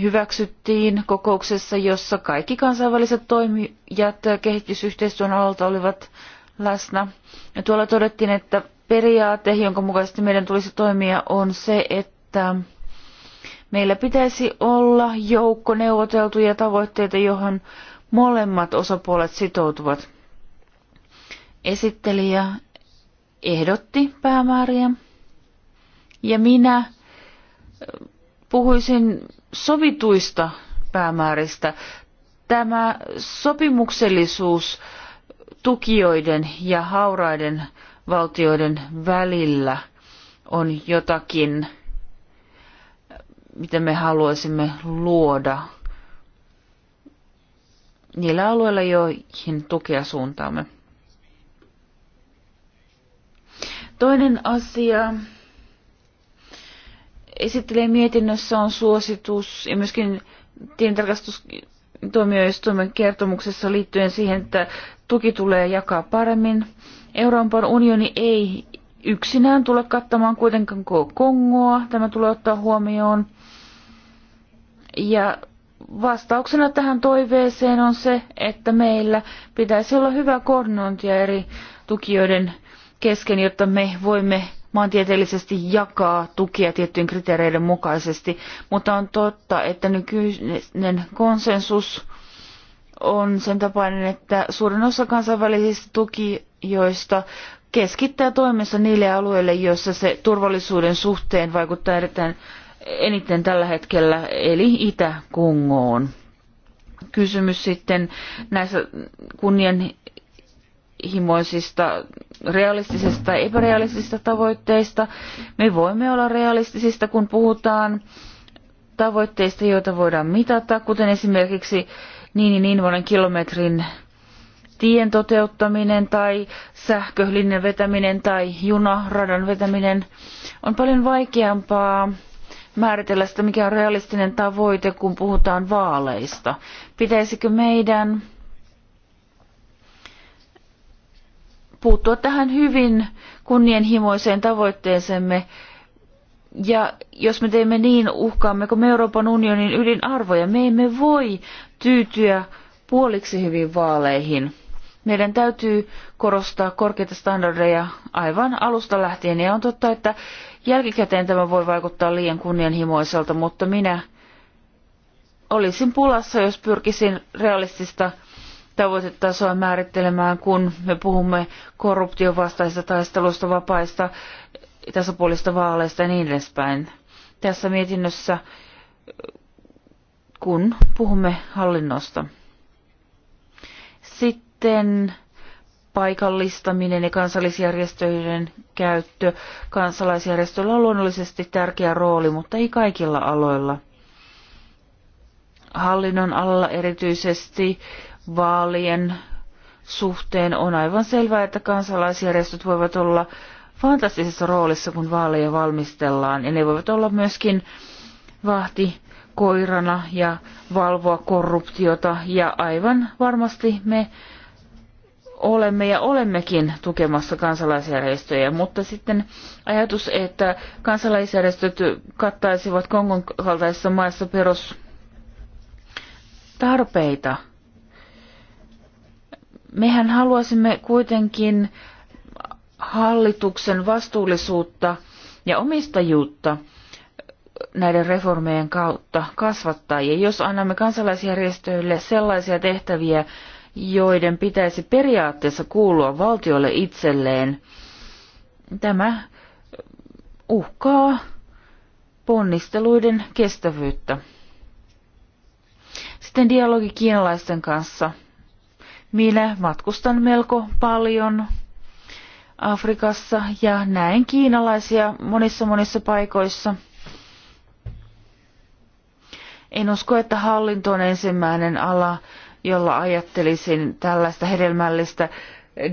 hyväksyttiin kokouksessa, jossa kaikki kansainväliset toimijat kehitysyhteistyön alalta olivat läsnä. Ja tuolla todettiin, että periaate, jonka mukaisesti meidän tulisi toimia, on se, että meillä pitäisi olla joukko neuvoteltuja tavoitteita, johon molemmat osapuolet sitoutuvat. Esittelijä ehdotti päämääriä. Ja minä puhuisin sovituista päämääristä. Tämä sopimuksellisuus tukijoiden ja hauraiden valtioiden välillä on jotakin, mitä me haluaisimme luoda niillä alueilla, joihin tukea suuntaamme. Toinen asia esittelee mietinnössä on suositus ja myöskin tuomioistuimen kertomuksessa liittyen siihen, että tuki tulee jakaa paremmin. Euroopan unioni ei yksinään tule kattamaan kuitenkaan Kongoa. Tämä tulee ottaa huomioon. Ja vastauksena tähän toiveeseen on se, että meillä pitäisi olla hyvä koordinointia eri tukijoiden kesken, jotta me voimme maantieteellisesti jakaa tukia tiettyjen kriteereiden mukaisesti, mutta on totta, että nykyinen konsensus on sen tapainen, että suurin osa kansainvälisistä tukijoista keskittää toimessa niille alueille, joissa se turvallisuuden suhteen vaikuttaa erittäin eniten tällä hetkellä, eli Itä-Kongoon. Kysymys sitten näissä kunnian himoisista realistisista tai epärealistisista tavoitteista. Me voimme olla realistisista, kun puhutaan tavoitteista, joita voidaan mitata, kuten esimerkiksi niin ja niin monen kilometrin tien toteuttaminen tai sähkölinjan vetäminen tai junaradan vetäminen. On paljon vaikeampaa määritellä sitä, mikä on realistinen tavoite, kun puhutaan vaaleista. Pitäisikö meidän puuttua tähän hyvin kunnianhimoiseen tavoitteeseemme. Ja jos me teemme niin, uhkaammeko me Euroopan unionin ydinarvoja? Me emme voi tyytyä puoliksi hyvin vaaleihin. Meidän täytyy korostaa korkeita standardeja aivan alusta lähtien. Ja on totta, että jälkikäteen tämä voi vaikuttaa liian kunnianhimoiselta, mutta minä olisin pulassa, jos pyrkisin realistista tavoitetasoa määrittelemään, kun me puhumme korruption vastaisesta taistelusta, vapaista, tasapuolista vaaleista ja niin edespäin. Tässä mietinnössä, kun puhumme hallinnosta. Sitten paikallistaminen ja kansallisjärjestöjen käyttö. Kansalaisjärjestöillä on luonnollisesti tärkeä rooli, mutta ei kaikilla aloilla. Hallinnon alla erityisesti vaalien suhteen on aivan selvää, että kansalaisjärjestöt voivat olla fantastisessa roolissa, kun vaaleja valmistellaan. Ja ne voivat olla myöskin vahti koirana ja valvoa korruptiota. Ja aivan varmasti me olemme ja olemmekin tukemassa kansalaisjärjestöjä, mutta sitten ajatus, että kansalaisjärjestöt kattaisivat Kongon kaltaisissa maissa perustarpeita – mehän haluaisimme kuitenkin hallituksen vastuullisuutta ja omistajuutta näiden reformeen kautta kasvattaa. Ja jos annamme kansalaisjärjestöille sellaisia tehtäviä, joiden pitäisi periaatteessa kuulua valtiolle itselleen, tämä uhkaa ponnisteluiden kestävyyttä. Sitten dialogi kiinalaisten kanssa – minä matkustan melko paljon Afrikassa ja näen kiinalaisia monissa monissa paikoissa. En usko, että hallinto on ensimmäinen ala, jolla ajattelisin tällaista hedelmällistä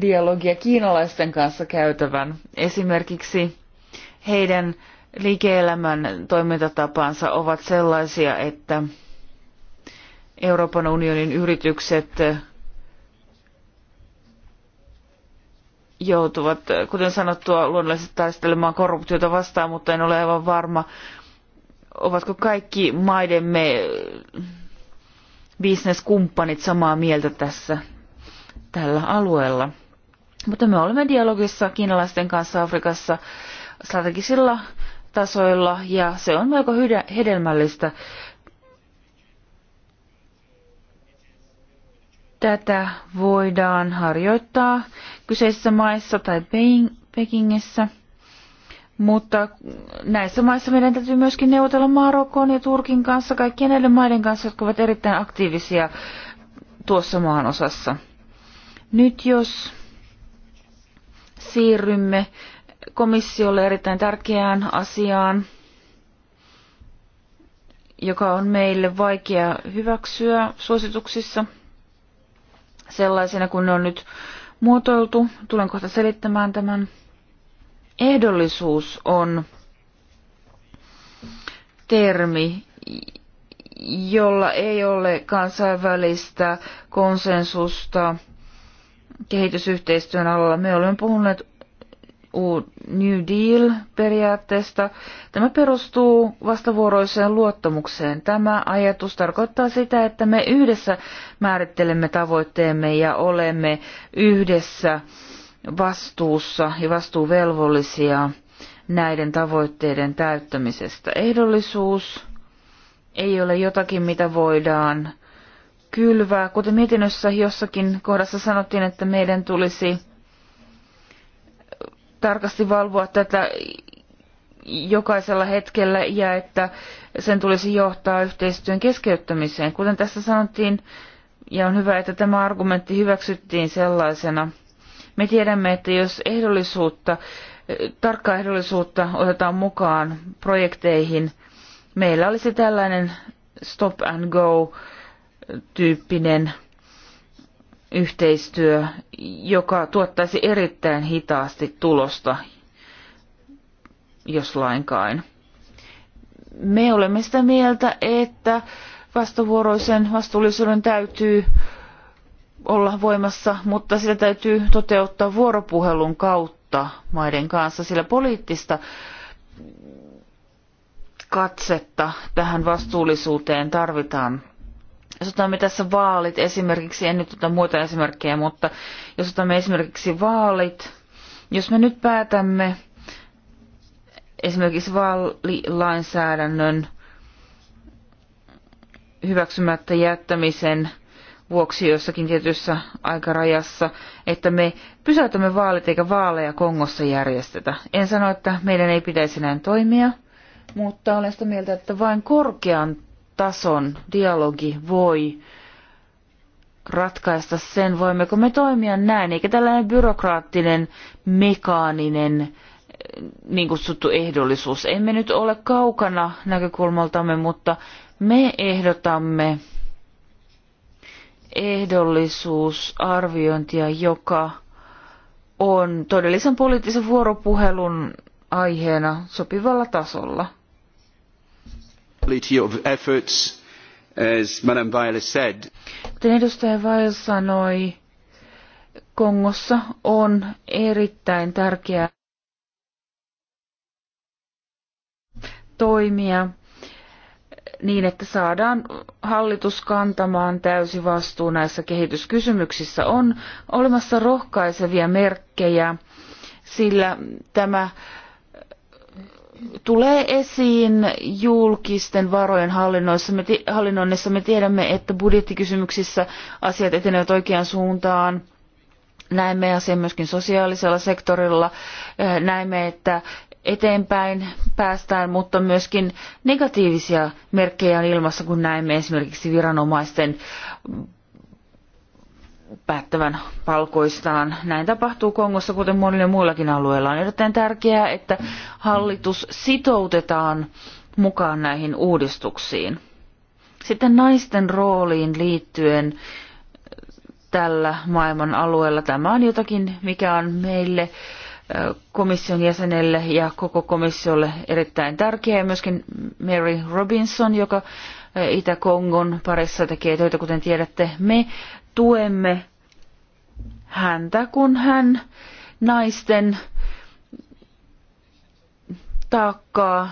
dialogia kiinalaisten kanssa käytävän. Esimerkiksi heidän liike-elämän toimintatapansa ovat sellaisia, että Euroopan unionin yritykset joutuvat, kuten sanottua, luonnollisesti taistelemaan korruptiota vastaan, mutta en ole aivan varma, ovatko kaikki maidemme bisneskumppanit samaa mieltä tässä tällä alueella. Mutta me olemme dialogissa kiinalaisten kanssa Afrikassa strategisilla tasoilla ja se on melko hedelmällistä. tätä voidaan harjoittaa kyseisissä maissa tai Pekingissä. Mutta näissä maissa meidän täytyy myöskin neuvotella Marokon ja Turkin kanssa, kaikkien näiden maiden kanssa, jotka ovat erittäin aktiivisia tuossa maan osassa. Nyt jos siirrymme komissiolle erittäin tärkeään asiaan, joka on meille vaikea hyväksyä suosituksissa – sellaisena kuin ne on nyt muotoiltu. Tulen kohta selittämään tämän. Ehdollisuus on termi, jolla ei ole kansainvälistä konsensusta kehitysyhteistyön alalla. Me olemme puhuneet New Deal-periaatteesta. Tämä perustuu vastavuoroiseen luottamukseen. Tämä ajatus tarkoittaa sitä, että me yhdessä määrittelemme tavoitteemme ja olemme yhdessä vastuussa ja vastuuvelvollisia näiden tavoitteiden täyttämisestä. Ehdollisuus ei ole jotakin, mitä voidaan kylvää. Kuten mietinnössä jossakin kohdassa sanottiin, että meidän tulisi tarkasti valvoa tätä jokaisella hetkellä ja että sen tulisi johtaa yhteistyön keskeyttämiseen. Kuten tässä sanottiin, ja on hyvä, että tämä argumentti hyväksyttiin sellaisena. Me tiedämme, että jos ehdollisuutta, tarkkaa ehdollisuutta otetaan mukaan projekteihin, meillä olisi tällainen stop and go tyyppinen yhteistyö, joka tuottaisi erittäin hitaasti tulosta, jos lainkaan. Me olemme sitä mieltä, että vastavuoroisen vastuullisuuden täytyy olla voimassa, mutta sitä täytyy toteuttaa vuoropuhelun kautta maiden kanssa, sillä poliittista katsetta tähän vastuullisuuteen tarvitaan jos otamme tässä vaalit esimerkiksi, en nyt ota muita esimerkkejä, mutta jos otamme esimerkiksi vaalit, jos me nyt päätämme esimerkiksi vaalilainsäädännön hyväksymättä jättämisen vuoksi jossakin tietyssä aikarajassa, että me pysäytämme vaalit eikä vaaleja Kongossa järjestetä. En sano, että meidän ei pitäisi näin toimia, mutta olen sitä mieltä, että vain korkean tason dialogi voi ratkaista sen, voimmeko me toimia näin, eikä tällainen byrokraattinen, mekaaninen eh, niin kutsuttu ehdollisuus. Emme nyt ole kaukana näkökulmaltamme, mutta me ehdotamme ehdollisuusarviointia, joka on todellisen poliittisen vuoropuhelun aiheena sopivalla tasolla. Kuten edustaja Vail sanoi, Kongossa on erittäin tärkeää toimia niin, että saadaan hallitus kantamaan täysi vastuu näissä kehityskysymyksissä. On olemassa rohkaisevia merkkejä, sillä tämä tulee esiin julkisten varojen Me hallinnoinnissa me tiedämme, että budjettikysymyksissä asiat etenevät oikeaan suuntaan. Näemme asian myöskin sosiaalisella sektorilla. Äh, näemme, että eteenpäin päästään, mutta myöskin negatiivisia merkkejä on ilmassa, kun näemme esimerkiksi viranomaisten päättävän palkoistaan. Näin tapahtuu Kongossa, kuten monilla muillakin alueilla. On erittäin tärkeää, että hallitus sitoutetaan mukaan näihin uudistuksiin. Sitten naisten rooliin liittyen tällä maailman alueella. Tämä on jotakin, mikä on meille komission jäsenelle ja koko komissiolle erittäin tärkeää. Myöskin Mary Robinson, joka Itä-Kongon parissa tekee töitä, kuten tiedätte. Me tuemme häntä, kun hän naisten taakkaa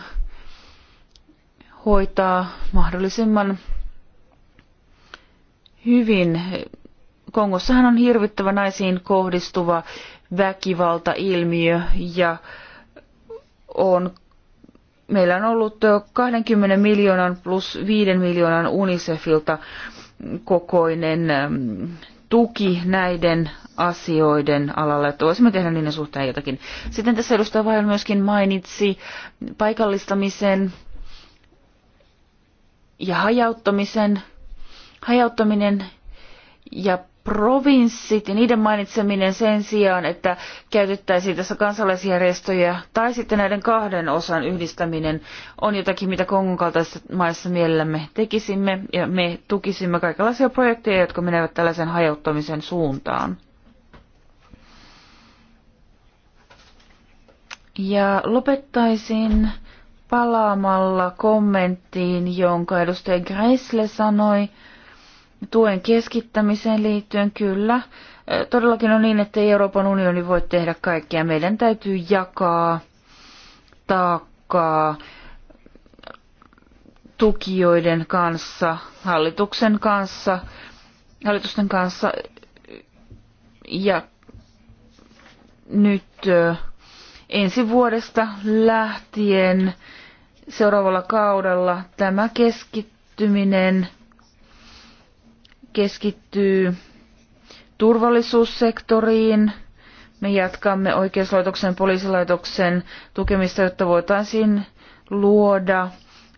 hoitaa mahdollisimman hyvin. Kongossahan on hirvittävä naisiin kohdistuva väkivaltailmiö ja on, meillä on ollut 20 miljoonan plus 5 miljoonan UNICEFilta kokoinen tuki näiden asioiden alalle, että voisimme tehdä niiden suhteen jotakin. Sitten tässä edustaja Vajon myöskin mainitsi paikallistamisen ja hajauttamisen, hajauttaminen ja provinssit ja niiden mainitseminen sen sijaan, että käytettäisiin tässä kansalaisjärjestöjä tai sitten näiden kahden osan yhdistäminen on jotakin, mitä Kongon kaltaisissa maissa mielellämme tekisimme ja me tukisimme kaikenlaisia projekteja, jotka menevät tällaisen hajauttamisen suuntaan. Ja lopettaisin palaamalla kommenttiin, jonka edustaja Greisle sanoi – tuen keskittämiseen liittyen kyllä. Todellakin on niin, että Euroopan unioni voi tehdä kaikkea. Meidän täytyy jakaa taakkaa tukijoiden kanssa, hallituksen kanssa, hallitusten kanssa ja nyt ensi vuodesta lähtien seuraavalla kaudella tämä keskittyminen keskittyy turvallisuussektoriin. Me jatkamme oikeuslaitoksen poliisilaitoksen tukemista, jotta voitaisiin luoda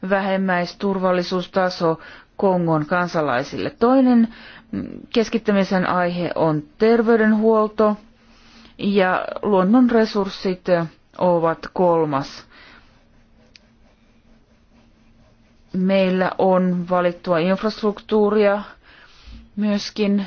vähemmäisturvallisuustaso Kongon kansalaisille. Toinen keskittämisen aihe on terveydenhuolto ja luonnonresurssit ovat kolmas. Meillä on valittua infrastruktuuria, Myöskin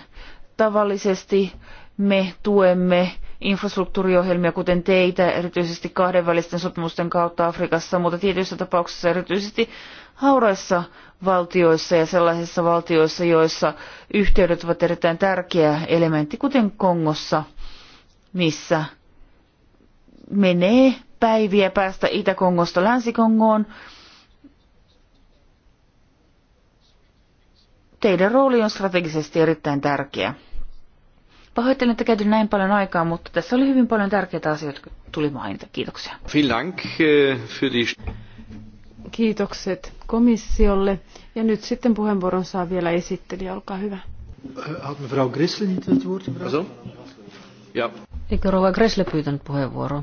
tavallisesti me tuemme infrastruktuuriohjelmia, kuten teitä, erityisesti kahdenvälisten sopimusten kautta Afrikassa, mutta tietyissä tapauksissa erityisesti hauraissa valtioissa ja sellaisissa valtioissa, joissa yhteydet ovat erittäin tärkeä elementti, kuten Kongossa, missä menee päiviä päästä Itä-Kongosta Länsi-Kongoon Teidän rooli on strategisesti erittäin tärkeä. Pahoittelen, että käytin näin paljon aikaa, mutta tässä oli hyvin paljon tärkeitä asioita, jotka tuli mainita. Kiitoksia. Äh, Kiitokset komissiolle. Ja nyt sitten puheenvuoron saa vielä esittelijä. Olkaa hyvä. Äh, Eikö rouva Gressle pyytänyt puheenvuoroa?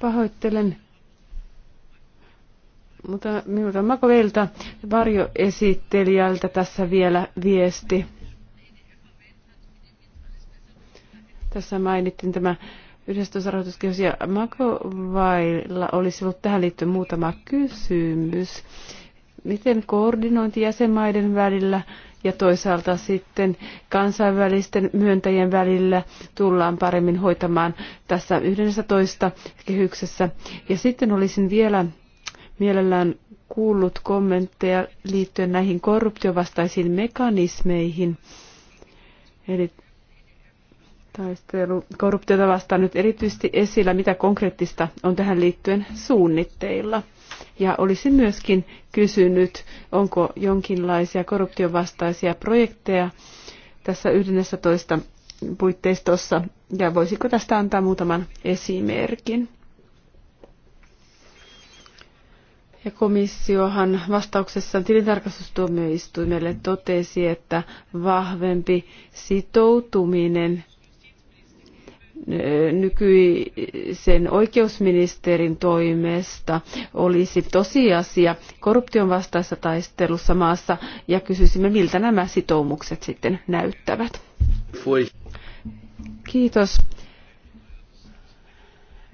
Pahoittelen mutta minulta Makovelta varjoesittelijältä tässä vielä viesti. Tässä mainittiin tämä 11 ja Makovailla olisi ollut tähän liittyen muutama kysymys. Miten koordinointi jäsenmaiden välillä ja toisaalta sitten kansainvälisten myöntäjien välillä tullaan paremmin hoitamaan tässä 11 kehyksessä. Ja sitten olisin vielä mielellään kuullut kommentteja liittyen näihin korruptiovastaisiin mekanismeihin. Eli taistelu korruptiota vastaan nyt erityisesti esillä, mitä konkreettista on tähän liittyen suunnitteilla. Ja olisin myöskin kysynyt, onko jonkinlaisia korruptiovastaisia projekteja tässä 11 puitteistossa, ja voisiko tästä antaa muutaman esimerkin. Ja komissiohan vastauksessaan tilintarkastustuomioistuimelle totesi, että vahvempi sitoutuminen nykyisen oikeusministerin toimesta olisi tosiasia korruption vastaisessa taistelussa maassa ja kysyisimme, miltä nämä sitoumukset sitten näyttävät. Kiitos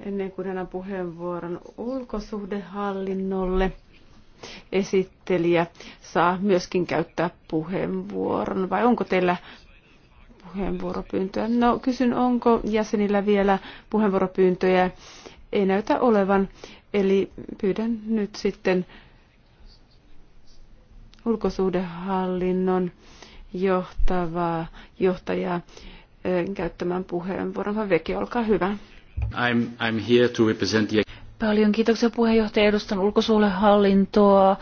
ennen kuin annan puheenvuoron ulkosuhdehallinnolle. Esittelijä saa myöskin käyttää puheenvuoron, vai onko teillä puheenvuoropyyntöä? No kysyn, onko jäsenillä vielä puheenvuoropyyntöjä? Ei näytä olevan, eli pyydän nyt sitten ulkosuhdehallinnon johtavaa johtajaa eh, käyttämään puheenvuoron. Veki, olkaa hyvä. I'm, I'm here to represent the... Paljon kiitoksia puheenjohtaja. Edustan ulkosuulehallintoa eh,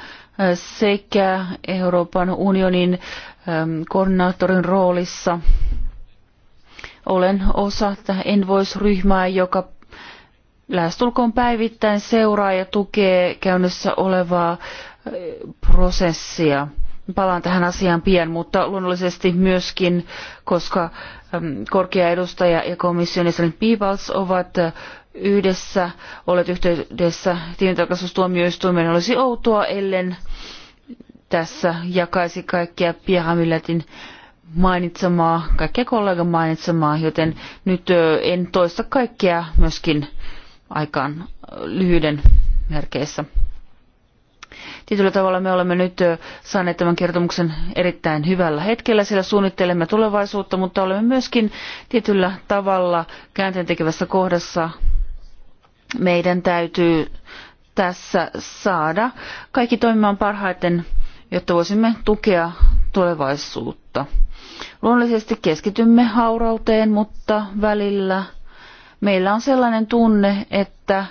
sekä Euroopan unionin ehm, koordinaattorin roolissa. Olen osa tätä Envois-ryhmää, joka lähestulkoon päivittäin seuraa ja tukee käynnissä olevaa eh, prosessia. Palaan tähän asiaan pian, mutta luonnollisesti myöskin, koska Ähm, korkea edustaja ja komission jäsen Peebles ovat äh, yhdessä olleet yhteydessä tilintarkastustuomioistuimeen. Olisi outoa, ellen tässä jakaisi kaikkia Pierre mainitsemaa, kaikkia kollegan mainitsemaa, joten nyt en toista kaikkea myöskin aikaan lyhyiden merkeissä. Tietyllä tavalla me olemme nyt saaneet tämän kertomuksen erittäin hyvällä hetkellä, sillä suunnittelemme tulevaisuutta, mutta olemme myöskin tietyllä tavalla käänteentekevässä kohdassa. Meidän täytyy tässä saada kaikki toimimaan parhaiten, jotta voisimme tukea tulevaisuutta. Luonnollisesti keskitymme haurauteen, mutta välillä meillä on sellainen tunne, että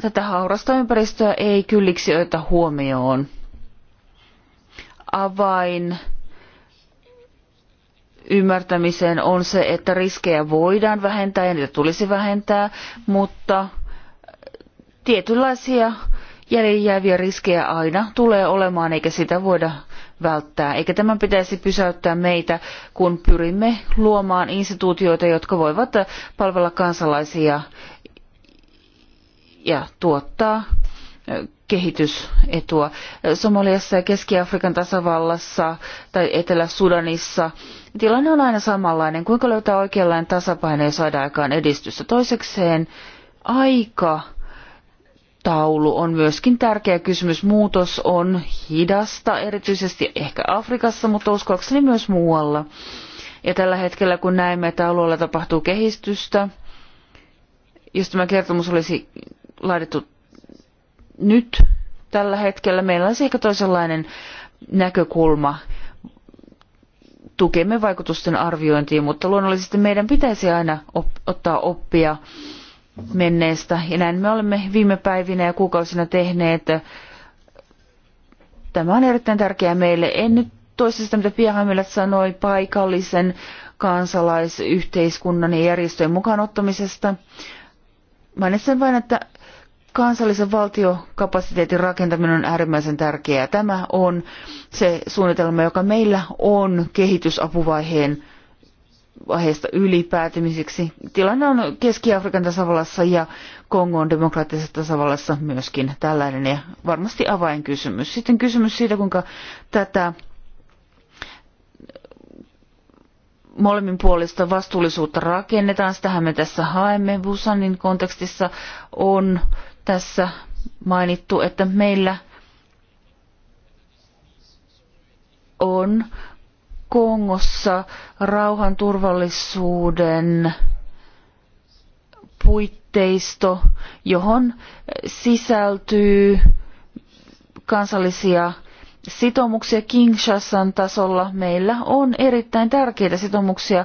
tätä haurasta ympäristöä ei kylliksi oteta huomioon. Avain ymmärtämiseen on se, että riskejä voidaan vähentää ja niitä tulisi vähentää, mutta tietynlaisia jäljellä riskejä aina tulee olemaan, eikä sitä voida välttää. Eikä tämän pitäisi pysäyttää meitä, kun pyrimme luomaan instituutioita, jotka voivat palvella kansalaisia ja tuottaa kehitysetua. Somaliassa ja Keski-Afrikan tasavallassa tai Etelä-Sudanissa tilanne on aina samanlainen. Kuinka löytää oikeanlainen tasapaino ja saada aikaan edistystä? Toisekseen aika taulu on myöskin tärkeä kysymys. Muutos on hidasta, erityisesti ehkä Afrikassa, mutta uskoakseni myös muualla. Ja tällä hetkellä, kun näemme, että alueella tapahtuu kehitystä, jos tämä kertomus olisi laadittu nyt tällä hetkellä. Meillä on siis ehkä toisenlainen näkökulma tukemme vaikutusten arviointiin, mutta luonnollisesti meidän pitäisi aina op ottaa oppia menneestä. Ja näin me olemme viime päivinä ja kuukausina tehneet. Tämä on erittäin tärkeää meille. En nyt toisesta, sitä, mitä Piahamilät sanoi paikallisen kansalaisyhteiskunnan ja järjestöjen mukaan ottamisesta. Mainitsen vain, että kansallisen valtiokapasiteetin rakentaminen on äärimmäisen tärkeää. Tämä on se suunnitelma, joka meillä on kehitysapuvaiheen vaiheesta ylipäätymiseksi. Tilanne on Keski-Afrikan tasavallassa ja Kongon demokraattisessa tasavallassa myöskin tällainen ja varmasti avainkysymys. Sitten kysymys siitä, kuinka tätä molemminpuolista vastuullisuutta rakennetaan. Sitähän me tässä haemme. Busanin kontekstissa on äh, tässä mainittu, että meillä on Kongossa rauhan turvallisuuden puitteisto, johon sisältyy kansallisia sitoumuksia Kinshasan tasolla. Meillä on erittäin tärkeitä sitoumuksia.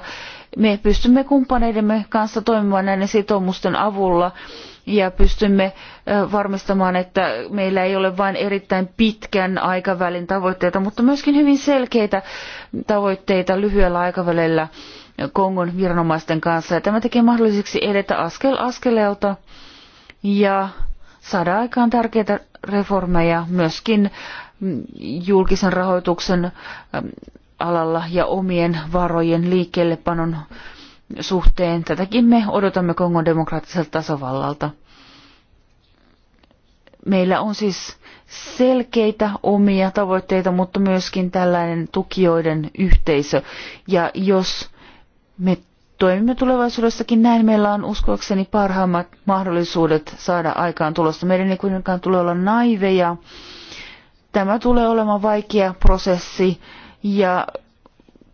Me pystymme kumppaneidemme kanssa toimimaan näiden sitoumusten avulla ja pystymme varmistamaan, että meillä ei ole vain erittäin pitkän aikavälin tavoitteita, mutta myöskin hyvin selkeitä tavoitteita lyhyellä aikavälillä Kongon viranomaisten kanssa. Ja tämä tekee mahdolliseksi edetä askel askeleelta ja saada aikaan tärkeitä reformeja myöskin mm, julkisen rahoituksen alalla ja omien varojen liikkeellepanon panon suhteen. Tätäkin me odotamme Kongon demokraattiselta tasavallalta. Meillä on siis selkeitä omia tavoitteita, mutta myöskin tällainen tukijoiden yhteisö. Ja jos me toimimme tulevaisuudessakin näin, meillä on uskoakseni parhaimmat mahdollisuudet saada aikaan tulosta. Meidän ei kuitenkaan tule olla naiveja. Tämä tulee olemaan vaikea prosessi ja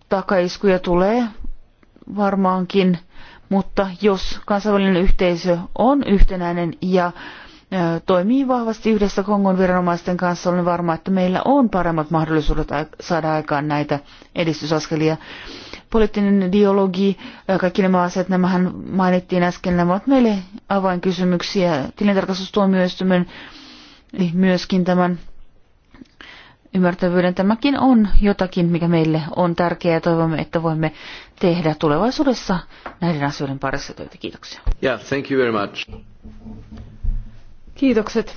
takaiskuja tulee varmaankin, mutta jos kansainvälinen yhteisö on yhtenäinen ja toimii vahvasti yhdessä Kongon viranomaisten kanssa, olen varma, että meillä on paremmat mahdollisuudet saada aikaan näitä edistysaskelia. Poliittinen dialogi, kaikki nämä asiat, nämähän mainittiin äsken, nämä ovat meille avainkysymyksiä. Tilintarkastustuomioistuimen eh, myöskin tämän ymmärtävyyden. Tämäkin on jotakin, mikä meille on tärkeää ja toivomme, että voimme tehdä tulevaisuudessa näiden asioiden parissa töitä. Kiitoksia. Yeah, thank you very much. Kiitokset.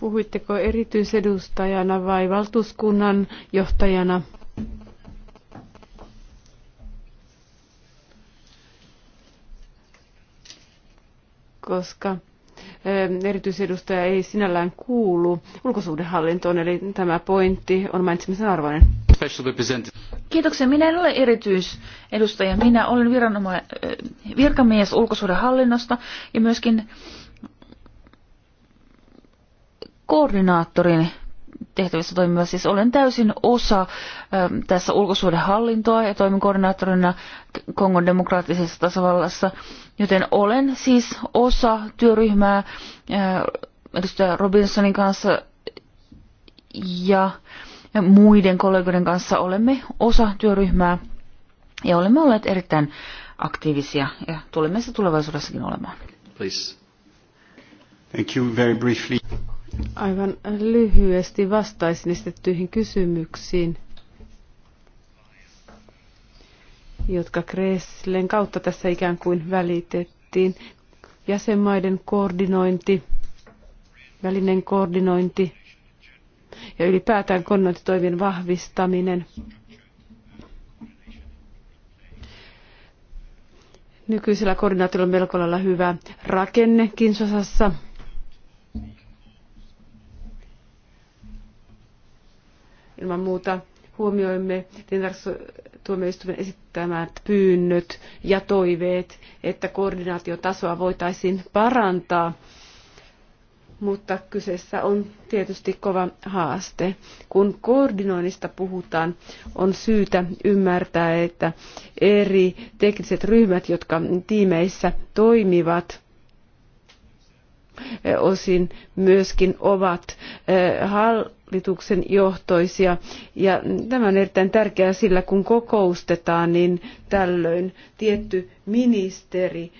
Puhuitteko erityisedustajana vai valtuuskunnan johtajana? Koska erityisedustaja ei sinällään kuulu ulkosuhdehallintoon, eli tämä pointti on mainitsemisen arvoinen. Kiitoksia. Minä en ole erityisedustaja. Minä olen viranoma- virkamies ulkosuhdehallinnosta ja myöskin koordinaattorin tehtävissä toimiva. Siis olen täysin osa tässä ulkosuhdehallintoa ja toimin koordinaattorina Kongon demokraattisessa tasavallassa, joten olen siis osa työryhmää edustaja Robinsonin kanssa ja muiden kollegoiden kanssa olemme osa työryhmää ja olemme olleet erittäin aktiivisia ja tulemme se tulevaisuudessakin olemaan. Please. Thank you very briefly. Aivan lyhyesti vastaisin esitettyihin kysymyksiin, jotka Kreslen kautta tässä ikään kuin välitettiin. Jäsenmaiden koordinointi, välinen koordinointi ja ylipäätään koordinointitoimien vahvistaminen. Nykyisellä koordinaatiolla on melko lailla hyvä rakenne Kinsasassa – Ilman muuta huomioimme tuomioistuimen esittämät pyynnöt ja toiveet, että koordinaatiotasoa voitaisiin parantaa, mutta kyseessä on tietysti kova haaste. Kun koordinoinnista puhutaan, on syytä ymmärtää, että eri tekniset ryhmät, jotka tiimeissä toimivat, osin myöskin ovat hallituksen johtoisia. Ja tämä on erittäin tärkeää, sillä kun kokoustetaan, niin tällöin tietty ministeri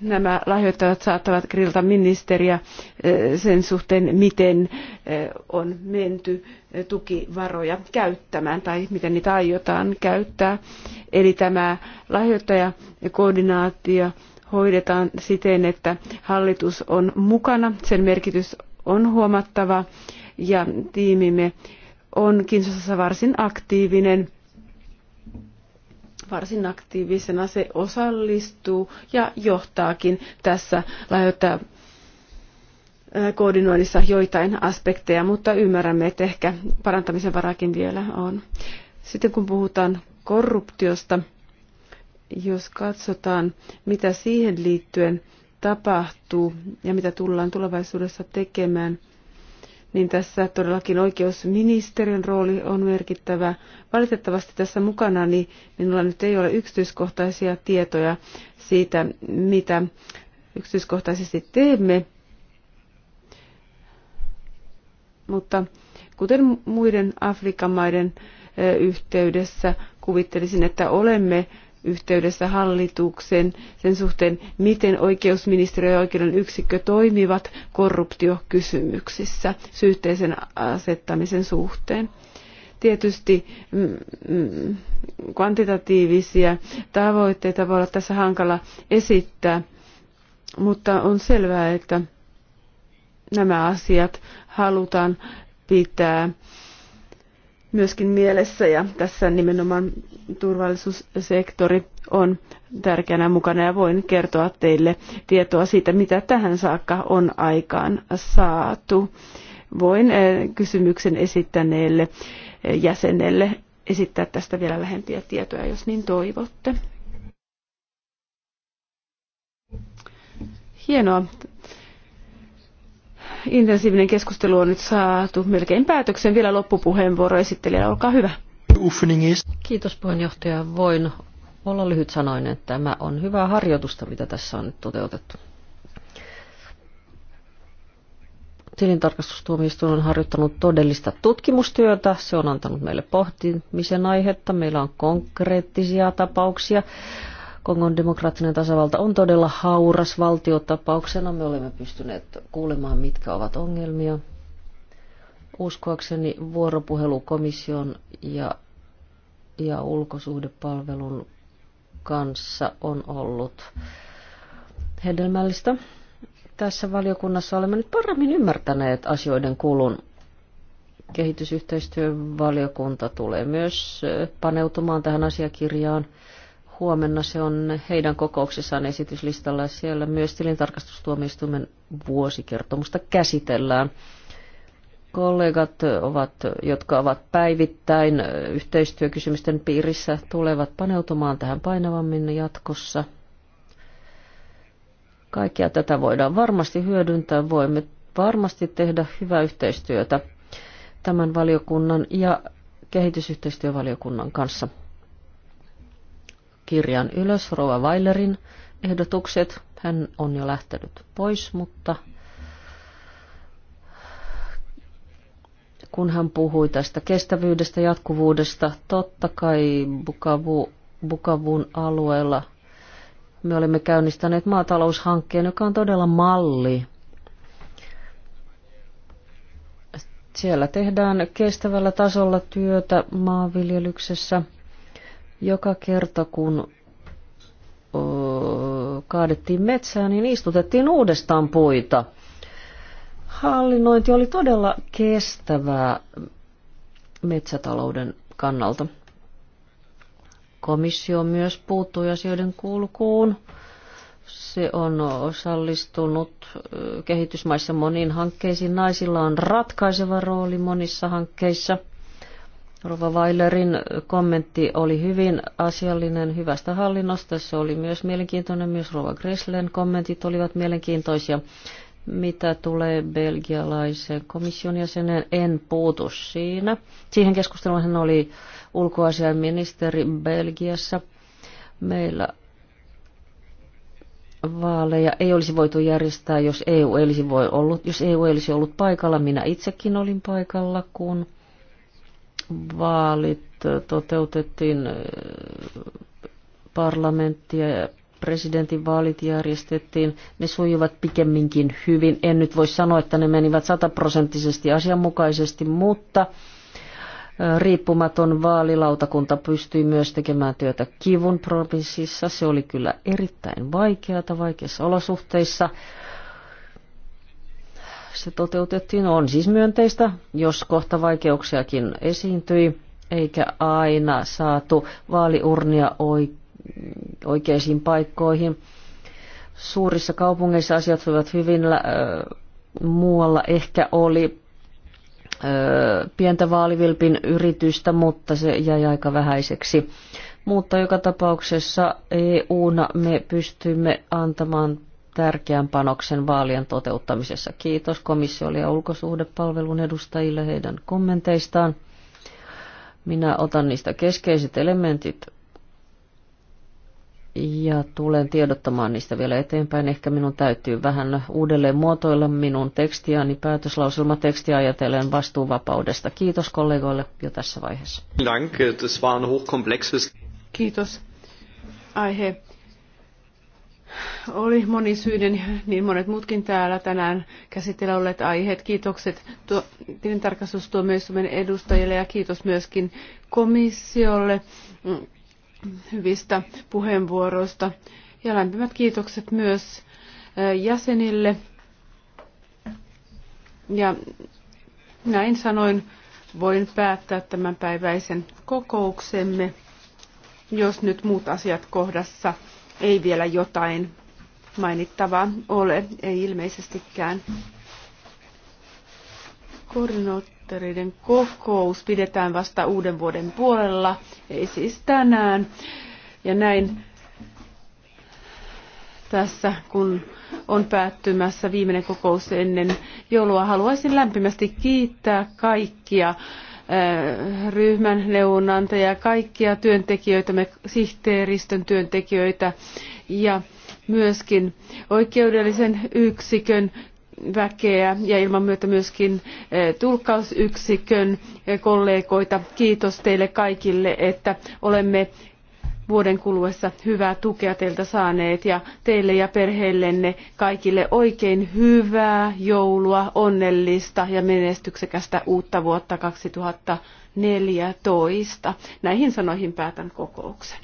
nämä lahjoittajat saattavat grillata ministeriä sen suhteen, miten on menty tukivaroja käyttämään tai miten niitä aiotaan käyttää. Eli tämä lahjoittajakoordinaatio koordinaatio hoidetaan siten, että hallitus on mukana. Sen merkitys on huomattava ja tiimimme on Kinsasassa varsin aktiivinen varsin aktiivisena se osallistuu ja johtaakin tässä lähettää koordinoinnissa joitain aspekteja, mutta ymmärrämme, että ehkä parantamisen varakin vielä on. Sitten kun puhutaan korruptiosta, jos katsotaan, mitä siihen liittyen tapahtuu ja mitä tullaan tulevaisuudessa tekemään, niin tässä todellakin oikeusministeriön rooli on merkittävä. Valitettavasti tässä mukana niin minulla nyt ei ole yksityiskohtaisia tietoja siitä, mitä yksityiskohtaisesti teemme. Mutta kuten muiden Afrikan maiden yhteydessä, kuvittelisin, että olemme yhteydessä hallituksen sen suhteen, miten oikeusministeriö ja oikeuden yksikkö toimivat korruptiokysymyksissä syytteisen asettamisen suhteen. Tietysti mm, mm kvantitatiivisia tavoitteita voi olla tässä hankala esittää, mutta on selvää, että nämä asiat halutaan pitää myöskin mielessä ja tässä nimenomaan turvallisuussektori on tärkeänä mukana ja voin kertoa teille tietoa siitä, mitä tähän saakka on aikaan saatu. Voin eh, kysymyksen esittäneelle eh, jäsenelle esittää tästä vielä lähempiä tietoja, jos niin toivotte. Hienoa intensiivinen keskustelu on nyt saatu melkein päätöksen. Vielä loppupuheenvuoro esittelijä, olkaa hyvä. Kiitos puheenjohtaja. Voin olla lyhyt sanoin, että tämä on hyvää harjoitusta, mitä tässä on nyt toteutettu. Tilintarkastustuomioistuin on harjoittanut todellista tutkimustyötä. Se on antanut meille pohtimisen aihetta. Meillä on konkreettisia tapauksia. Kongon demokraattinen tasavalta on todella hauras valtiotapauksena. Me olemme pystyneet kuulemaan, mitkä ovat ongelmia. Uskoakseni vuoropuhelu komission ja, ja ulkosuhdepalvelun kanssa on ollut hedelmällistä. Tässä valiokunnassa olemme nyt paremmin ymmärtäneet asioiden kulun kehitysyhteistyövaliokunta tulee myös paneutumaan tähän asiakirjaan Huomenna se on heidän kokouksessaan esityslistalla ja siellä myös tilintarkastustuomioistuimen vuosikertomusta käsitellään. Kollegat, ovat, jotka ovat päivittäin yhteistyökysymysten piirissä, tulevat paneutumaan tähän painavammin jatkossa. Kaikkea tätä voidaan varmasti hyödyntää. Voimme varmasti tehdä hyvää yhteistyötä tämän valiokunnan ja kehitysyhteistyövaliokunnan kanssa kirjan ylös Rova Weilerin ehdotukset. Hän on jo lähtenyt pois, mutta kun hän puhui tästä kestävyydestä, jatkuvuudesta, totta kai Bukavu, Bukavun alueella me olemme käynnistäneet maataloushankkeen, joka on todella malli. Siellä tehdään kestävällä tasolla työtä maanviljelyksessä – joka kerta, kun kaadettiin metsää, niin istutettiin uudestaan puita. Hallinnointi oli todella kestävää metsätalouden kannalta. Komissio myös puuttui asioiden kulkuun. Se on osallistunut kehitysmaissa moniin hankkeisiin. Naisilla on ratkaiseva rooli monissa hankkeissa – Rova Weilerin kommentti oli hyvin asiallinen hyvästä hallinnosta. Se oli myös mielenkiintoinen. Myös Rova Gresslen kommentit olivat mielenkiintoisia. Mitä tulee belgialaisen komission jäsenen, en puutu siinä. Siihen keskusteluun hän oli ulkoasiaministeri Belgiassa. Meillä vaaleja ei olisi voitu järjestää, jos EU ei olisi, voi ollut, jos EU ei olisi ollut paikalla. Minä itsekin olin paikalla, kun vaalit toteutettiin parlamentti ja presidentin vaalit järjestettiin, ne sujuvat pikemminkin hyvin. En nyt voi sanoa, että ne menivät sataprosenttisesti asianmukaisesti, mutta riippumaton vaalilautakunta pystyi myös tekemään työtä Kivun provinssissa. Se oli kyllä erittäin vaikeata, vaikeissa olosuhteissa se toteutettiin. On siis myönteistä, jos kohta vaikeuksiakin esiintyi, eikä aina saatu vaaliurnia oikeisiin paikkoihin. Suurissa kaupungeissa asiat olivat hyvin, muualla ehkä oli pientä vaalivilpin yritystä, mutta se jäi aika vähäiseksi. Mutta joka tapauksessa EUna me pystymme antamaan tärkeän panoksen vaalien toteuttamisessa. Kiitos komissiolle ja ulkosuhdepalvelun edustajille heidän kommenteistaan. Minä otan niistä keskeiset elementit ja tulen tiedottamaan niistä vielä eteenpäin. Ehkä minun täytyy vähän uudelleen muotoilla minun tekstiäni, päätöslauselmatekstiä ajatellen vastuuvapaudesta. Kiitos kollegoille jo tässä vaiheessa. Kiitos. Aihe oli monisyinen, niin monet muutkin täällä tänään käsitellä olleet aiheet. Kiitokset tuo, tilintarkastustuomioistuimen edustajille ja kiitos myöskin komissiolle hyvistä puheenvuoroista. Ja lämpimät kiitokset myös eh, jäsenille. Ja näin sanoin, voin päättää tämän päiväisen kokouksemme, jos nyt muut asiat kohdassa ei vielä jotain mainittavaa ole, ei ilmeisestikään. Koordinaattoreiden kokous pidetään vasta uuden vuoden puolella, ei siis tänään. Ja näin tässä, kun on päättymässä viimeinen kokous ennen joulua. Haluaisin lämpimästi kiittää kaikkia ryhmän neuvonantaja, kaikkia työntekijöitä, me sihteeristön työntekijöitä ja myöskin oikeudellisen yksikön väkeä ja ilman myötä myöskin eh, tulkkausyksikön eh, kollegoita. Kiitos teille kaikille, että olemme vuoden kuluessa hyvää tukea teiltä saaneet ja teille ja perheellenne kaikille oikein hyvää joulua, onnellista ja menestyksekästä uutta vuotta 2014. Näihin sanoihin päätän kokouksen.